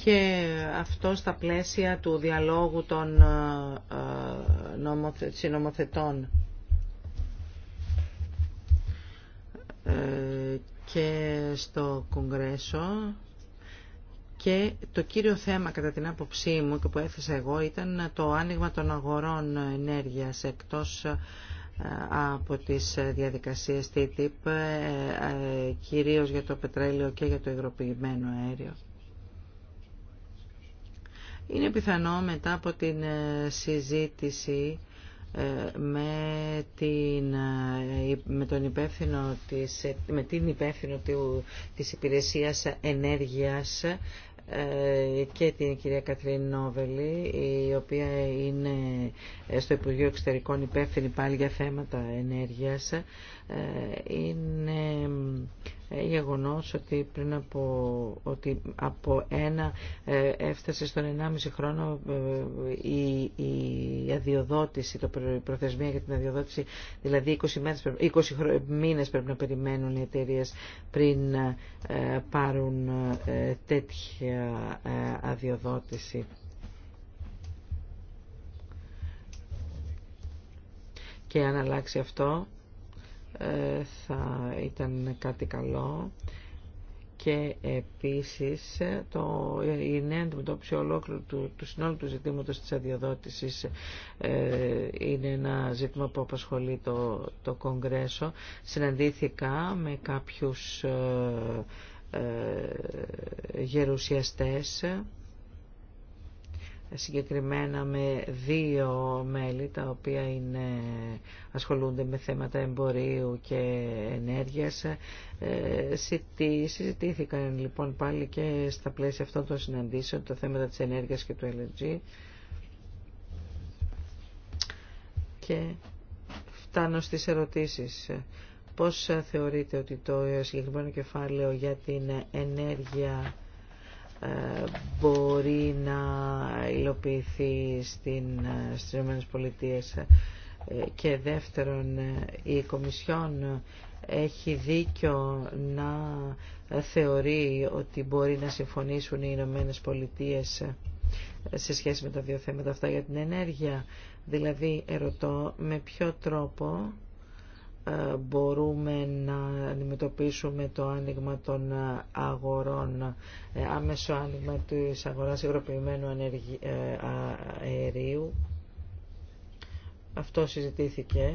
και αυτό στα πλαίσια του διαλόγου των ε, ε, συνομοθετών. Ε, και στο Κογκρέσο και το κύριο θέμα κατά την άποψή μου και που έθεσα εγώ ήταν το άνοιγμα των αγορών ενέργειας εκτός από τις διαδικασίες TTIP κυρίως για το πετρέλαιο και για το υγροποιημένο αέριο. Είναι πιθανό μετά από την ε, συζήτηση ε, με, την, ε, με τον υπεύθυνο της, με την του, της υπηρεσίας ενέργειας και την κυρία Κατρίνη Νόβελη, η οποία είναι στο Υπουργείο Εξωτερικών υπεύθυνη πάλι για θέματα ενέργειας. Είναι γεγονός ότι πριν από, ότι από ένα ε, έφτασε στον 1,5 χρόνο ε, η, η αδειοδότηση, το προθεσμία για την αδειοδότηση, δηλαδή 20, μέρες, 20 μήνες πρέπει να περιμένουν οι εταιρείε πριν ε, πάρουν τέτοια αδειοδότηση. Και αν αλλάξει αυτό, ε, θα ήταν κάτι καλό και επίσης το, η νέα αντιμετώπιση ολόκληρου του, του συνόλου του ζητήματος της αδειοδότησης ε, είναι ένα ζήτημα που απασχολεί το, το Κογκρέσο. Συναντήθηκα με κάποιους ε, ε γερουσιαστές συγκεκριμένα με δύο μέλη τα οποία είναι, ασχολούνται με θέματα εμπορίου και ενέργειας. Ε, συζητήθηκαν λοιπόν πάλι και στα πλαίσια αυτών των συναντήσεων το θέματα της ενέργειας και του LNG και φτάνω στις ερωτήσεις. Πώς θεωρείτε ότι το συγκεκριμένο κεφάλαιο για την ενέργεια ε, μπορεί να υλοποιηθεί στην, ε, στις Πολιτείε. Ε, και δεύτερον, η Κομισιόν έχει δίκιο να θεωρεί ότι μπορεί να συμφωνήσουν οι Ηνωμένε Πολιτείε σε σχέση με τα δύο θέματα αυτά για την ενέργεια. Δηλαδή, ερωτώ με ποιο τρόπο ε, μπορούμε να αντιμετωπίσουμε το άνοιγμα των αγορών, ε, άμεσο άνοιγμα της αγοράς υγροποιημένου ε, αερίου. Αυτό συζητήθηκε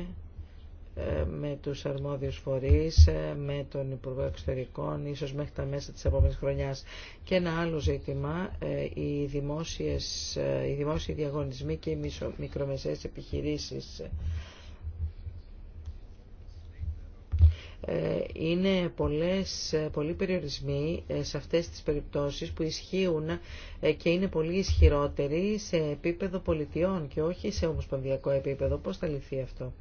με τους αρμόδιους φορείς, με τον Υπουργό Εξωτερικών, ίσως μέχρι τα μέσα της επόμενης χρονιάς. Και ένα άλλο ζήτημα, οι, δημόσιες, οι δημόσιοι διαγωνισμοί και οι μικρομεσαίες επιχειρήσεις Ε, είναι πολλές, πολλοί περιορισμοί ε, σε αυτές τις περιπτώσεις που ισχύουν ε, και είναι πολύ ισχυρότεροι σε επίπεδο πολιτιών και όχι σε ομοσπονδιακό επίπεδο. Πώς θα λυθεί αυτό,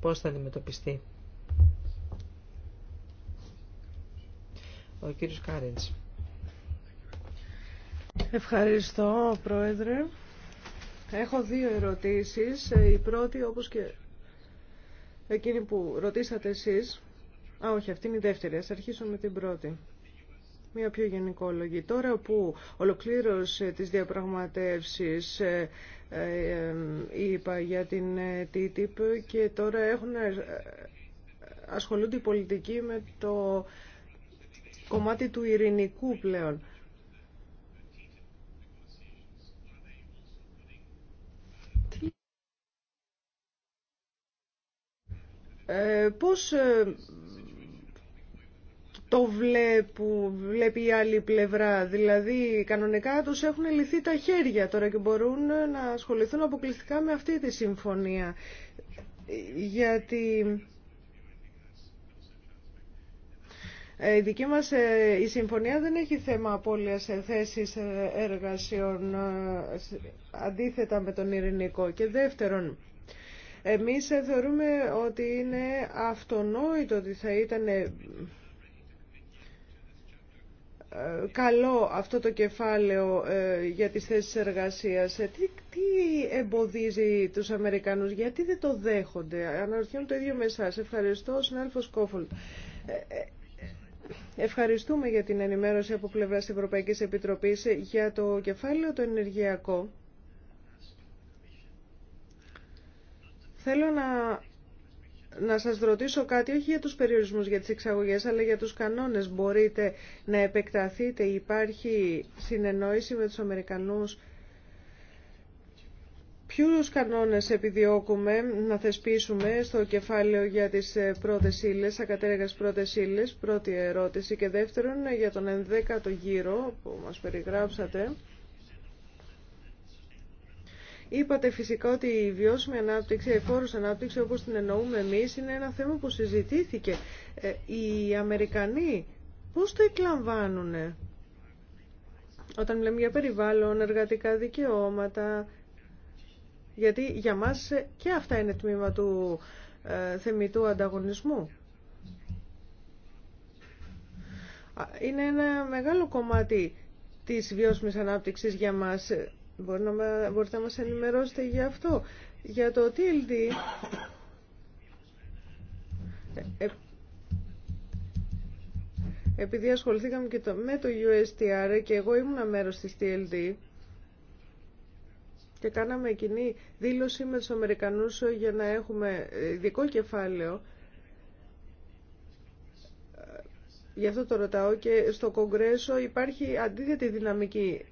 πώς θα αντιμετωπιστεί. Ο κύριος Κάριντς. Ευχαριστώ, Πρόεδρε. Έχω δύο ερωτήσεις. Η πρώτη, όπως και εκείνη που ρωτήσατε εσείς. Α, όχι, αυτή είναι η δεύτερη. Ας αρχίσω με την πρώτη. Μία πιο γενικόλογη. Τώρα που ολοκλήρωσε τις διαπραγματεύσεις ε, ε, ε, είπα για την TTIP και τώρα έχουν, ασχολούνται οι πολιτικοί με το κομμάτι του ειρηνικού πλέον. Ε, πώς ε, το βλέπουν, βλέπει η άλλη πλευρά. Δηλαδή, κανονικά τους έχουν λυθεί τα χέρια τώρα και μπορούν να ασχοληθούν αποκλειστικά με αυτή τη συμφωνία. Γιατί ε, η δική μας η συμφωνία δεν έχει θέμα απώλειας θέσεις εργασιών αντίθετα με τον ειρηνικό. Και δεύτερον, εμείς θεωρούμε ότι είναι αυτονόητο ότι θα ήταν ε, καλό αυτό το κεφάλαιο ε, για τις θέσεις εργασίας. Ε, τι, τι εμποδίζει τους Αμερικανούς, γιατί δεν το δέχονται. Αναρωτιέμαι το ίδιο με εσάς. Ευχαριστώ, συνάδελφος Κόφολ. Ευχαριστούμε για την ενημέρωση από πλευράς της Ευρωπαϊκής Επιτροπής για το κεφάλαιο το ενεργειακό. Θέλω να, να σας ρωτήσω κάτι, όχι για τους περιορισμούς για τις εξαγωγές, αλλά για τους κανόνες. Μπορείτε να επεκταθείτε, υπάρχει συνεννόηση με τους Αμερικανούς. Ποιους κανόνες επιδιώκουμε να θεσπίσουμε στο κεφάλαιο για τις ε, πρώτες ύλες, ακατέργας πρώτες ύλες, πρώτη ερώτηση και δεύτερον για τον ενδέκατο γύρο που μας περιγράψατε. Είπατε φυσικά ότι η βιώσιμη ανάπτυξη, η φόρος ανάπτυξη όπως την εννοούμε εμείς είναι ένα θέμα που συζητήθηκε. Ε, οι Αμερικανοί πώς το εκλαμβάνουν όταν μιλάμε για περιβάλλον, εργατικά δικαιώματα, γιατί για μας και αυτά είναι τμήμα του ε, θεμητού ανταγωνισμού. Είναι ένα μεγάλο κομμάτι της βιώσιμης ανάπτυξης για μας Μπορείτε να, μπορείτε να μας ενημερώσετε για αυτό. Για το TLD ε, επειδή ασχοληθήκαμε και το, με το USTR και εγώ ήμουν μέρος της TLD και κάναμε κοινή δήλωση με τους Αμερικανούς για να έχουμε ειδικό κεφάλαιο Γι' αυτό το ρωτάω και στο Κογκρέσο υπάρχει αντίθετη δυναμική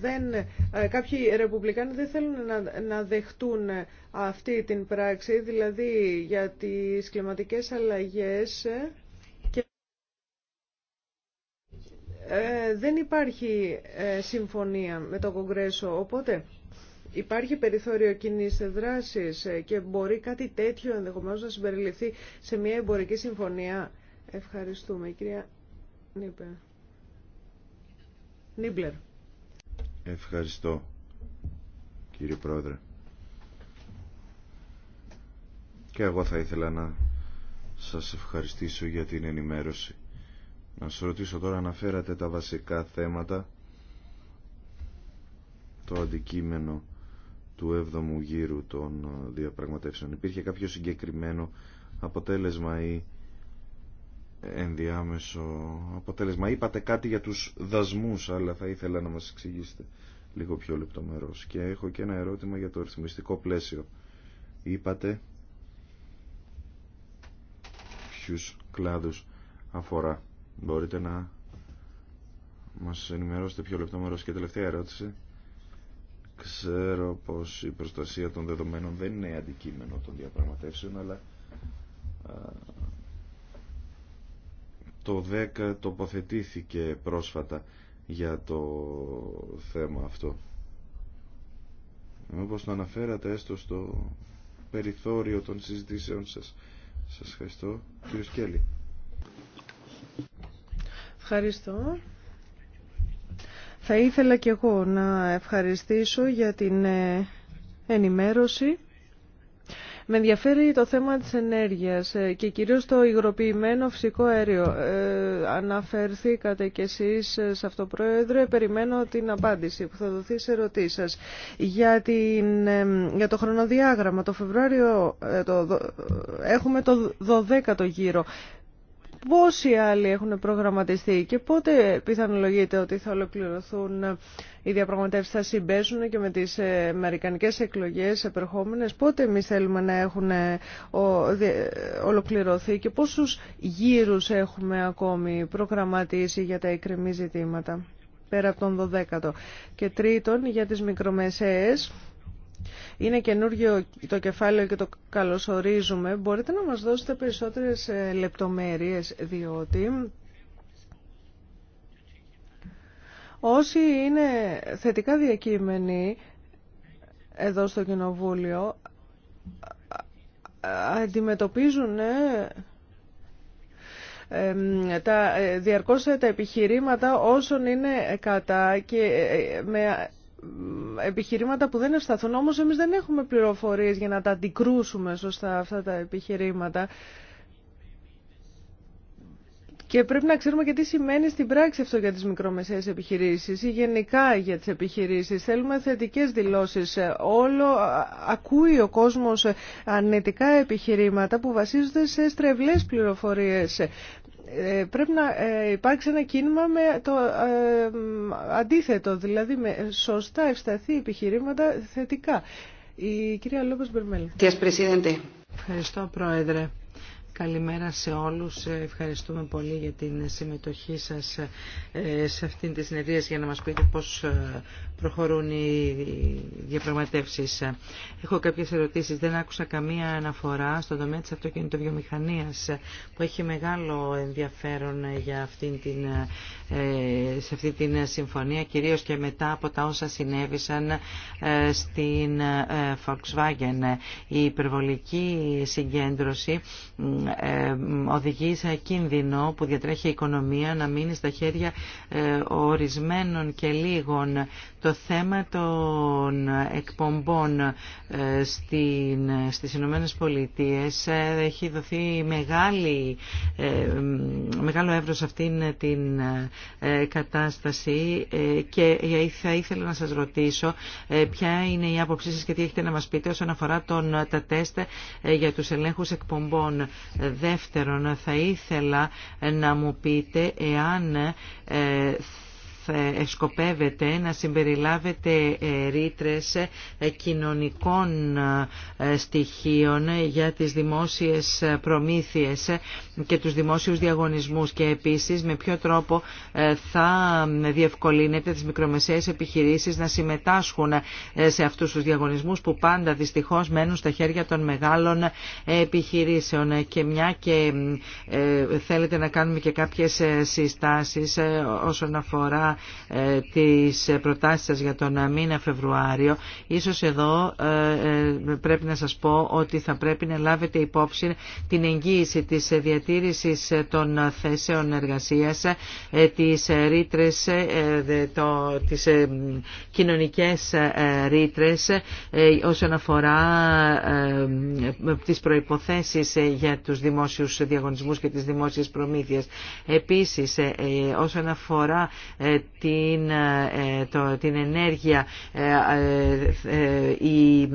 δεν, ε, κάποιοι ρεπουμπλικάνοι δεν θέλουν να, δεχτούν αυτή την πράξη, δηλαδή για τις κλιματικές αλλαγές ε, και, ε, δεν υπάρχει συμφωνία με το Κογκρέσο, οπότε υπάρχει περιθώριο κοινή δράσης και μπορεί κάτι τέτοιο ενδεχομένως να συμπεριληφθεί σε μια εμπορική συμφωνία. Ευχαριστούμε, κυρία Νίπλερ. Ευχαριστώ κύριε Πρόεδρε. Και εγώ θα ήθελα να σας ευχαριστήσω για την ενημέρωση. Να σας ρωτήσω τώρα αναφέρατε τα βασικά θέματα το αντικείμενο του 7ου γύρου των διαπραγματεύσεων. Υπήρχε κάποιο συγκεκριμένο αποτέλεσμα ή ενδιάμεσο αποτέλεσμα. Είπατε κάτι για τους δασμούς, αλλά θα ήθελα να μας εξηγήσετε λίγο πιο λεπτομερώς. Και έχω και ένα ερώτημα για το ρυθμιστικό πλαίσιο. Είπατε ποιους κλάδους αφορά. Μπορείτε να μας ενημερώσετε πιο λεπτομερώς. Και τελευταία ερώτηση. Ξέρω πως η προστασία των δεδομένων δεν είναι αντικείμενο των διαπραγματεύσεων, αλλά το 10 τοποθετήθηκε πρόσφατα για το θέμα αυτό. Μήπως το αναφέρατε έστω στο περιθώριο των συζητήσεων σας. Σας ευχαριστώ. Κύριο Σκέλη. Ευχαριστώ. Θα ήθελα και εγώ να ευχαριστήσω για την ε, ενημέρωση. Με ενδιαφέρει το θέμα της ενέργειας ε, και κυρίως το υγροποιημένο φυσικό αέριο. Ε, αναφερθήκατε κι εσείς ε, σε αυτό, Πρόεδρε. Περιμένω την απάντηση που θα δοθεί σε ερωτήσεις σας. Για, το χρονοδιάγραμμα, το Φεβρουάριο έχουμε το 12ο γύρο. Πόσοι άλλοι έχουν προγραμματιστεί και πότε πιθανολογείται ότι θα ολοκληρωθούν οι διαπραγματεύσεις, θα συμπέσουν και με τις αμερικανικές ε, εκλογές επερχόμενες. Πότε εμεί θέλουμε να έχουν ε, ολοκληρωθεί και πόσους γύρους έχουμε ακόμη προγραμματίσει για τα εκκρεμή ζητήματα πέρα από τον 12ο. Και τρίτον, για τις μικρομεσαίες είναι καινούργιο το κεφάλαιο και το καλωσορίζουμε. Μπορείτε να μας δώσετε περισσότερες ε, λεπτομέρειες, διότι όσοι είναι θετικά διακείμενοι εδώ στο Κοινοβούλιο αντιμετωπίζουν ε, τα, ε, διαρκώς τα επιχειρήματα όσων είναι κατά και με επιχειρήματα που δεν ευσταθούν. Όμως εμείς δεν έχουμε πληροφορίες για να τα αντικρούσουμε σωστά αυτά τα επιχειρήματα. Και πρέπει να ξέρουμε και τι σημαίνει στην πράξη αυτό για τις μικρομεσαίες επιχειρήσεις ή γενικά για τις επιχειρήσεις. Θέλουμε θετικές δηλώσεις. Όλο ακούει ο κόσμος ανετικά επιχειρήματα που βασίζονται σε στρεβλές πληροφορίες. Ε, πρέπει να ε, υπάρξει ένα κίνημα με το ε, αντίθετο, δηλαδή με σωστά ευσταθεί επιχειρήματα θετικά. Η κυρία Λόπες Μπερμέλ. Ευχαριστώ, Πρόεδρε. Καλημέρα σε όλους. Ευχαριστούμε πολύ για την συμμετοχή σας ε, σε αυτήν τη συνεδρία για να μας πείτε πώς ε, προχωρούν οι διαπραγματεύσεις. Έχω κάποιες ερωτήσεις. Δεν άκουσα καμία αναφορά στον τομέα της αυτοκινητοβιομηχανίας που έχει μεγάλο ενδιαφέρον για αυτήν την, ε, σε αυτή την συμφωνία κυρίως και μετά από τα όσα συνέβησαν στην Volkswagen. Η υπερβολική συγκέντρωση ε, οδηγεί σε κίνδυνο που διατρέχει η οικονομία να μείνει στα χέρια ε, ορισμένων και λίγων. Το θέμα των εκπομπών ε, στις Ηνωμένες Πολιτείες έχει δοθεί μεγάλη, μεγάλο σε αυτήν την κατάσταση και θα ήθελα να σας ρωτήσω ποια είναι η άποψή σας και τι έχετε να μας πείτε όσον αφορά τον, τα τεστ για τους ελέγχους εκπομπών. Δεύτερον, θα ήθελα να μου πείτε εάν ε, σκοπεύετε να συμπεριλάβετε ε, ρήτρες ε, κοινωνικών ε, στοιχείων για τις δημόσιες προμήθειες και τους δημόσιους διαγωνισμούς και επίσης με ποιο τρόπο θα διευκολύνεται τις μικρομεσαίες επιχειρήσεις να συμμετάσχουν σε αυτούς τους διαγωνισμούς που πάντα δυστυχώς μένουν στα χέρια των μεγάλων επιχειρήσεων και μια και θέλετε να κάνουμε και κάποιες συστάσεις όσον αφορά τι ε, τις προτάσεις για τον μήνα Φεβρουάριο, ίσως εδώ ε, ε, πρέπει να σας πω ότι θα πρέπει να λάβετε υπόψη την εγγύηση της διατήρησης των θέσεων εργασίας, τις ρήτρες, τις κοινωνικές ρήτρες όσον αφορά τις προϋποθέσεις για τους δημόσιους διαγωνισμούς και τις δημόσιες προμήθειες. Επίσης, όσον αφορά την, ε, την ενέργεια, ε, ε, η,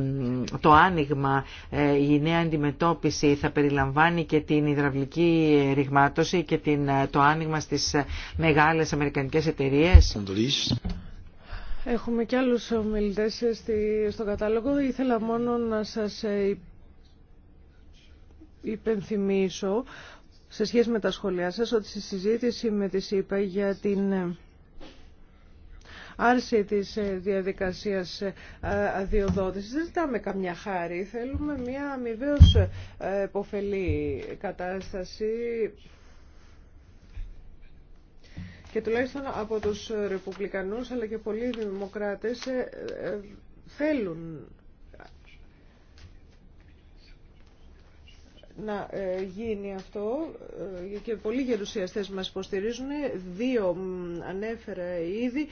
το άνοιγμα, η νέα αντιμετώπιση θα περιλαμβάνει και την υδραυλική ρηγμάτωση και την, το άνοιγμα στις μεγάλες αμερικανικές εταιρείες. Έχουμε και άλλους ομιλητές στο κατάλογο. Ήθελα μόνο να σας υπενθυμίσω σε σχέση με τα σχόλιά σας ότι στη συζήτηση με τη ΣΥΠΑ για την άρση της ε, διαδικασίας ε, αδειοδότησης. Δεν ζητάμε καμιά χάρη, θέλουμε μια αμοιβαίως υποφελή ε, κατάσταση και τουλάχιστον από τους ρεπουμπλικανούς αλλά και πολλοί δημοκράτες θέλουν να γίνει αυτό και πολλοί γερουσιαστές μας υποστηρίζουν. Δύο ανέφερα ήδη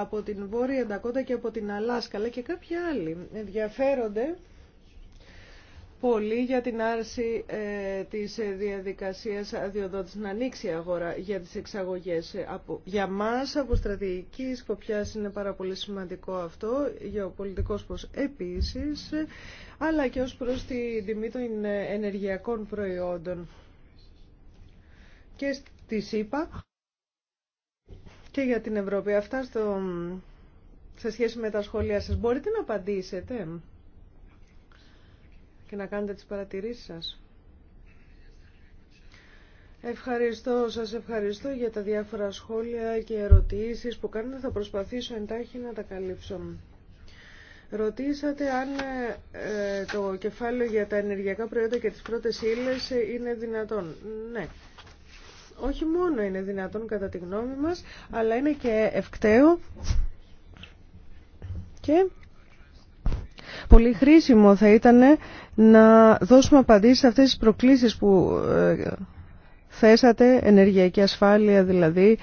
από την Βόρεια Ντακότα και από την Αλάσκα, αλλά και κάποιοι άλλοι ενδιαφέρονται πολύ για την άρση ε, της διαδικασίας αδειοδότησης να ανοίξει η αγορά για τις εξαγωγές. Από, για μας από στρατηγική σκοπιά είναι πάρα πολύ σημαντικό αυτό, για ο πολιτικός πως επίσης, αλλά και ως προς την τιμή των ενεργειακών προϊόντων. Και στη ΣΥΠΑ και για την Ευρώπη. Αυτά στο... σε σχέση με τα σχόλια σας. Μπορείτε να απαντήσετε και να κάνετε τις παρατηρήσεις σας. Ευχαριστώ, σας ευχαριστώ για τα διάφορα σχόλια και ερωτήσεις που κάνετε. Θα προσπαθήσω εντάχει να τα καλύψω. Ρωτήσατε αν ε, το κεφάλαιο για τα ενεργειακά προϊόντα και τις πρώτες ύλες είναι δυνατόν. Ναι όχι μόνο είναι δυνατόν κατά τη γνώμη μας, αλλά είναι και ευκταίο και πολύ χρήσιμο θα ήταν να δώσουμε απαντήσεις σε αυτές τις προκλήσεις που ε, θέσατε, ενεργειακή ασφάλεια δηλαδή,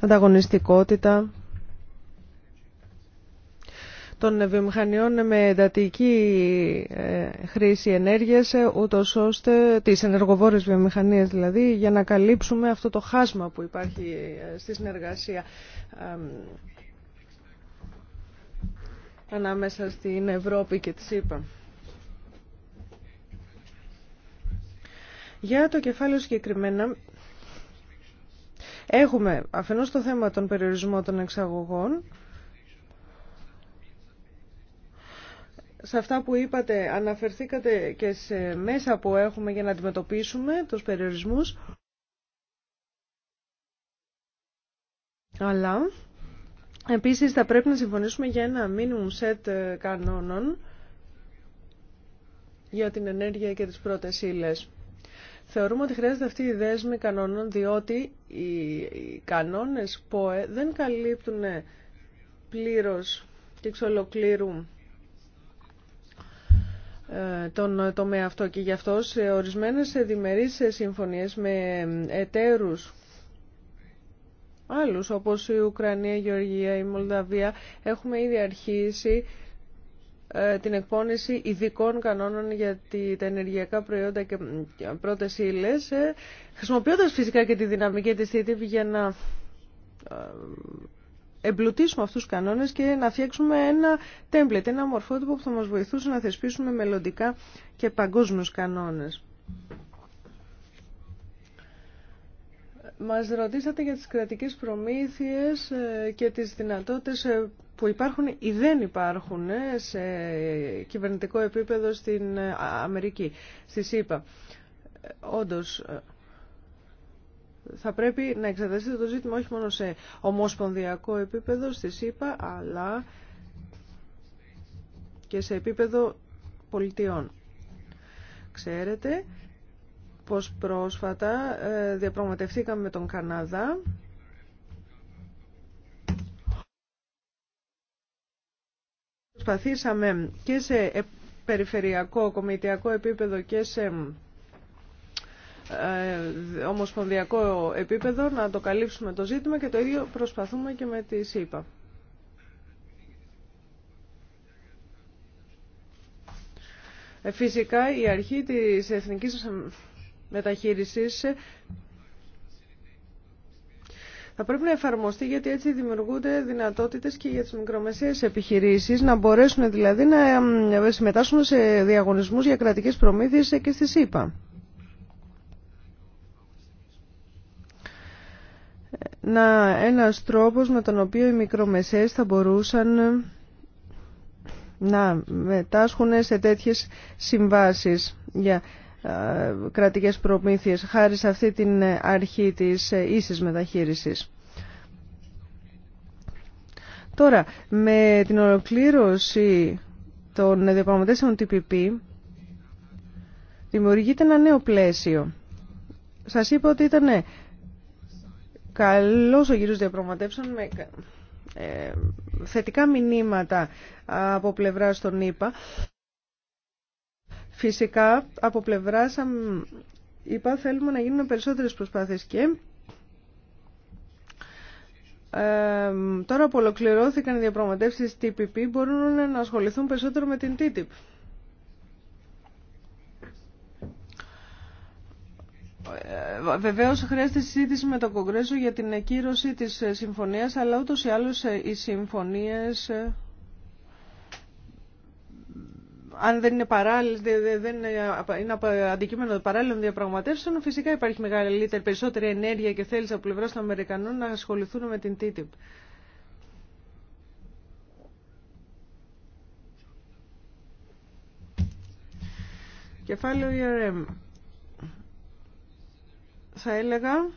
ανταγωνιστικότητα, των βιομηχανιών με εντατική ε, χρήση ενέργειας, ε, ούτως ώστε τις ενεργοβόρες βιομηχανίες δηλαδή, για να καλύψουμε αυτό το χάσμα που υπάρχει ε, στη συνεργασία ανάμεσα στην Ευρώπη και τη ΣΥΠΑ. Για το κεφάλαιο συγκεκριμένα, έχουμε αφενός το θέμα των περιορισμών των εξαγωγών, σε αυτά που είπατε αναφερθήκατε και σε μέσα που έχουμε για να αντιμετωπίσουμε τους περιορισμούς. Αλλά επίσης θα πρέπει να συμφωνήσουμε για ένα minimum set ε, κανόνων για την ενέργεια και τις πρώτες ύλες. Θεωρούμε ότι χρειάζεται αυτή η δέσμη κανόνων διότι οι κανόνες ΠΟΕ δεν καλύπτουν πλήρως και εξ τον τομέα αυτό και γι' αυτό σε ορισμένες διμερείς συμφωνίες με εταίρους άλλους όπως η Ουκρανία, η Γεωργία, η Μολδαβία έχουμε ήδη αρχίσει ε, την εκπόνηση ειδικών κανόνων για τα ενεργειακά προϊόντα και πρώτες ύλες ε, χρησιμοποιώντας φυσικά και τη δυναμική της TTIP για να ε, εμπλουτίσουμε αυτούς τους κανόνες και να φτιάξουμε ένα τέμπλετ, ένα μορφότυπο που θα μας βοηθούσε να θεσπίσουμε μελλοντικά και παγκόσμιους κανόνες. Μας ρωτήσατε για τις κρατικές προμήθειες ε, και τις δυνατότητες ε, που υπάρχουν ή δεν υπάρχουν ε, σε κυβερνητικό επίπεδο στην Αμερική, στη ΣΥΠΑ. Όντως, θα πρέπει να εξεταστείτε το ζήτημα όχι μόνο σε ομοσπονδιακό επίπεδο στη ΣΥΠΑ, αλλά και σε επίπεδο πολιτιών. Ξέρετε πως πρόσφατα ε, διαπραγματευθήκαμε με τον Καναδά Προσπαθήσαμε και σε περιφερειακό, κομιτιακό επίπεδο και σε ε, ομοσπονδιακό επίπεδο να το καλύψουμε το ζήτημα και το ίδιο προσπαθούμε και με τη ΣΥΠΑ. Ε, φυσικά η αρχή της εθνικής μεταχείρισης ε, θα πρέπει να εφαρμοστεί γιατί έτσι δημιουργούνται δυνατότητες και για τις μικρομεσαίες επιχειρήσεις να μπορέσουν δηλαδή να συμμετάσχουν σε διαγωνισμούς για κρατικές προμήθειες και στη ΣΥΠΑ. να, ένας τρόπος με τον οποίο οι μικρομεσαίες θα μπορούσαν ε, να μετάσχουν σε τέτοιες συμβάσεις για ε, κρατικές προμήθειες χάρη σε αυτή την ε, αρχή της ίσης μεταχείρισης. Τώρα, με την ολοκλήρωση των διαπραγματεύσεων TPP δημιουργείται ένα νέο πλαίσιο. Σας είπα ότι ήταν καλός ο γύρο διαπραγματεύσεων με ε, θετικά μηνύματα από πλευρά των ΗΠΑ. Φυσικά, από πλευρά είπα θέλουμε να γίνουν περισσότερες προσπάθειες και τώρα που ολοκληρώθηκαν οι διαπραγματεύσεις TPP μπορούν να ασχοληθούν περισσότερο με την TTIP. Ε, βεβαίως χρειάζεται συζήτηση με το Κογκρέσο για την εκείρωση της ε, συμφωνίας, αλλά ούτως ή άλλως ε, οι συμφωνίες, αν δεν είναι, παράλληλες, δεν είναι αντικείμενο παράλληλων διαπραγματεύσεων, φυσικά υπάρχει μεγαλύτερη, περισσότερη ενέργεια και θέληση από πλευρά των Αμερικανών να ασχοληθούν με την TTIP. Κεφάλαιο ERM θα έλεγα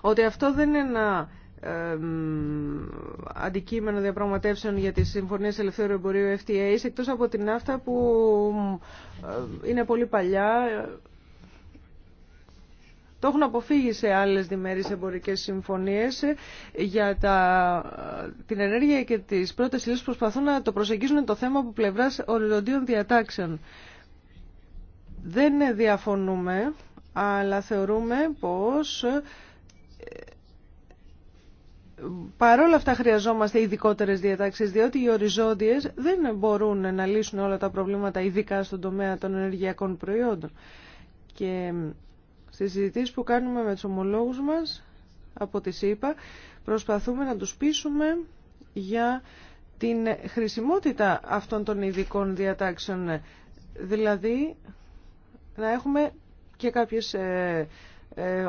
ότι αυτό δεν είναι ένα αντικείμενο διαπραγματεύσεων για τις συμφωνίες ελευθερίου εμπορίου FTA, εκτός από την ναύτα που ε, είναι πολύ παλιά το έχουν αποφύγει σε άλλες διμερείς εμπορικές συμφωνίες ε, για τα, ε, την ενέργεια και τις πρώτες που προσπαθούν να το προσεγγίσουν το θέμα από πλευράς οριζοντίων διατάξεων. Δεν διαφωνούμε, αλλά θεωρούμε πως ε, παρόλα αυτά χρειαζόμαστε ειδικότερε διατάξεις, διότι οι οριζόντιες δεν μπορούν να λύσουν όλα τα προβλήματα, ειδικά στον τομέα των ενεργειακών προϊόντων. Και στις συζητήσεις που κάνουμε με τους ομολόγους μας, από τη ΣΥΠΑ, προσπαθούμε να τους πείσουμε για την χρησιμότητα αυτών των ειδικών διατάξεων. Δηλαδή, να έχουμε και κάποιες ε, ε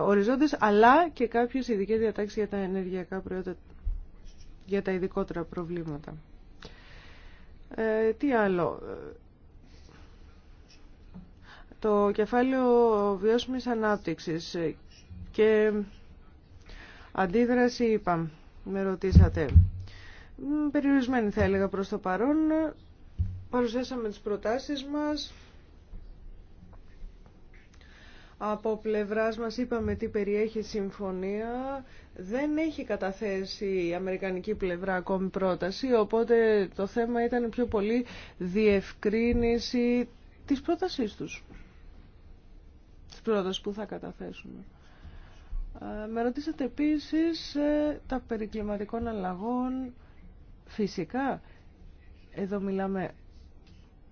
αλλά και κάποιες ειδικέ διατάξεις για τα ενεργειακά προϊόντα, για τα ειδικότερα προβλήματα. Ε, τι άλλο το κεφάλαιο βιώσιμης ανάπτυξης και αντίδραση είπα, με ρωτήσατε. Περιορισμένη θα έλεγα προς το παρόν. Παρουσιάσαμε τις προτάσεις μας. Από πλευράς μας είπαμε τι περιέχει συμφωνία. Δεν έχει καταθέσει η αμερικανική πλευρά ακόμη πρόταση, οπότε το θέμα ήταν πιο πολύ διευκρίνηση της πρότασής τους πρόοδος που θα καταθέσουμε. Ε, με ρωτήσατε επίσης ε, τα περί κλιματικών αλλαγών. Φυσικά, εδώ μιλάμε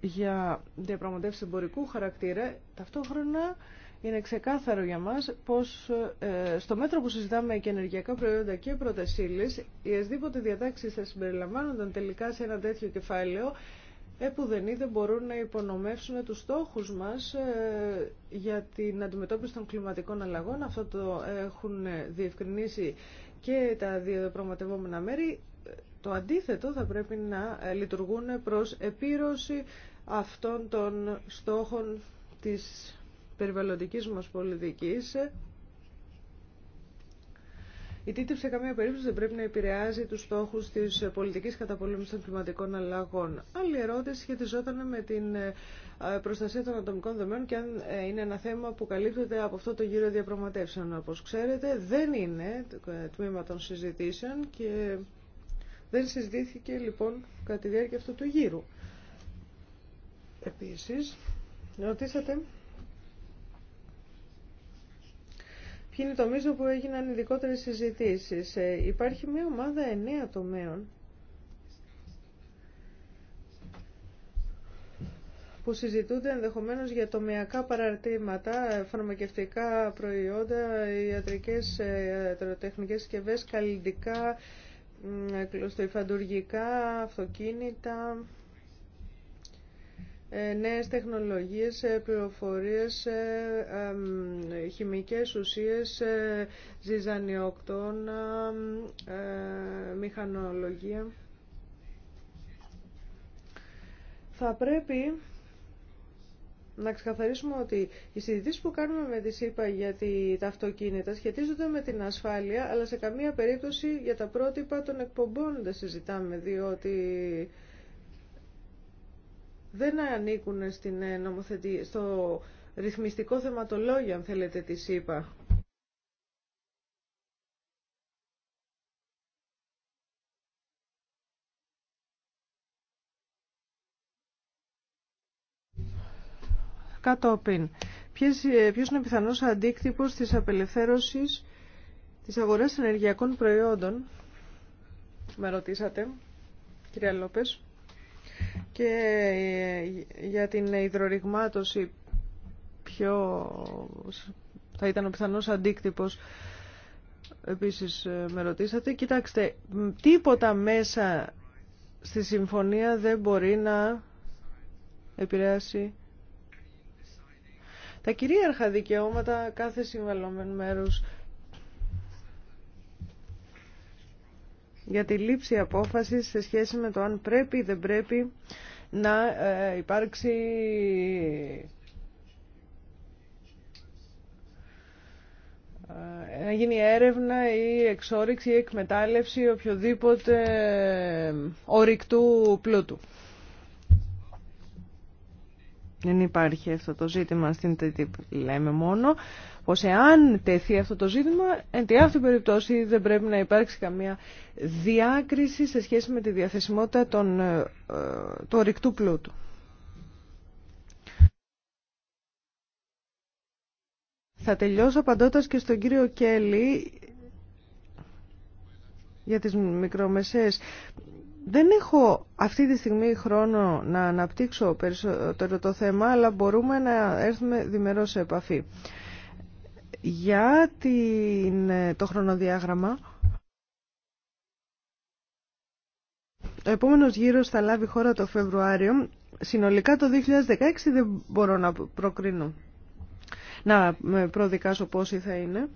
για διαπραγματεύσεις εμπορικού χαρακτήρα. Ταυτόχρονα είναι ξεκάθαρο για μας πως ε, στο μέτρο που συζητάμε και ενεργειακά προϊόντα και πρώτες οι οι διατάξεις θα συμπεριλαμβάνονταν τελικά σε ένα τέτοιο κεφάλαιο ε, που δεν μπορούν να υπονομεύσουν τους στόχους μας ε, για την αντιμετώπιση των κλιματικών αλλαγών. Αυτό το έχουν διευκρινίσει και τα δύο μέρη. Το αντίθετο θα πρέπει να λειτουργούν προς επίρρωση αυτών των στόχων της περιβαλλοντικής μας πολιτικής η τίτλη, σε καμία περίπτωση δεν πρέπει να επηρεάζει τους στόχου της πολιτικής καταπολέμησης των κλιματικών αλλαγών. Άλλη ερώτηση σχετιζόταν με την ε, προστασία των ατομικών δεμένων και αν ε, είναι ένα θέμα που καλύπτεται από αυτό το γύρο διαπραγματεύσεων. Όπως ξέρετε δεν είναι ε, τμήμα των συζητήσεων και δεν συζητήθηκε λοιπόν κατά τη διάρκεια αυτού του γύρου. Επίσης, ρωτήσατε Ποιοι είναι οι τομείς όπου έγιναν ειδικότερε συζητήσεις. Ε, υπάρχει μια ομάδα εννέα τομέων που συζητούνται ενδεχομένως για τομεακά παραρτήματα, ε, φαρμακευτικά προϊόντα, ιατρικές, ε, ιατροτεχνικές συσκευέ, καλλιντικά, κλωστοϊφαντουργικά, αυτοκίνητα, ε, νέες τεχνολογίες, ε, πληροφορίες, ε, χημικές ουσίες, ζυζανιοκτώνα, μηχανολογία. Θα πρέπει να ξεκαθαρίσουμε ότι οι συζητήσει που κάνουμε με τη ΣΥΠΑ για τα αυτοκίνητα σχετίζονται με την ασφάλεια, αλλά σε καμία περίπτωση για τα πρότυπα των εκπομπών δεν συζητάμε, διότι δεν ανήκουν στην ε, στο ρυθμιστικό θεματολόγιο, αν θέλετε, τη είπα. Κατόπιν, ποιος, ε, ποιος είναι ο πιθανός αντίκτυπος της απελευθέρωσης της αγοράς ενεργειακών προϊόντων, με ρωτήσατε, κυρία Λόπες και ε, για την υδρορυγμάτωση πιο θα ήταν ο πιθανός αντίκτυπος επίσης ε, με ρωτήσατε. Κοιτάξτε, τίποτα μέσα στη συμφωνία δεν μπορεί να επηρεάσει τα κυρίαρχα δικαιώματα κάθε συμβαλόμενου μέρους για τη λήψη απόφασης σε σχέση με το αν πρέπει ή δεν πρέπει να ε, υπάρξει ε, να γίνει έρευνα ή εξόριξη ή εκμετάλλευση οποιοδήποτε ορυκτού πλούτου. Δεν υπάρχει αυτό το ζήτημα στην που λέμε μόνο πως εάν τεθεί αυτό το ζήτημα, εν τη αυτή περιπτώσει δεν πρέπει να υπάρξει καμία διάκριση σε σχέση με τη διαθεσιμότητα ε, ε, του ορυκτού πλούτου. Θα τελειώσω απαντώντας και στον κύριο Κέλλη για τις μικρομεσαίες. Δεν έχω αυτή τη στιγμή χρόνο να αναπτύξω περισσότερο το θέμα, αλλά μπορούμε να έρθουμε διμερώς σε επαφή. Για την, το χρονοδιάγραμμα, ο επόμενος γύρος θα λάβει χώρα το Φεβρουάριο. Συνολικά το 2016 δεν μπορώ να προκρίνω. Να προδικάσω πόσοι θα είναι.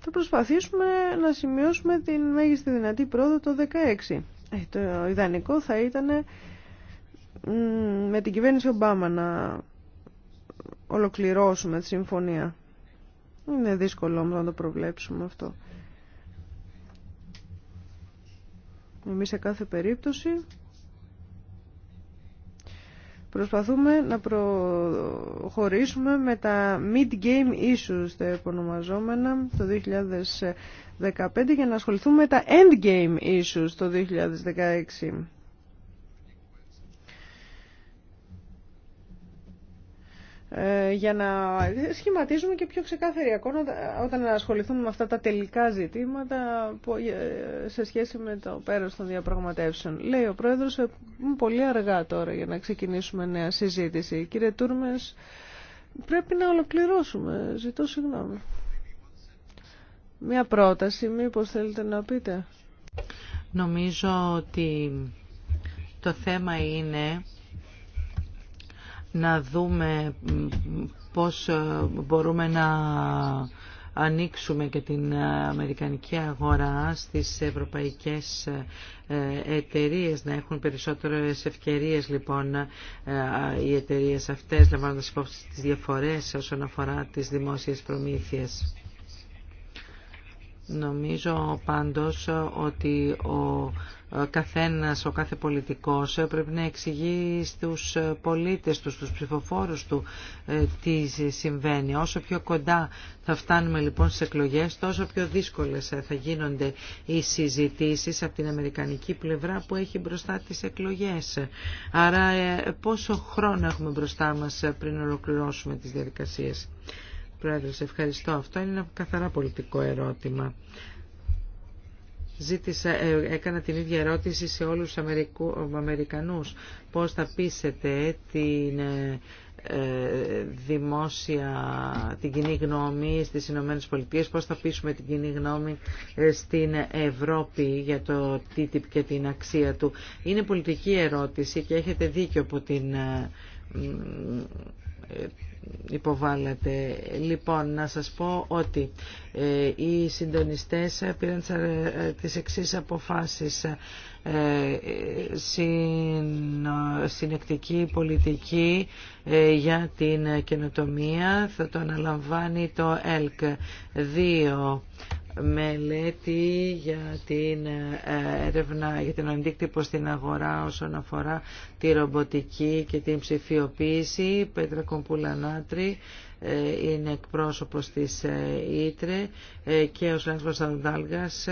Θα προσπαθήσουμε να σημειώσουμε την μέγιστη δυνατή πρόοδο το 2016. Ε, το ιδανικό θα ήταν με την κυβέρνηση Ομπάμα να ολοκληρώσουμε τη συμφωνία. Είναι δύσκολο όμως να το προβλέψουμε αυτό. Εμείς σε κάθε περίπτωση προσπαθούμε να προχωρήσουμε με τα mid-game issues, τα επωνομαζόμενα, το 2015 για να ασχοληθούμε με τα end-game issues το 2016. Ε, για να σχηματίζουμε και πιο ξεκάθαρη εικόνα όταν ασχοληθούμε με αυτά τα τελικά ζητήματα ε, σε σχέση με το πέρας των διαπραγματεύσεων. Λέει ο Πρόεδρος, ε, πολύ αργά τώρα για να ξεκινήσουμε νέα συζήτηση. Κύριε Τούρμες, πρέπει να ολοκληρώσουμε. Ζητώ συγγνώμη. Μια πρόταση, μήπως θέλετε να πείτε. Νομίζω ότι το θέμα είναι να δούμε πώς ε, μπορούμε να ανοίξουμε και την ε, αμερικανική αγορά στις ευρωπαϊκές ε, εταιρείες να έχουν περισσότερες ευκαιρίες λοιπόν οι εταιρείες αυτές λαμβάνοντας υπόψη τις διαφορές όσον αφορά τις δημόσιες προμήθειες. Νομίζω πάντως ότι ο ε, καθένας, ο κάθε πολιτικός ε, πρέπει να εξηγεί στους ε, πολίτες του, στους ψηφοφόρους του τι συμβαίνει. Όσο πιο κοντά θα φτάνουμε λοιπόν στις εκλογές, τόσο πιο δύσκολες θα γίνονται οι συζητήσεις από την Αμερικανική πλευρά που έχει μπροστά τις εκλογές. Άρα πόσο χρόνο έχουμε μπροστά μας πριν ολοκληρώσουμε τις διαδικασίες. Πρόεδρε, ευχαριστώ. Αυτό είναι ένα καθαρά πολιτικό ερώτημα. Ζήτησα, ε, έκανα την ίδια ερώτηση σε όλους τους Αμερικανούς. Πώς θα πείσετε την ε, ε, δημόσια την κοινή γνώμη στις Ηνωμένες Πολιτείες, πώς θα πείσουμε την κοινή γνώμη στην Ευρώπη για το TTIP και την αξία του. Είναι πολιτική ερώτηση και έχετε δίκιο από την υποβάλλατε. Λοιπόν, να σας πω ότι ε, οι συντονιστές πήραν τις ε, εξής αποφάσεις. Ε, συνεκτική πολιτική για την καινοτομία θα το αναλαμβάνει το ΕΛΚ. 2 μελέτη για την ε, έρευνα, για την αντίκτυπο στην αγορά όσον αφορά τη ρομποτική και την ψηφιοποίηση. Πέτρα ε, είναι εκπρόσωπος της ε, Ήτρε και ο Σλάνσκος Αντάλγας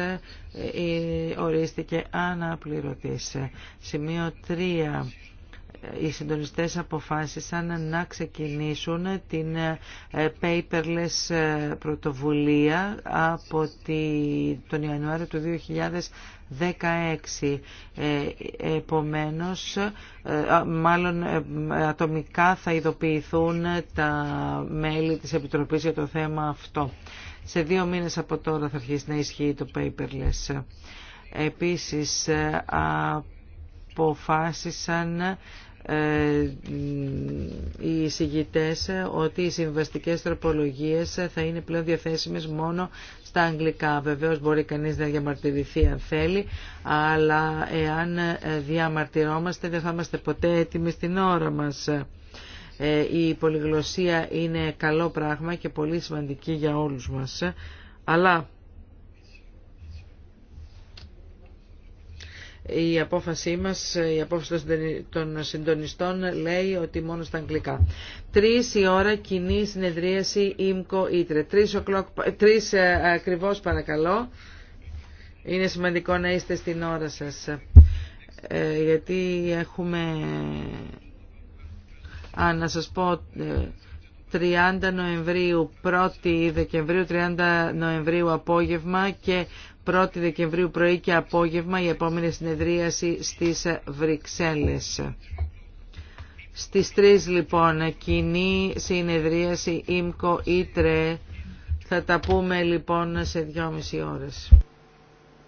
ορίστηκε αναπληρωτής. Σημείο 3 οι συντονιστές αποφάσισαν να ξεκινήσουν την ε, paperless ε, πρωτοβουλία από τον Ιανουάριο του 2016. Ε, επομένως, μάλλον ατομικά θα ειδοποιηθούν τα μέλη της Επιτροπής για το θέμα αυτό. Σε δύο μήνες από τώρα θα αρχίσει να ισχύει το paperless. Επίσης, αποφάσισαν ε, οι εισηγητές ότι οι συμβαστικές τροπολογίες θα είναι πλέον διαθέσιμες μόνο στα αγγλικά. Βεβαίως μπορεί κανείς να διαμαρτυρηθεί αν θέλει, αλλά εάν διαμαρτυρόμαστε δεν θα είμαστε ποτέ έτοιμοι στην ώρα μας. Ε, η πολυγλωσία είναι καλό πράγμα και πολύ σημαντική για όλους μας, αλλά η απόφασή μας, η απόφαση των συντονιστών λέει ότι μόνο στα αγγλικά. Τρεις η ώρα κοινή συνεδρίαση ΙΜΚΟ Ήτρε. Τρεις, οκλοκ, ε, ακριβώς παρακαλώ. Είναι σημαντικό να είστε στην ώρα σας. Ε, γιατί έχουμε... Α, να σας πω... 30 ε, Νοεμβρίου, 1η Δεκεμβρίου, 30 Νοεμβρίου απόγευμα και 1η Δεκεμβρίου πρωί και απόγευμα η επόμενη συνεδρίαση στις Βρυξέλλες. Στις 3 λοιπόν κοινή συνεδρίαση ΙΜΚΟ Ήτρε θα τα πούμε λοιπόν σε 2,5 ώρες.